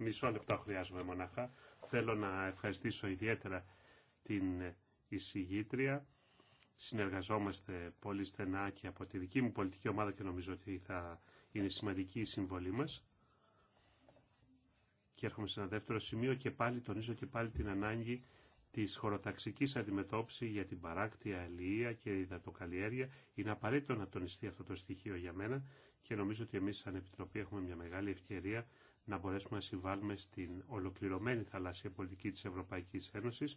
Μισό λεπτό χρειάζομαι μονάχα. Θέλω να ευχαριστήσω ιδιαίτερα την εισηγήτρια. Συνεργαζόμαστε πολύ στενά και από τη δική μου πολιτική ομάδα και νομίζω ότι θα είναι σημαντική η συμβολή μας. Και έρχομαι σε ένα δεύτερο σημείο και πάλι τονίζω και πάλι την ανάγκη της χωροταξικής αντιμετώπισης για την παράκτη, αλληλεία και η υδατοκαλλιέργεια. Είναι απαραίτητο να τονιστεί αυτό το στοιχείο για μένα και νομίζω ότι εμείς σαν Επιτροπή έχουμε μια μεγάλη ευκαιρία να μπορέσουμε να συμβάλλουμε στην ολοκληρωμένη θαλάσσια πολιτική της Ευρωπαϊκής Ένωσης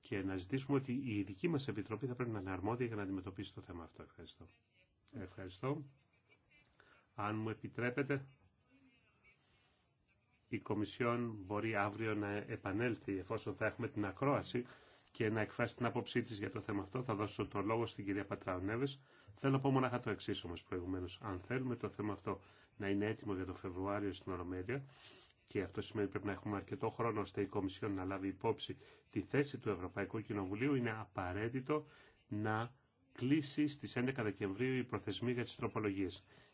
και να ζητήσουμε ότι η δική μας Επιτροπή θα πρέπει να είναι αρμόδια για να αντιμετωπίσει το θέμα αυτό. Ευχαριστώ. Ευχαριστώ. Αν μου επιτρέπετε, η Κομισιόν μπορεί αύριο να επανέλθει εφόσον θα έχουμε την ακρόαση και να εκφράσει την άποψή τη για το θέμα αυτό. Θα δώσω το λόγο στην κυρία Πατράου Θέλω να πω μονάχα το εξή όμω προηγουμένω. Αν θέλουμε το θέμα αυτό να είναι έτοιμο για το Φεβρουάριο στην Ορομέλεια και αυτό σημαίνει πρέπει να έχουμε αρκετό χρόνο ώστε η Κομισιόν να λάβει υπόψη τη θέση του Ευρωπαϊκού Κοινοβουλίου, είναι απαραίτητο να κλείσει στι 11 Δεκεμβρίου η προθεσμή για τι τροπολογίε.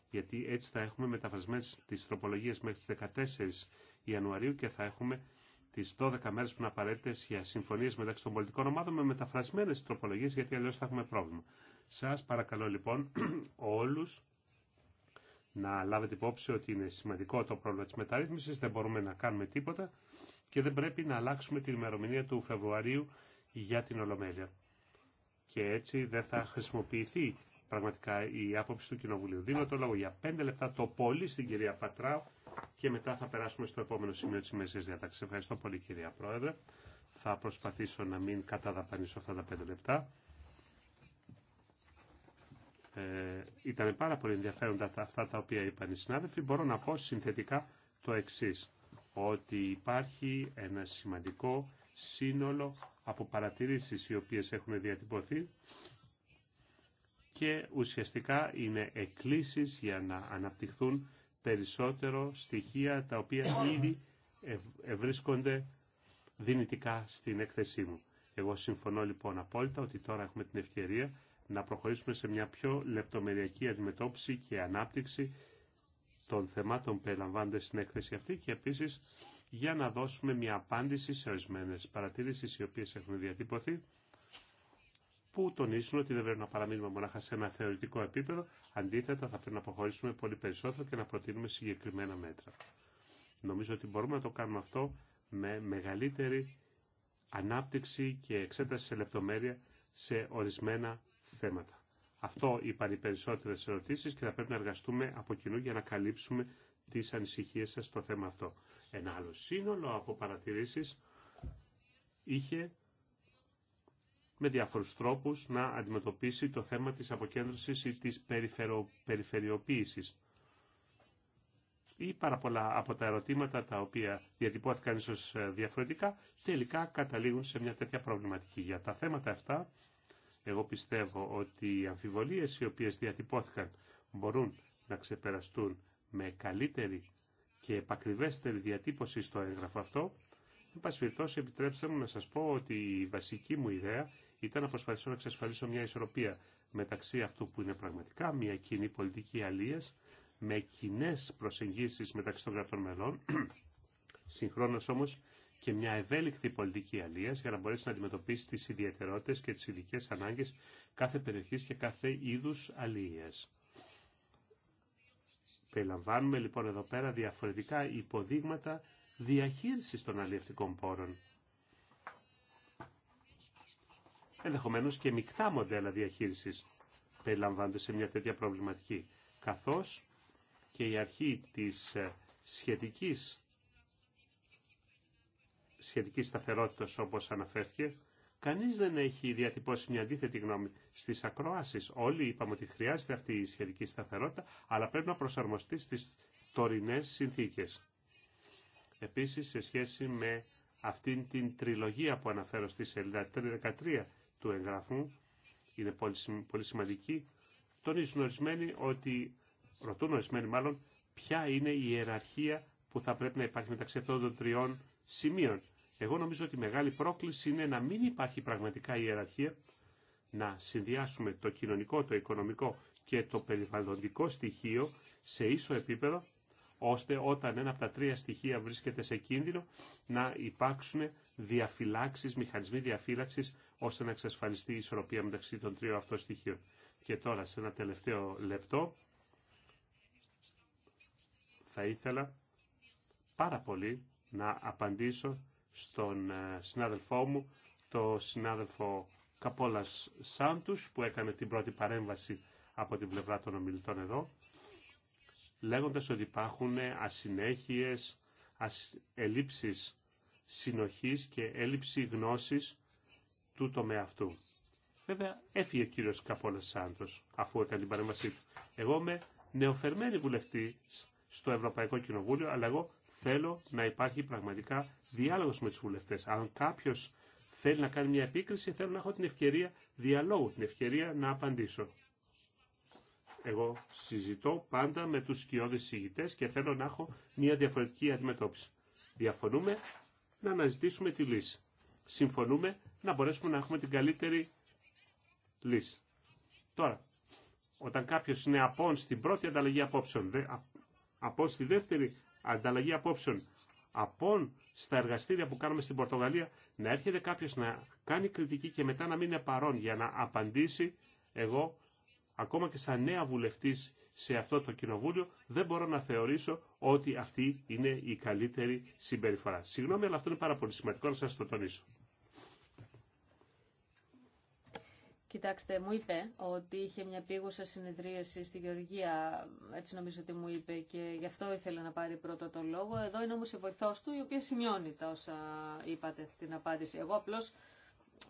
Γιατί έτσι θα έχουμε μεταφρασμένε τι τροπολογίε μέχρι τι 14 Ιανουαρίου και θα έχουμε τι 12 μέρε που είναι απαραίτητε για συμφωνίε μεταξύ των πολιτικών ομάδων με μεταφρασμένε τροπολογίε, γιατί αλλιώ θα έχουμε πρόβλημα. Σα παρακαλώ λοιπόν όλου να λάβετε υπόψη ότι είναι σημαντικό το πρόβλημα της μεταρρύθμισης, δεν μπορούμε να κάνουμε τίποτα και δεν πρέπει να αλλάξουμε την ημερομηνία του Φεβρουαρίου για την Ολομέλεια. Και έτσι δεν θα χρησιμοποιηθεί πραγματικά η άποψη του Κοινοβουλίου. Δίνω το λόγο για πέντε λεπτά το πολύ στην κυρία Πατράου και μετά θα περάσουμε στο επόμενο σημείο της Μέσης διάταξης. Ευχαριστώ πολύ κυρία Πρόεδρε. Θα προσπαθήσω να μην καταδαπανίσω αυτά τα πέντε λεπτά. Ε, ήταν πάρα πολύ ενδιαφέροντα αυτά τα οποία είπαν οι συνάδελφοι. Μπορώ να πω συνθετικά το εξή ότι υπάρχει ένα σημαντικό σύνολο από παρατηρήσεις οι οποίες έχουν διατυπωθεί και ουσιαστικά είναι εκκλήσεις για να αναπτυχθούν περισσότερο στοιχεία τα οποία ήδη βρίσκονται δυνητικά στην έκθεσή μου. Εγώ συμφωνώ λοιπόν απόλυτα ότι τώρα έχουμε την ευκαιρία να προχωρήσουμε σε μια πιο λεπτομεριακή αντιμετώπιση και ανάπτυξη των θεμάτων που περιλαμβάνονται στην έκθεση αυτή και επίσης για να δώσουμε μια απάντηση σε ορισμένε παρατήρησεις οι οποίες έχουν διατύπωθεί που τονίσουν ότι δεν πρέπει να παραμείνουμε μονάχα σε ένα θεωρητικό επίπεδο, αντίθετα θα πρέπει να προχωρήσουμε πολύ περισσότερο και να προτείνουμε συγκεκριμένα μέτρα. Νομίζω ότι μπορούμε να το κάνουμε αυτό με μεγαλύτερη ανάπτυξη και εξέταση σε λεπτομέρεια σε ορισμένα θέματα. Αυτό είπαν οι περισσότερε ερωτήσεις και θα πρέπει να εργαστούμε από κοινού για να καλύψουμε τις ανησυχίε σα στο θέμα αυτό. Ένα άλλο σύνολο από παρατηρήσει είχε με διάφορους τρόπους να αντιμετωπίσει το θέμα της αποκέντρωσης ή της περιφερο... περιφερειοποίησης. Ή πάρα πολλά από τα ερωτήματα τα οποία διατυπώθηκαν ίσως διαφορετικά, τελικά καταλήγουν σε μια τέτοια προβληματική. Για τα θέματα αυτά εγώ πιστεύω ότι οι αμφιβολίες οι οποίες διατυπώθηκαν μπορούν να ξεπεραστούν με καλύτερη και επακριβέστερη διατύπωση στο έγγραφο αυτό. Εν πάση περιπτώσει, επιτρέψτε μου να σας πω ότι η βασική μου ιδέα ήταν να προσπαθήσω να εξασφαλίσω μια ισορροπία μεταξύ αυτού που είναι πραγματικά μια κοινή πολιτική αλίας με κοινέ προσεγγίσεις μεταξύ των κρατών μελών. Συγχρόνως όμως και μια ευέλικτη πολιτική αλεία για να μπορέσει να αντιμετωπίσει τι ιδιαιτερότητε και τι ειδικέ ανάγκε κάθε περιοχή και κάθε είδου αλεία. Περιλαμβάνουμε λοιπόν εδώ πέρα διαφορετικά υποδείγματα διαχείρισης των αλλιευτικών πόρων. Ενδεχομένως και μεικτά μοντέλα διαχείρισης περιλαμβάνονται σε μια τέτοια προβληματική, καθώς και η αρχή της ε, σχετικής Σχετική σταθερότητα, όπως αναφέρθηκε, κανείς δεν έχει διατυπώσει μια αντίθετη γνώμη στις ακροάσεις. Όλοι είπαμε ότι χρειάζεται αυτή η σχετική σταθερότητα, αλλά πρέπει να προσαρμοστεί στις τωρινές συνθήκες. Επίσης, σε σχέση με αυτήν την τριλογία που αναφέρω στη σελίδα 13 του εγγραφού, είναι πολύ σημαντική, τονίζουν ορισμένοι ότι, ρωτούν ορισμένοι μάλλον, ποια είναι η ιεραρχία που θα πρέπει να υπάρχει μεταξύ αυτών των τριών σημείων. Εγώ νομίζω ότι η μεγάλη πρόκληση είναι να μην υπάρχει πραγματικά ιεραρχία, να συνδυάσουμε το κοινωνικό, το οικονομικό και το περιβαλλοντικό στοιχείο σε ίσο επίπεδο, ώστε όταν ένα από τα τρία στοιχεία βρίσκεται σε κίνδυνο να υπάρξουν διαφυλάξεις, μηχανισμοί διαφύλαξης, ώστε να εξασφαλιστεί η ισορροπία μεταξύ των τριών αυτών στοιχείων. Και τώρα, σε ένα τελευταίο λεπτό, θα ήθελα πάρα πολύ να απαντήσω στον ε, συνάδελφό μου, το συνάδελφο Καπόλας Σάντους, που έκανε την πρώτη παρέμβαση από την πλευρά των ομιλητών εδώ, λέγοντας ότι υπάρχουν ασυνέχειες, ελλείψεις συνοχής και έλλειψη γνώσης του τομέα αυτού. Βέβαια, έφυγε ο κύριος Καπόλας Σάντος, αφού έκανε την παρέμβασή του. Εγώ είμαι νεοφερμένη βουλευτή στο Ευρωπαϊκό Κοινοβούλιο, αλλά εγώ θέλω να υπάρχει πραγματικά διάλογος με του βουλευτέ. Αν κάποιος θέλει να κάνει μια επίκριση, θέλω να έχω την ευκαιρία διαλόγου, την ευκαιρία να απαντήσω. Εγώ συζητώ πάντα με τους σκιώδει συγητές και θέλω να έχω μια διαφορετική αντιμετώπιση. Διαφωνούμε να αναζητήσουμε τη λύση. Συμφωνούμε να μπορέσουμε να έχουμε την καλύτερη λύση. Τώρα, όταν κάποιο είναι απόν στην πρώτη ανταλλαγή απόψεων, δε, απόν στη δεύτερη ανταλλαγή απόψεων από στα εργαστήρια που κάνουμε στην Πορτογαλία, να έρχεται κάποιος να κάνει κριτική και μετά να μην είναι παρόν για να απαντήσει εγώ, ακόμα και σαν νέα βουλευτής σε αυτό το κοινοβούλιο, δεν μπορώ να θεωρήσω ότι αυτή είναι η καλύτερη συμπεριφορά. Συγγνώμη, αλλά αυτό είναι πάρα πολύ σημαντικό να σας το τονίσω. Κοιτάξτε, μου είπε ότι είχε μια πήγουσα συνεδρίαση στη Γεωργία, έτσι νομίζω ότι μου είπε και γι' αυτό ήθελε να πάρει πρώτα το λόγο. Εδώ είναι όμως η βοηθός του η οποία σημειώνει τα όσα είπατε την απάντηση. Εγώ απλώς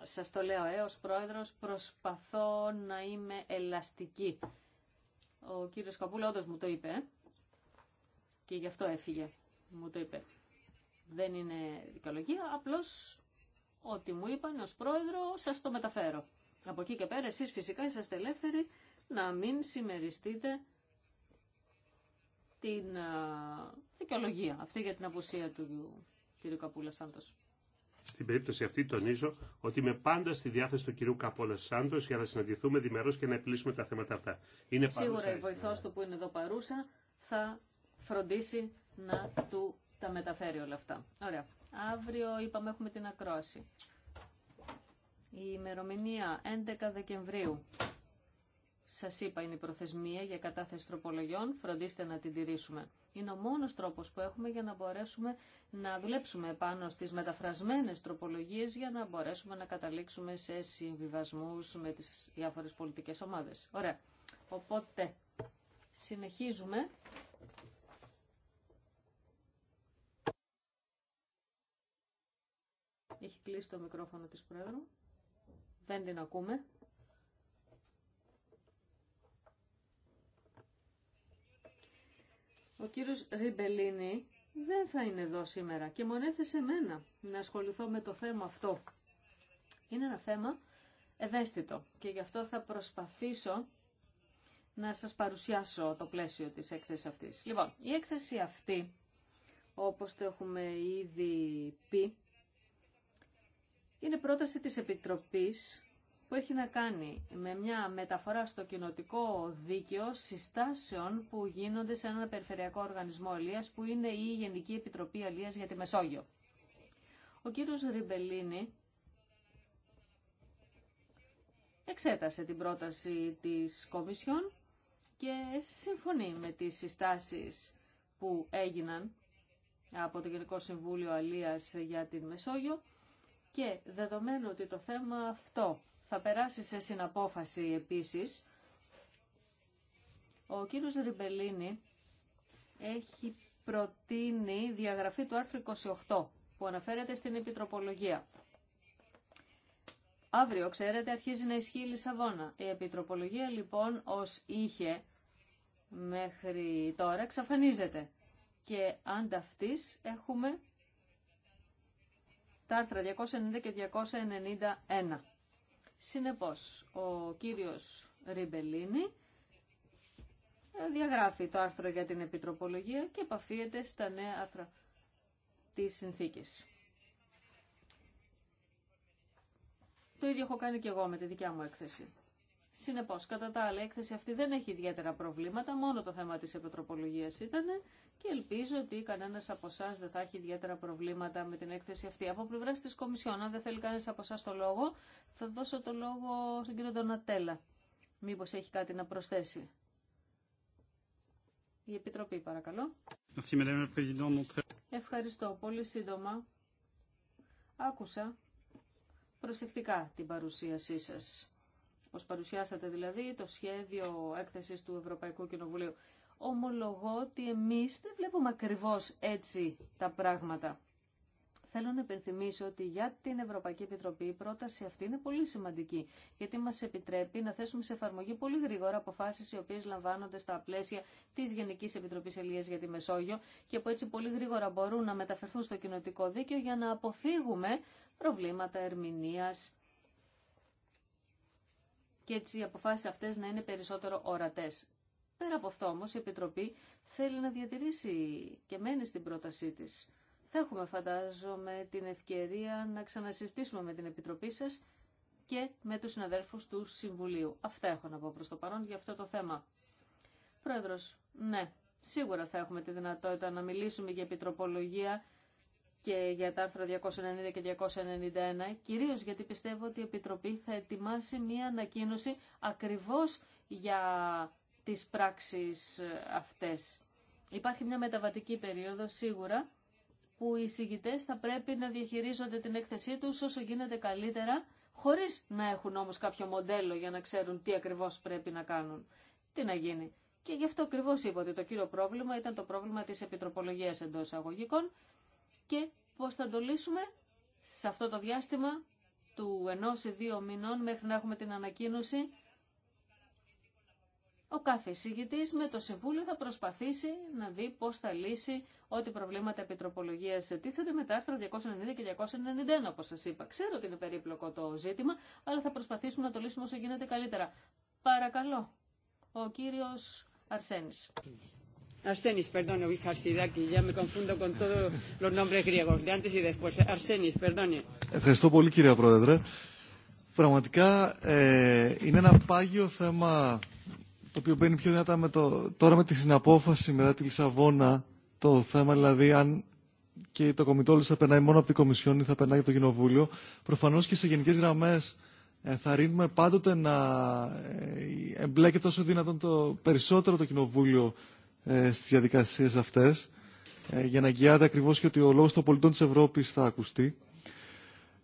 σας το λέω, ε, ως πρόεδρος προσπαθώ να είμαι ελαστική. Ο κύριος Καπούλα όντως μου το είπε ε, και γι' αυτό έφυγε, μου το είπε. Δεν είναι δικαιολογία, απλώς ό,τι μου είπαν ως πρόεδρο σας το μεταφέρω. Από εκεί και πέρα εσείς φυσικά είσαστε ελεύθεροι να μην συμμεριστείτε την δικαιολογία αυτή για την απουσία του κ. Καπούλα Σάντος. Στην περίπτωση αυτή τονίζω ότι είμαι πάντα στη διάθεση του κυρίου Καπόλα Σάντο για να συναντηθούμε διμερώ και να επιλύσουμε τα θέματα αυτά. Είναι Σίγουρα η βοηθό του που είναι εδώ παρούσα θα φροντίσει να του τα μεταφέρει όλα αυτά. Ωραία. Αύριο είπαμε έχουμε την ακρόαση. Η ημερομηνία 11 Δεκεμβρίου. Σας είπα είναι η προθεσμία για κατάθεση τροπολογιών, φροντίστε να την τηρήσουμε. Είναι ο μόνος τρόπος που έχουμε για να μπορέσουμε να δουλέψουμε πάνω στις μεταφρασμένες τροπολογίε για να μπορέσουμε να καταλήξουμε σε συμβιβασμούς με τις διάφορες πολιτικές ομάδες. Ωραία. Οπότε συνεχίζουμε. Έχει κλείσει το μικρόφωνο της Πρόεδρου. Δεν την ακούμε. Ο κύριος Ριμπελίνη δεν θα είναι εδώ σήμερα και μονέθεσε μένα να ασχοληθώ με το θέμα αυτό. Είναι ένα θέμα ευαίσθητο και γι' αυτό θα προσπαθήσω να σας παρουσιάσω το πλαίσιο της έκθεσης αυτής. Λοιπόν, η έκθεση αυτή, όπως το έχουμε ήδη πει, είναι πρόταση της Επιτροπής που έχει να κάνει με μια μεταφορά στο κοινοτικό δίκαιο συστάσεων που γίνονται σε έναν περιφερειακό οργανισμό Αλίας που είναι η Γενική Επιτροπή Αλίας για τη Μεσόγειο. Ο κύριος Ριμπελίνη εξέτασε την πρόταση της Κομισιόν και συμφωνεί με τις συστάσεις που έγιναν από το Γενικό Συμβούλιο Αλίας για την Μεσόγειο και δεδομένου ότι το θέμα αυτό θα περάσει σε συναπόφαση επίσης, ο κύριος Ριμπελίνη έχει προτείνει διαγραφή του άρθρου 28 που αναφέρεται στην Επιτροπολογία. Αύριο, ξέρετε, αρχίζει να ισχύει η Λισαβόνα. Η Επιτροπολογία λοιπόν ως είχε μέχρι τώρα εξαφανίζεται. Και ανταυτής έχουμε τα άρθρα 290 και 291. Συνεπώς, ο κύριος Ριμπελίνη ε, διαγράφει το άρθρο για την επιτροπολογία και επαφίεται στα νέα άρθρα της συνθήκης. Το ίδιο έχω κάνει και εγώ με τη δικιά μου έκθεση. Συνεπώ, κατά τα άλλα, η έκθεση αυτή δεν έχει ιδιαίτερα προβλήματα, μόνο το θέμα τη επιτροπολογία ήταν και ελπίζω ότι κανένα από εσά δεν θα έχει ιδιαίτερα προβλήματα με την έκθεση αυτή. Από πλευρά τη Κομισιόν, αν δεν θέλει κανένα από εσά το λόγο, θα δώσω το λόγο στον κύριο Ντονατέλα. Μήπω έχει κάτι να προσθέσει. Η Επιτροπή, παρακαλώ. Ευχαριστώ. Πολύ σύντομα. Άκουσα προσεκτικά την παρουσίασή σας όπως παρουσιάσατε δηλαδή το σχέδιο έκθεσης του Ευρωπαϊκού Κοινοβουλίου. Ομολογώ ότι εμείς δεν βλέπουμε ακριβώς έτσι τα πράγματα. Θέλω να υπενθυμίσω ότι για την Ευρωπαϊκή Επιτροπή η πρόταση αυτή είναι πολύ σημαντική, γιατί μας επιτρέπει να θέσουμε σε εφαρμογή πολύ γρήγορα αποφάσεις οι οποίες λαμβάνονται στα πλαίσια της Γενικής Επιτροπής Ελίας για τη Μεσόγειο και που έτσι πολύ γρήγορα μπορούν να μεταφερθούν στο κοινοτικό δίκαιο για να αποφύγουμε προβλήματα ερμηνείας και έτσι οι αποφάσεις αυτές να είναι περισσότερο ορατές. Πέρα από αυτό όμως η Επιτροπή θέλει να διατηρήσει και μένει στην πρότασή της. Θα έχουμε φαντάζομαι την ευκαιρία να ξανασυστήσουμε με την Επιτροπή σας και με τους συναδέλφους του Συμβουλίου. Αυτά έχω να πω προς το παρόν για αυτό το θέμα. Πρόεδρος, ναι, σίγουρα θα έχουμε τη δυνατότητα να μιλήσουμε για επιτροπολογία και για τα άρθρα 290 και 291, κυρίως γιατί πιστεύω ότι η Επιτροπή θα ετοιμάσει μία ανακοίνωση ακριβώς για τις πράξεις αυτές. Υπάρχει μια μεταβατική περίοδο σίγουρα που οι εισηγητές θα πρέπει να διαχειρίζονται την έκθεσή τους όσο γίνεται καλύτερα, χωρίς να έχουν όμως κάποιο μοντέλο για να ξέρουν τι ακριβώς πρέπει να κάνουν. Τι να γίνει. Και γι' αυτό ακριβώ είπα ότι το κύριο πρόβλημα ήταν το πρόβλημα της επιτροπολογίας εντό αγωγικών, και πώς θα το λύσουμε σε αυτό το διάστημα του ενός ή δύο μηνών μέχρι να έχουμε την ανακοίνωση. Ο κάθε εισηγητής με το Συμβούλιο θα προσπαθήσει να δει πώς θα λύσει ό,τι προβλήματα επιτροπολογίας τίθεται με τα άρθρα 290 και 291 όπως σας είπα. Ξέρω ότι είναι περίπλοκο το ζήτημα, αλλά θα προσπαθήσουμε να το λύσουμε όσο γίνεται καλύτερα. Παρακαλώ, ο κύριος Αρσένης. Arsenis, perdone, o για ya me confundo con todos los nombres griegos, de antes y después. Arsenis, perdone. Ευχαριστώ πολύ κύριε Πρόεδρε. Πραγματικά ε, είναι ένα πάγιο θέμα το οποίο μπαίνει πιο δυνατά με το, τώρα με τη συναπόφαση μετά τη Λισαβόνα το θέμα δηλαδή αν και το κομιτόλης θα περνάει μόνο από την Κομισιόν ή θα περνάει από το Κοινοβούλιο. Προφανώς και σε γενικές γραμμές ε, θα ρίνουμε πάντοτε να ε, εμπλέκεται όσο δυνατόν το περισσότερο το Κοινοβούλιο ε, στις διαδικασίες αυτές ε, για να αγγιάται ακριβώς και ότι ο λόγος των πολιτών της Ευρώπης θα ακουστεί.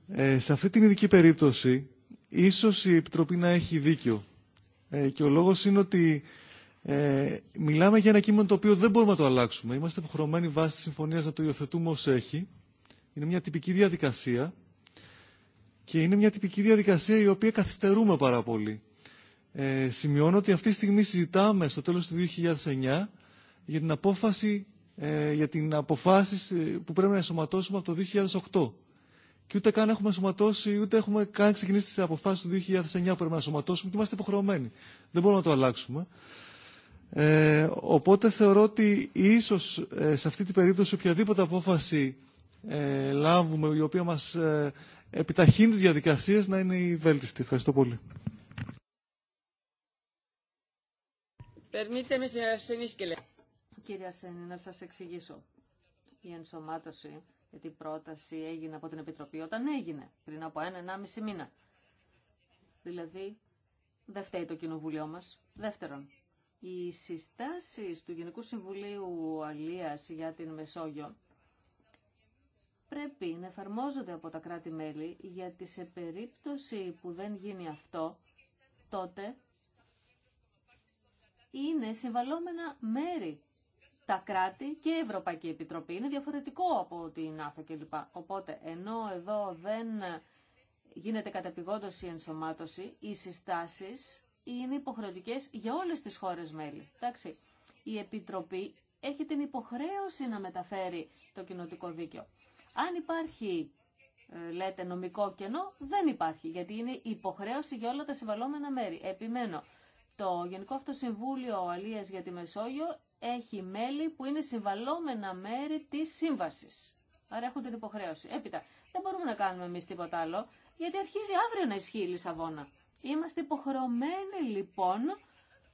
Ε, σε αυτή την ειδική περίπτωση ίσως η Επιτροπή να έχει δίκιο και ο λόγος είναι ότι ε, μιλάμε για ένα κείμενο το οποίο δεν μπορούμε να το αλλάξουμε. Είμαστε υποχρεωμένοι βάσει τη συμφωνία να το υιοθετούμε ω έχει. Είναι μια τυπική διαδικασία και είναι μια τυπική διαδικασία η οποία καθυστερούμε πάρα πολύ. Ε, σημειώνω ότι αυτή τη στιγμή συζητάμε στο τέλος του 2009 για την απόφαση, ε, για την ε, που πρέπει να ενσωματώσουμε από το 2008. Και ούτε καν έχουμε ενσωματώσει, ούτε έχουμε καν ξεκινήσει τι αποφάσει του 2009 που πρέπει να ενσωματώσουμε και είμαστε υποχρεωμένοι. Δεν μπορούμε να το αλλάξουμε. Ε, οπότε θεωρώ ότι ίσως ε, σε αυτή την περίπτωση οποιαδήποτε απόφαση ε, λάβουμε η οποία μας επιταχύνει τις διαδικασίες να είναι η βέλτιστη. Ευχαριστώ πολύ. Permíteme, señora Senis, Κύριε Σένη, να σας εξηγήσω. Η ενσωμάτωση γιατί η πρόταση έγινε από την Επιτροπή όταν έγινε, πριν από ένα-ενάμιση μήνα. Δηλαδή, δεν φταίει το Κοινοβούλιο μας. Δεύτερον, οι συστάσεις του Γενικού Συμβουλίου αλία για την Μεσόγειο πρέπει να εφαρμόζονται από τα κράτη-μέλη, γιατί σε περίπτωση που δεν γίνει αυτό, τότε είναι συμβαλόμενα μέρη τα κράτη και η Ευρωπαϊκή Επιτροπή. Είναι διαφορετικό από την ΑΦΕ κλπ. Οπότε, ενώ εδώ δεν γίνεται καταπηγόντως η ενσωμάτωση, οι συστάσεις είναι υποχρεωτικές για όλες τις χώρες μέλη. Εντάξει, η Επιτροπή έχει την υποχρέωση να μεταφέρει το κοινοτικό δίκαιο. Αν υπάρχει, ε, λέτε, νομικό κενό, δεν υπάρχει, γιατί είναι υποχρέωση για όλα τα συμβαλόμενα μέρη. Επιμένω, το Γενικό Αυτοσυμβούλιο Αλίας για τη Μεσόγειο έχει μέλη που είναι συμβαλόμενα μέρη τη σύμβαση. Άρα έχουν την υποχρέωση. Έπειτα, δεν μπορούμε να κάνουμε εμεί τίποτα άλλο, γιατί αρχίζει αύριο να ισχύει η Λισαβόνα. Είμαστε υποχρεωμένοι λοιπόν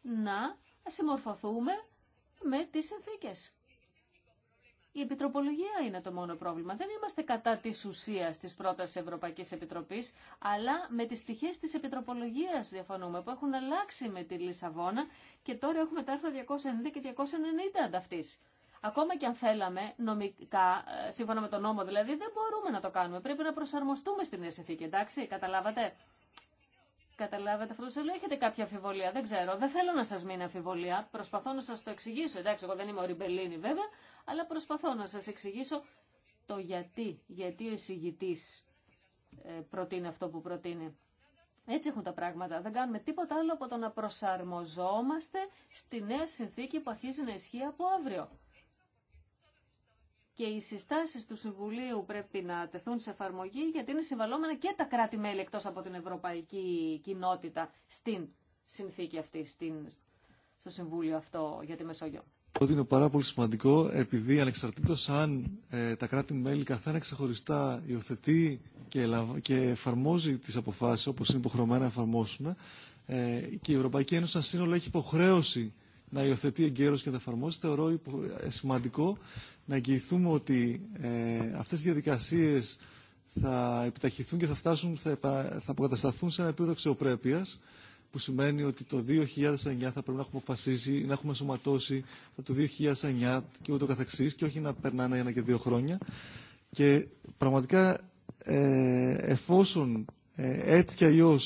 να συμμορφωθούμε με τις συνθήκες. Η επιτροπολογία είναι το μόνο πρόβλημα. Δεν είμαστε κατά τη ουσία τη πρόταση Ευρωπαϊκή Επιτροπή, αλλά με τι πτυχέ τη επιτροπολογία διαφωνούμε, που έχουν αλλάξει με τη Λισαβόνα και τώρα έχουμε τα άρθρα 290 και 290 ανταυτή. Ακόμα και αν θέλαμε, νομικά, ε, σύμφωνα με τον νόμο δηλαδή, δεν μπορούμε να το κάνουμε. Πρέπει να προσαρμοστούμε στην νέα συνθήκη, εντάξει, καταλάβατε. Καταλάβατε αυτό σα λέω Έχετε κάποια αφιβολία. Δεν ξέρω. Δεν θέλω να σα μείνει αφιβολία. Προσπαθώ να σα το εξηγήσω. Εντάξει, εγώ δεν είμαι ο Ριμπελίνη βέβαια, αλλά προσπαθώ να σα εξηγήσω το γιατί. Γιατί ο εισηγητή ε, προτείνει αυτό που προτείνει. Έτσι έχουν τα πράγματα. Δεν κάνουμε τίποτα άλλο από το να προσαρμοζόμαστε στη νέα συνθήκη που αρχίζει να ισχύει από αύριο και οι συστάσεις του Συμβουλίου πρέπει να τεθούν σε εφαρμογή γιατί είναι συμβαλόμενα και τα κράτη-μέλη εκτός από την ευρωπαϊκή κοινότητα στην συνθήκη αυτή, στην, στο Συμβούλιο αυτό για τη Μεσόγειο. Ότι είναι πάρα πολύ σημαντικό επειδή ανεξαρτήτως αν ε, τα κράτη-μέλη καθένα ξεχωριστά υιοθετεί και, και εφαρμόζει τις αποφάσεις όπως είναι υποχρεωμένα να εφαρμόσουν ε, και η Ευρωπαϊκή Ένωση σαν σύνολο έχει υποχρέωση να υιοθετεί εγκαίρως και να εφαρμόσει θεωρώ ε, σημαντικό να εγγυηθούμε ότι ε, αυτές οι διαδικασίες θα επιταχυθούν και θα φτάσουν, θα, θα αποκατασταθούν σε ένα επίπεδο αξιοπρέπεια, που σημαίνει ότι το 2009 θα πρέπει να έχουμε αποφασίσει ή να έχουμε σωματώσει το 2009 και ούτω καθεξής και όχι να περνάνε ένα και δύο χρόνια. Και πραγματικά ε, εφόσον ε, έτσι και αλλιώ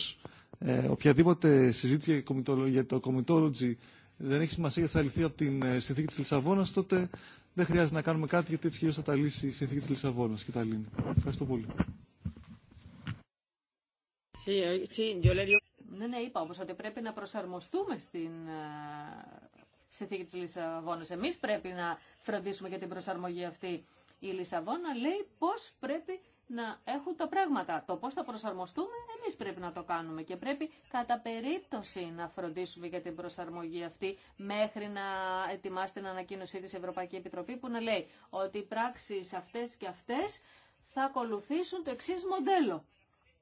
ε, οποιαδήποτε συζήτηση για το κομιτόλογι δεν έχει σημασία γιατί θα λυθεί από την ε, συνθήκη της Λισαβόνας, τότε δεν χρειάζεται να κάνουμε κάτι γιατί έτσι και θα τα λύσει η συνθήκη της Λισαβόνας και τα λύνει. Ευχαριστώ πολύ. Ναι, ναι, είπα όμω ότι πρέπει να προσαρμοστούμε στην ε, συνθήκη της Λισαβόνας. Εμείς πρέπει να φροντίσουμε για την προσαρμογή αυτή. Η Λισαβόνα λέει πώς πρέπει να έχουν τα πράγματα. Το πώς θα προσαρμοστούμε εμείς πρέπει να το κάνουμε και πρέπει κατά περίπτωση να φροντίσουμε για την προσαρμογή αυτή μέχρι να ετοιμάσει την ανακοίνωσή της Ευρωπαϊκή Επιτροπή που να λέει ότι οι πράξεις αυτές και αυτές θα ακολουθήσουν το εξή μοντέλο.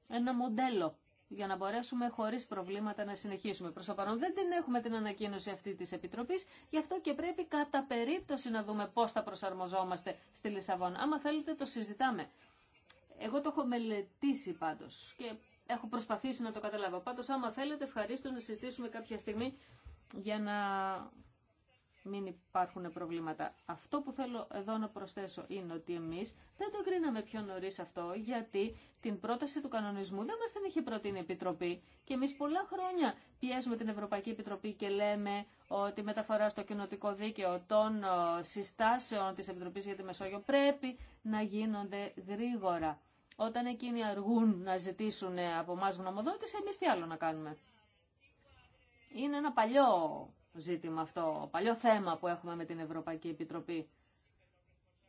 Ένα μοντέλο για να μπορέσουμε χωρί προβλήματα να συνεχίσουμε. Προ το παρόν δεν την έχουμε την ανακοίνωση αυτή τη Επιτροπή, γι' αυτό και πρέπει κατά περίπτωση να δούμε πώ θα προσαρμοζόμαστε στη Λισαβόνα. Άμα θέλετε, το συζητάμε. Εγώ το έχω μελετήσει πάντω και έχω προσπαθήσει να το καταλάβω. Πάντω, άμα θέλετε ευχαρίστω να συζητήσουμε κάποια στιγμή για να μην υπάρχουν προβλήματα. Αυτό που θέλω εδώ να προσθέσω είναι ότι εμείς δεν το κρίναμε πιο νωρίς αυτό, γιατί την πρόταση του κανονισμού δεν μας την είχε προτείνει η Επιτροπή. Και εμείς πολλά χρόνια πιέζουμε την Ευρωπαϊκή Επιτροπή και λέμε ότι η μεταφορά στο κοινοτικό δίκαιο των ε, συστάσεων της Επιτροπής για τη Μεσόγειο πρέπει να γίνονται γρήγορα. Όταν εκείνοι αργούν να ζητήσουν από εμά γνωμοδότηση, εμείς τι άλλο να κάνουμε. Είναι ένα παλιό ζήτημα αυτό, παλιό θέμα που έχουμε με την Ευρωπαϊκή Επιτροπή.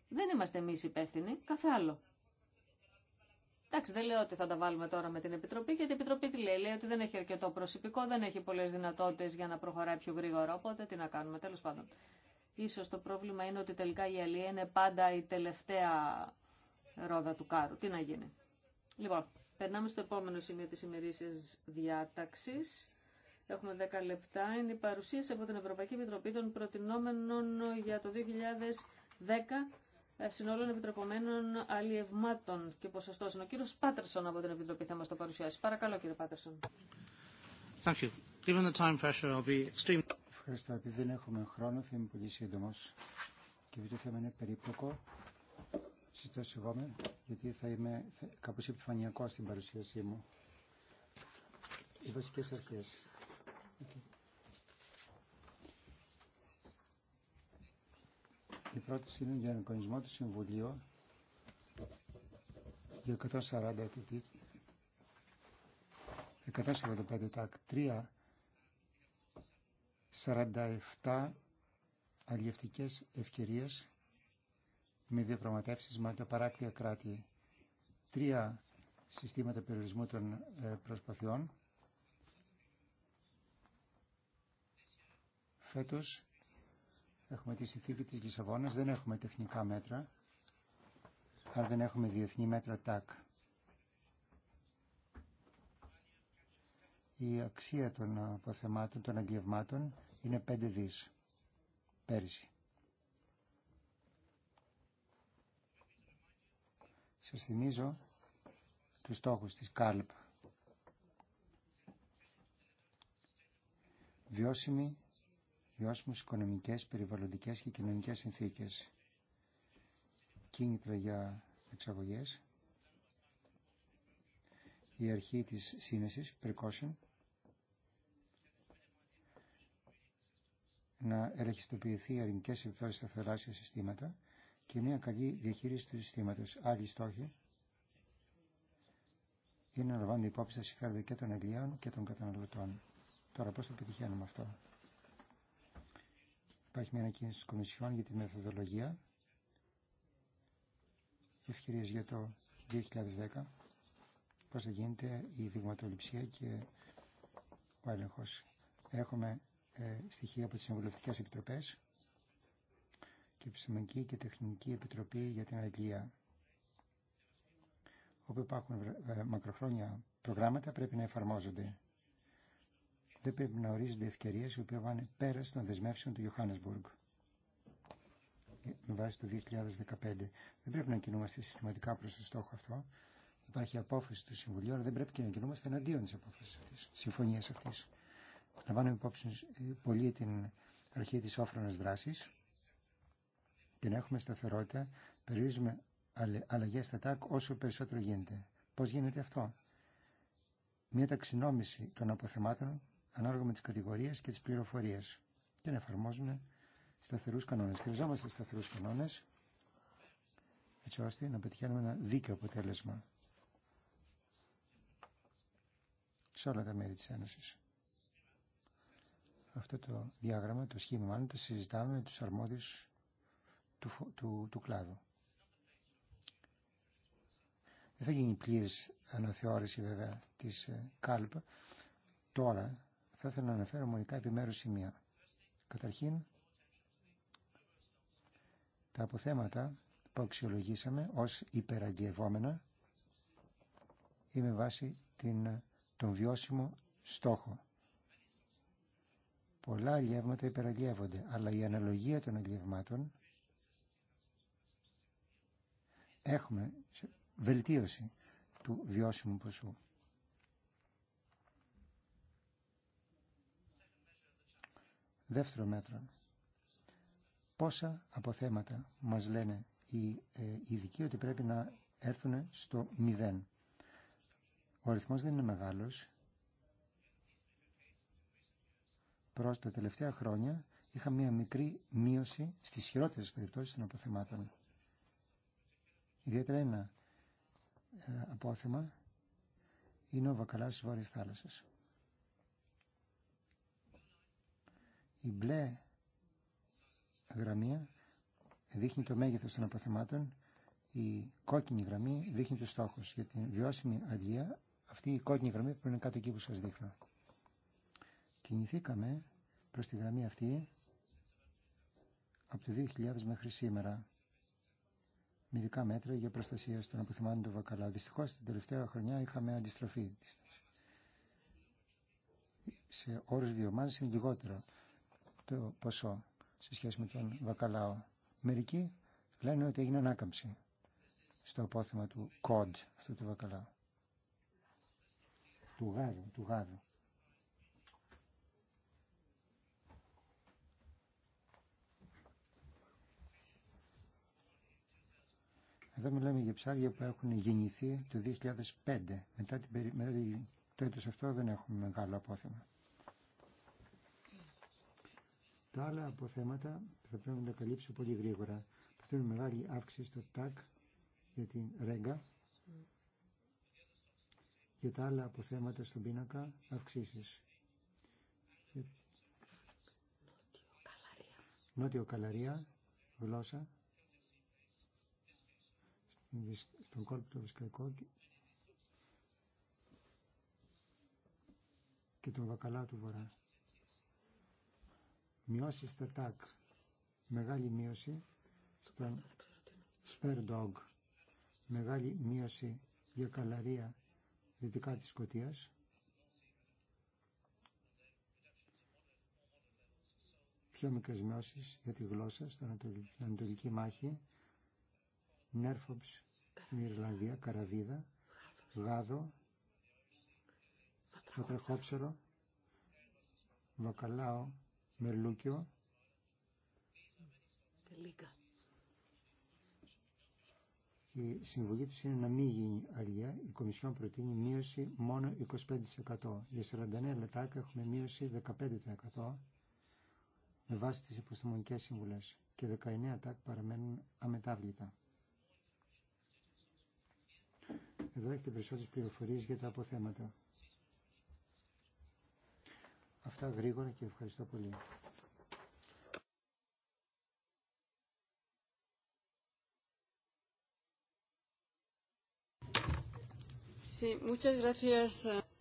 Δεν είμαστε εμεί υπεύθυνοι, κάθε άλλο. Εντάξει, δεν λέω ότι θα τα βάλουμε τώρα με την Επιτροπή, γιατί η Επιτροπή τι λέει, λέει ότι δεν έχει αρκετό προσωπικό, δεν έχει πολλέ δυνατότητε για να προχωράει πιο γρήγορα. Οπότε τι να κάνουμε, τέλο πάντων. Ίσως το πρόβλημα είναι ότι τελικά η Αλία είναι πάντα η τελευταία ρόδα του κάρου. Τι να γίνει. Λοιπόν, περνάμε στο επόμενο σημείο τη ημερήσιας διάταξης Έχουμε 10 λεπτά. Είναι η παρουσίαση από την Ευρωπαϊκή Επιτροπή των προτινόμενων για το 2010 ε, συνόλων επιτροπωμένων αλλιευμάτων και ποσοστώσεων. Ο κύριο Πάτερσον από την Επιτροπή θα μα το παρουσιάσει. Παρακαλώ κύριε Πάτερσον. Ευχαριστώ. Επειδή δεν έχουμε χρόνο, θα είμαι πολύ σύντομο. Και επειδή το θέμα είναι περίπλοκο, ζητώ συγγνώμη, γιατί θα είμαι κάπω επιφανειακό στην παρουσίασή μου. Οι βασικέ αρχέ. Η πρώτη είναι για εγκονισμό του Συμβουλίου για 140 τίτλοι. 145 τάκ, 3, 47 αλλιευτικές ευκαιρίες με διαπραγματεύσεις με τα παράκτια κράτη, 3 συστήματα περιορισμού των ε, προσπαθειών, Φέτος έχουμε τη συνθήκη της Λισαβόνας, δεν έχουμε τεχνικά μέτρα, αλλά δεν έχουμε διεθνή μέτρα ΤΑΚ. Η αξία των αποθεμάτων, των αγγευμάτων, είναι 5 δις πέρυσι. Σας θυμίζω τους στόχους της ΚΑΛΠ. Βιώσιμη βιώσιμες οικονομικές, περιβαλλοντικές και κοινωνικές συνθήκες. Κίνητρα για εξαγωγές. Η αρχή της σύνεσης, precaution, να ελαχιστοποιηθεί αρνητικές επιπτώσεις στα θεράσια συστήματα και μια καλή διαχείριση του συστήματος. Άλλοι στόχοι είναι να λαμβάνουν υπόψη τα συμφέροντα και των Αγγλίων και των καταναλωτών. Τώρα πώς το πετυχαίνουμε αυτό. Υπάρχει μια ανακοίνωση της Κομισιόν για τη μεθοδολογία. Ευκαιρίες για το 2010. Πώς θα γίνεται η δειγματοληψία και ο έλεγχος. Έχουμε ε, στοιχεία από τις συμβουλευτικές επιτροπές και επιστημονική και τεχνική επιτροπή για την Αγγλία. Όπου υπάρχουν ε, μακροχρόνια προγράμματα πρέπει να εφαρμόζονται. Δεν πρέπει να ορίζονται ευκαιρίε οι οποίε πάνε πέρα των δεσμεύσεων του Johannesburg ε, με βάση το 2015. Δεν πρέπει να κινούμαστε συστηματικά προ το στόχο αυτό. Υπάρχει απόφαση του Συμβουλίου, αλλά δεν πρέπει και να κινούμαστε εναντίον τη απόφαση αυτή, τη συμφωνία αυτή. υπόψη ε, πολύ την αρχή τη όφρονα δράση και να έχουμε σταθερότητα. Περιορίζουμε αλλαγέ στα ΤΑΚ όσο περισσότερο γίνεται. Πώ γίνεται αυτό. Μία ταξινόμηση των αποθεμάτων ανάλογα με τι κατηγορίες και τις πληροφορίες και να εφαρμόζουμε σταθερού κανόνες. Χρειαζόμαστε σταθερούς κανόνες έτσι ώστε να πετυχαίνουμε ένα δίκαιο αποτέλεσμα σε όλα τα μέρη τη Ένωση. Αυτό το διάγραμμα, το σχήμα το συζητάμε με τους αρμόδιους του, του, του κλάδου. Δεν θα γίνει πλήρη αναθεώρηση βέβαια τη ε, ΚΑΛΠ τώρα θα ήθελα να αναφέρω μερικά επιμέρους σημεία. Καταρχήν, τα αποθέματα που αξιολογήσαμε ως υπεραγγευόμενα ή με βάση την, τον βιώσιμο στόχο. Πολλά αλλιεύματα υπεραγγεύονται, αλλά η αναλογία των αλλιευμάτων έχουμε βελτίωση του βιώσιμου ποσού. Δεύτερο μέτρο. Πόσα αποθέματα μας λένε ε, οι ειδικοί ότι πρέπει να έρθουν στο μηδέν. Ο αριθμός δεν είναι μεγάλος. Προς τα τελευταία χρόνια είχα μία μικρή μείωση στις χειρότερες περιπτώσεις των αποθεμάτων. Ιδιαίτερα ένα ε, απόθεμα είναι ο βακαλάς της Βόρειας Θάλασσας. Η μπλε γραμμή δείχνει το μέγεθος των αποθεμάτων, η κόκκινη γραμμή δείχνει τους στόχους. Για την βιώσιμη αλληλεία, αυτή η κόκκινη γραμμή που είναι κάτω εκεί που σας δείχνω. Κινηθήκαμε προς τη γραμμή αυτή από το 2000 μέχρι σήμερα με ειδικά μέτρα για προστασία των αποθυμάτων του Βακαλά. Δυστυχώς την τελευταία χρονιά είχαμε αντιστροφή. Σε όρους βιομάζας είναι λιγότερο το ποσό σε σχέση με τον Βακαλάο. Μερικοί λένε ότι έγινε ανάκαμψη στο απόθεμα του κοντ αυτού του Βακαλάου. Του γάδου, του Εδώ μιλάμε για ψάρια που έχουν γεννηθεί το 2005. Μετά, την, μετά το έτος αυτό δεν έχουμε μεγάλο απόθεμα. Τα άλλα αποθέματα θα πρέπει να τα καλύψω πολύ γρήγορα. Θα μεγάλη αύξηση στο ΤΑΚ για την ΡΕΓΚΑ. Για τα άλλα αποθέματα στον πίνακα αυξήσεις. Νότιο Καλαρία. Καλαρία, γλώσσα. Στον κόλπο του Βυσκαϊκό και τον Βακαλά του Βορρά. Μειώσει στα τάκ. Μεγάλη μείωση στον spare dog. Μεγάλη μείωση για καλαρία δυτικά της Σκοτίας. Πιο μικρές μειώσεις για τη γλώσσα στην Ανατολική Μάχη. Νέρφοψ στην Ιρλανδία, Καραβίδα, Γάδο, Πατραχόψερο, Βακαλάο Μερλούκιο. Τελίκα. Η συμβουλή του είναι να μην γίνει αργία. Η Κομισιόν προτείνει μείωση μόνο 25%. Για 49 λεπτά έχουμε μείωση 15% με βάση τις υποστημονικές συμβουλές και 19 τάκ παραμένουν αμετάβλητα. Εδώ έχετε περισσότερες πληροφορίες για τα αποθέματα. Αυτά γρήγορα και ευχαριστώ πολύ.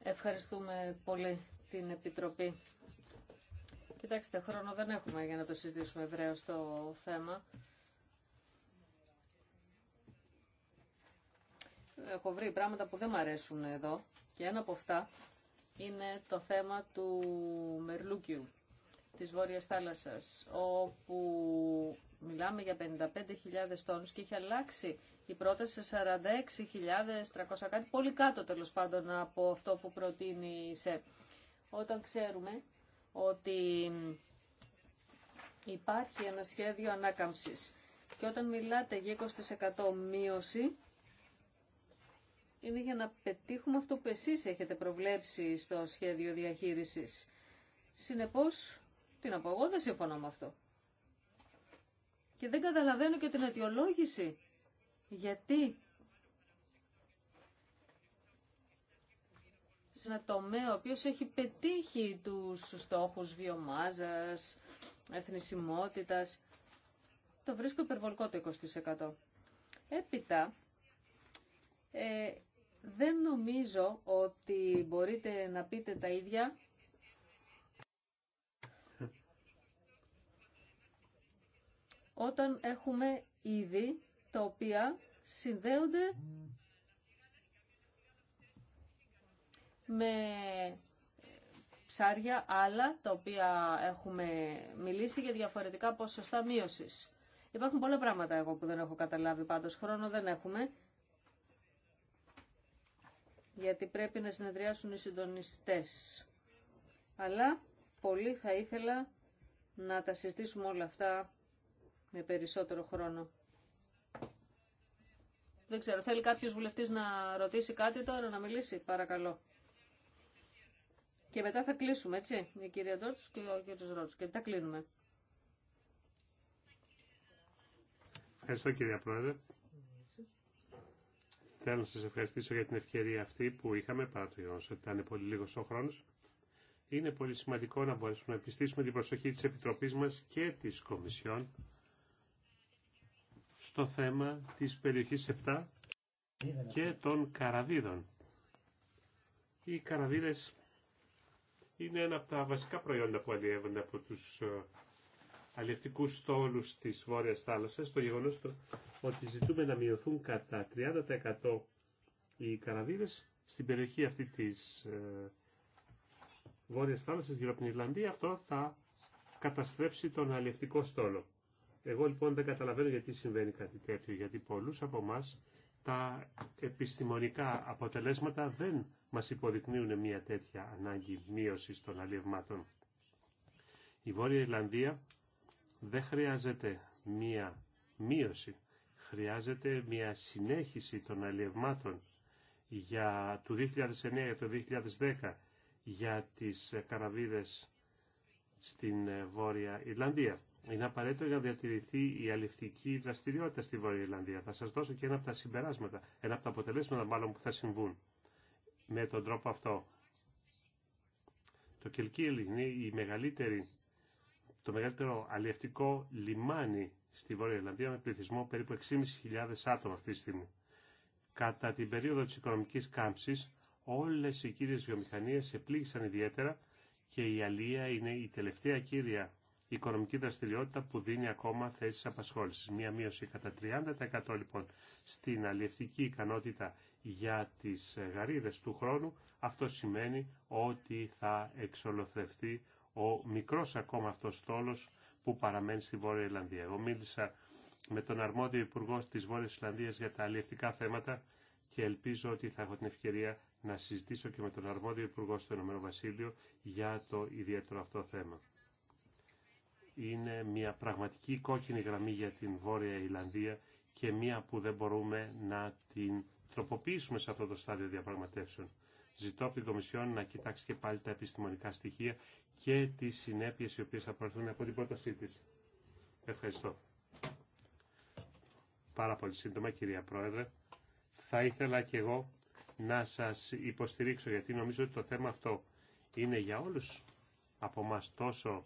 Ευχαριστούμε πολύ την Επιτροπή. Κοιτάξτε, χρόνο δεν έχουμε για να το συζητήσουμε ευρέως το θέμα. Έχω βρει πράγματα που δεν μου αρέσουν εδώ και ένα από αυτά είναι το θέμα του Μερλούκιου της Βόρειας Θάλασσας, όπου μιλάμε για 55.000 τόνους και έχει αλλάξει η πρόταση σε 46.300 κάτι, πολύ κάτω τέλος πάντων από αυτό που προτείνει η ΣΕΠ. Όταν ξέρουμε ότι υπάρχει ένα σχέδιο ανάκαμψης και όταν μιλάτε για 20% μείωση, είναι για να πετύχουμε αυτό που εσείς έχετε προβλέψει στο σχέδιο διαχείρισης. Συνεπώς, τι να πω, εγώ δεν συμφωνώ με αυτό. Και δεν καταλαβαίνω και την αιτιολόγηση. Γιατί σε ένα τομέα ο οποίος έχει πετύχει τους στόχους βιομάζας, εθνισιμότητας, το βρίσκω υπερβολικό το 20%. Έπειτα, ε, δεν νομίζω ότι μπορείτε να πείτε τα ίδια όταν έχουμε είδη τα οποία συνδέονται με ψάρια άλλα τα οποία έχουμε μιλήσει για διαφορετικά ποσοστά μείωσης. Υπάρχουν πολλά πράγματα εγώ που δεν έχω καταλάβει πάντως. Χρόνο δεν έχουμε γιατί πρέπει να συνεδριάσουν οι συντονιστές. Αλλά πολύ θα ήθελα να τα συζητήσουμε όλα αυτά με περισσότερο χρόνο. Δεν ξέρω, θέλει κάποιος βουλευτής να ρωτήσει κάτι τώρα, να μιλήσει, παρακαλώ. Και μετά θα κλείσουμε, έτσι, η κυρία Τόρτσου και ο κύριος Ρότσου. Και μετά κλείνουμε. Ευχαριστώ κυρία Πρόεδρε. Θέλω να σας ευχαριστήσω για την ευκαιρία αυτή που είχαμε, παρά το γεγονός ότι ήταν πολύ λίγος ο χρόνος. Είναι πολύ σημαντικό να μπορέσουμε να επιστήσουμε την προσοχή της Επιτροπής μας και της Κομισιόν στο θέμα της περιοχής 7 και των καραβίδων. Οι καραβίδες είναι ένα από τα βασικά προϊόντα που αλλιεύονται από τους ε, αλληλευτικούς στόλου της Βόρειας Θάλασσας, το γεγονό ότι ζητούμε να μειωθούν κατά 30% οι καραβίδε στην περιοχή αυτή τη ε, Βόρειας Θάλασσας γύρω από την Ιρλανδία, αυτό θα καταστρέψει τον αλληλευτικό στόλο. Εγώ λοιπόν δεν καταλαβαίνω γιατί συμβαίνει κάτι τέτοιο, γιατί πολλούς από εμά τα επιστημονικά αποτελέσματα δεν μας υποδεικνύουν μια τέτοια ανάγκη μείωσης των αλλιευμάτων. Η Βόρεια Ιρλανδία δεν χρειάζεται μία μείωση, χρειάζεται μία συνέχιση των αλλιευμάτων για του 2009 και το 2010 για τις καραβίδες στην ε, Βόρεια Ιρλανδία. Είναι απαραίτητο για να διατηρηθεί η αληφτική δραστηριότητα στη Βόρεια Ιρλανδία. Θα σας δώσω και ένα από τα συμπεράσματα, ένα από τα αποτελέσματα μάλλον που θα συμβούν με τον τρόπο αυτό. Το κελκύλι είναι η μεγαλύτερη το μεγαλύτερο αλλιευτικό λιμάνι στη Βόρεια Ιρλανδία με πληθυσμό περίπου 6.500 άτομα αυτή τη στιγμή. Κατά την περίοδο της οικονομικής κάμψης, όλες οι κύριες βιομηχανίες επλήγησαν ιδιαίτερα και η αλία είναι η τελευταία κύρια οικονομική δραστηριότητα που δίνει ακόμα θέσεις απασχόλησης. Μία μείωση κατά 30% λοιπόν στην αλλιευτική ικανότητα για τις γαρίδες του χρόνου. Αυτό σημαίνει ότι θα εξολοθρευτεί ο μικρός ακόμα αυτός στόλος που παραμένει στη Βόρεια Ιρλανδία. Εγώ μίλησα με τον αρμόδιο υπουργό της Βόρειας Ιρλανδίας για τα αλληλευτικά θέματα και ελπίζω ότι θα έχω την ευκαιρία να συζητήσω και με τον αρμόδιο υπουργό στο Ηνωμένο Βασίλειο για το ιδιαίτερο αυτό θέμα. Είναι μια πραγματική κόκκινη γραμμή για την Βόρεια Ιλανδία και μια που δεν μπορούμε να την τροποποιήσουμε σε αυτό το στάδιο διαπραγματεύσεων. Ζητώ από την Κομισιόν να κοιτάξει και πάλι τα επιστημονικά στοιχεία και τις συνέπειες οι οποίες θα προωθούν από την πρότασή της. Ευχαριστώ. Πάρα πολύ σύντομα, κυρία Πρόεδρε. Θα ήθελα και εγώ να σας υποστηρίξω, γιατί νομίζω ότι το θέμα αυτό είναι για όλους από εμά τόσο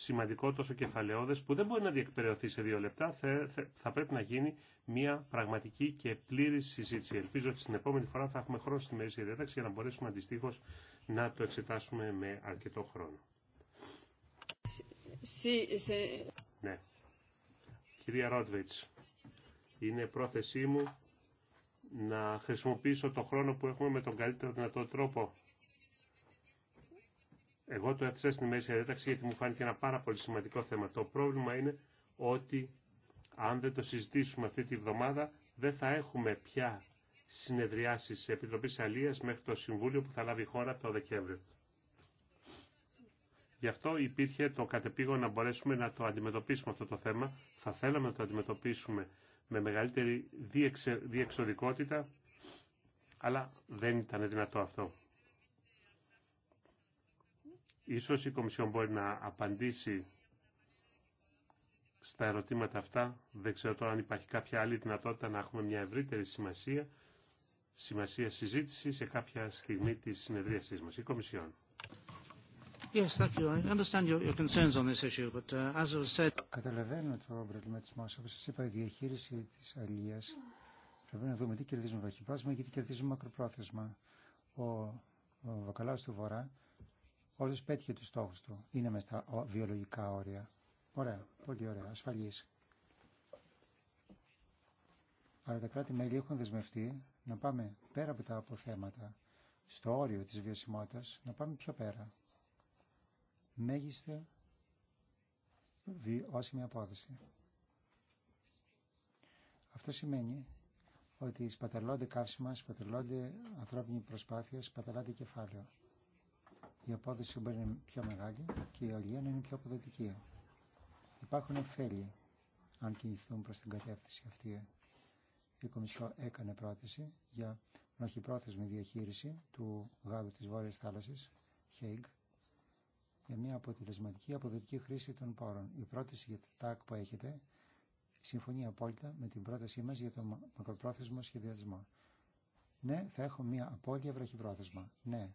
σημαντικό, τόσο κεφαλαιόδες, που δεν μπορεί να διεκπαιρεωθεί σε δύο λεπτά, θα πρέπει να γίνει μια πραγματική και πλήρη συζήτηση. Ελπίζω ότι στην επόμενη φορά θα έχουμε χρόνο στη μέση διάταξη για να μπορέσουμε αντιστοίχω να το εξετάσουμε με αρκετό χρόνο. Ναι. Κυρία Ρότβιτς, είναι πρόθεσή μου να χρησιμοποιήσω το χρόνο που έχουμε με τον καλύτερο δυνατό τρόπο εγώ το έθεσα στην μέση διάταξη γιατί μου φάνηκε ένα πάρα πολύ σημαντικό θέμα. Το πρόβλημα είναι ότι αν δεν το συζητήσουμε αυτή τη βδομάδα δεν θα έχουμε πια συνεδριάσεις Επιτροπή Αλία μέχρι το Συμβούλιο που θα λάβει η χώρα το Δεκέμβριο. Γι' αυτό υπήρχε το κατεπήγον να μπορέσουμε να το αντιμετωπίσουμε αυτό το θέμα. Θα θέλαμε να το αντιμετωπίσουμε με μεγαλύτερη διεξοδικότητα, αλλά δεν ήταν δυνατό αυτό. Ίσως η Κομισιόν μπορεί να απαντήσει στα ερωτήματα αυτά. Δεν ξέρω τώρα αν υπάρχει κάποια άλλη δυνατότητα να έχουμε μια ευρύτερη σημασία, σημασία συζήτηση σε κάποια στιγμή τη συνεδρίασή μα. Η Κομισιόν. Καταλαβαίνω το προβληματισμό σα. Όπω σα είπα, η διαχείριση τη αλληλεία πρέπει να δούμε τι κερδίζουμε βαχυπρόθεσμα και τι κερδίζουμε μακροπρόθεσμα. Ο, ο του Βορρά Όλος πέτυχε τους στόχους του. Είναι μες στα βιολογικά όρια. Ωραία, πολύ ωραία, ασφαλής. Αλλά τα κράτη-μέλη έχουν δεσμευτεί να πάμε πέρα από τα αποθέματα, στο όριο της βιωσιμότητας, να πάμε πιο πέρα. Μεγίστε βιώσιμη απόδοση. Αυτό σημαίνει ότι σπαταλώνται καύσιμα, σπαταλώνται ανθρώπινη προσπάθεια, σπαταλάται κεφάλαιο η απόδοση μπορεί να είναι πιο μεγάλη και η αλληλεία να είναι πιο αποδοτική. Υπάρχουν ωφέλη αν κινηθούν προς την κατεύθυνση αυτή. Η Κομισιό έκανε πρόταση για νοχυπρόθεσμη διαχείριση του γάδου της Βόρειας Θάλασσης, Χέιγκ, για μια αποτελεσματική αποδοτική χρήση των πόρων. Η πρόταση για τα ΤΑΚ που έχετε συμφωνεί απόλυτα με την πρότασή μας για το μακροπρόθεσμο σχεδιασμό. Ναι, θα έχω μια απόλυτη βραχυπρόθεσμα. Ναι,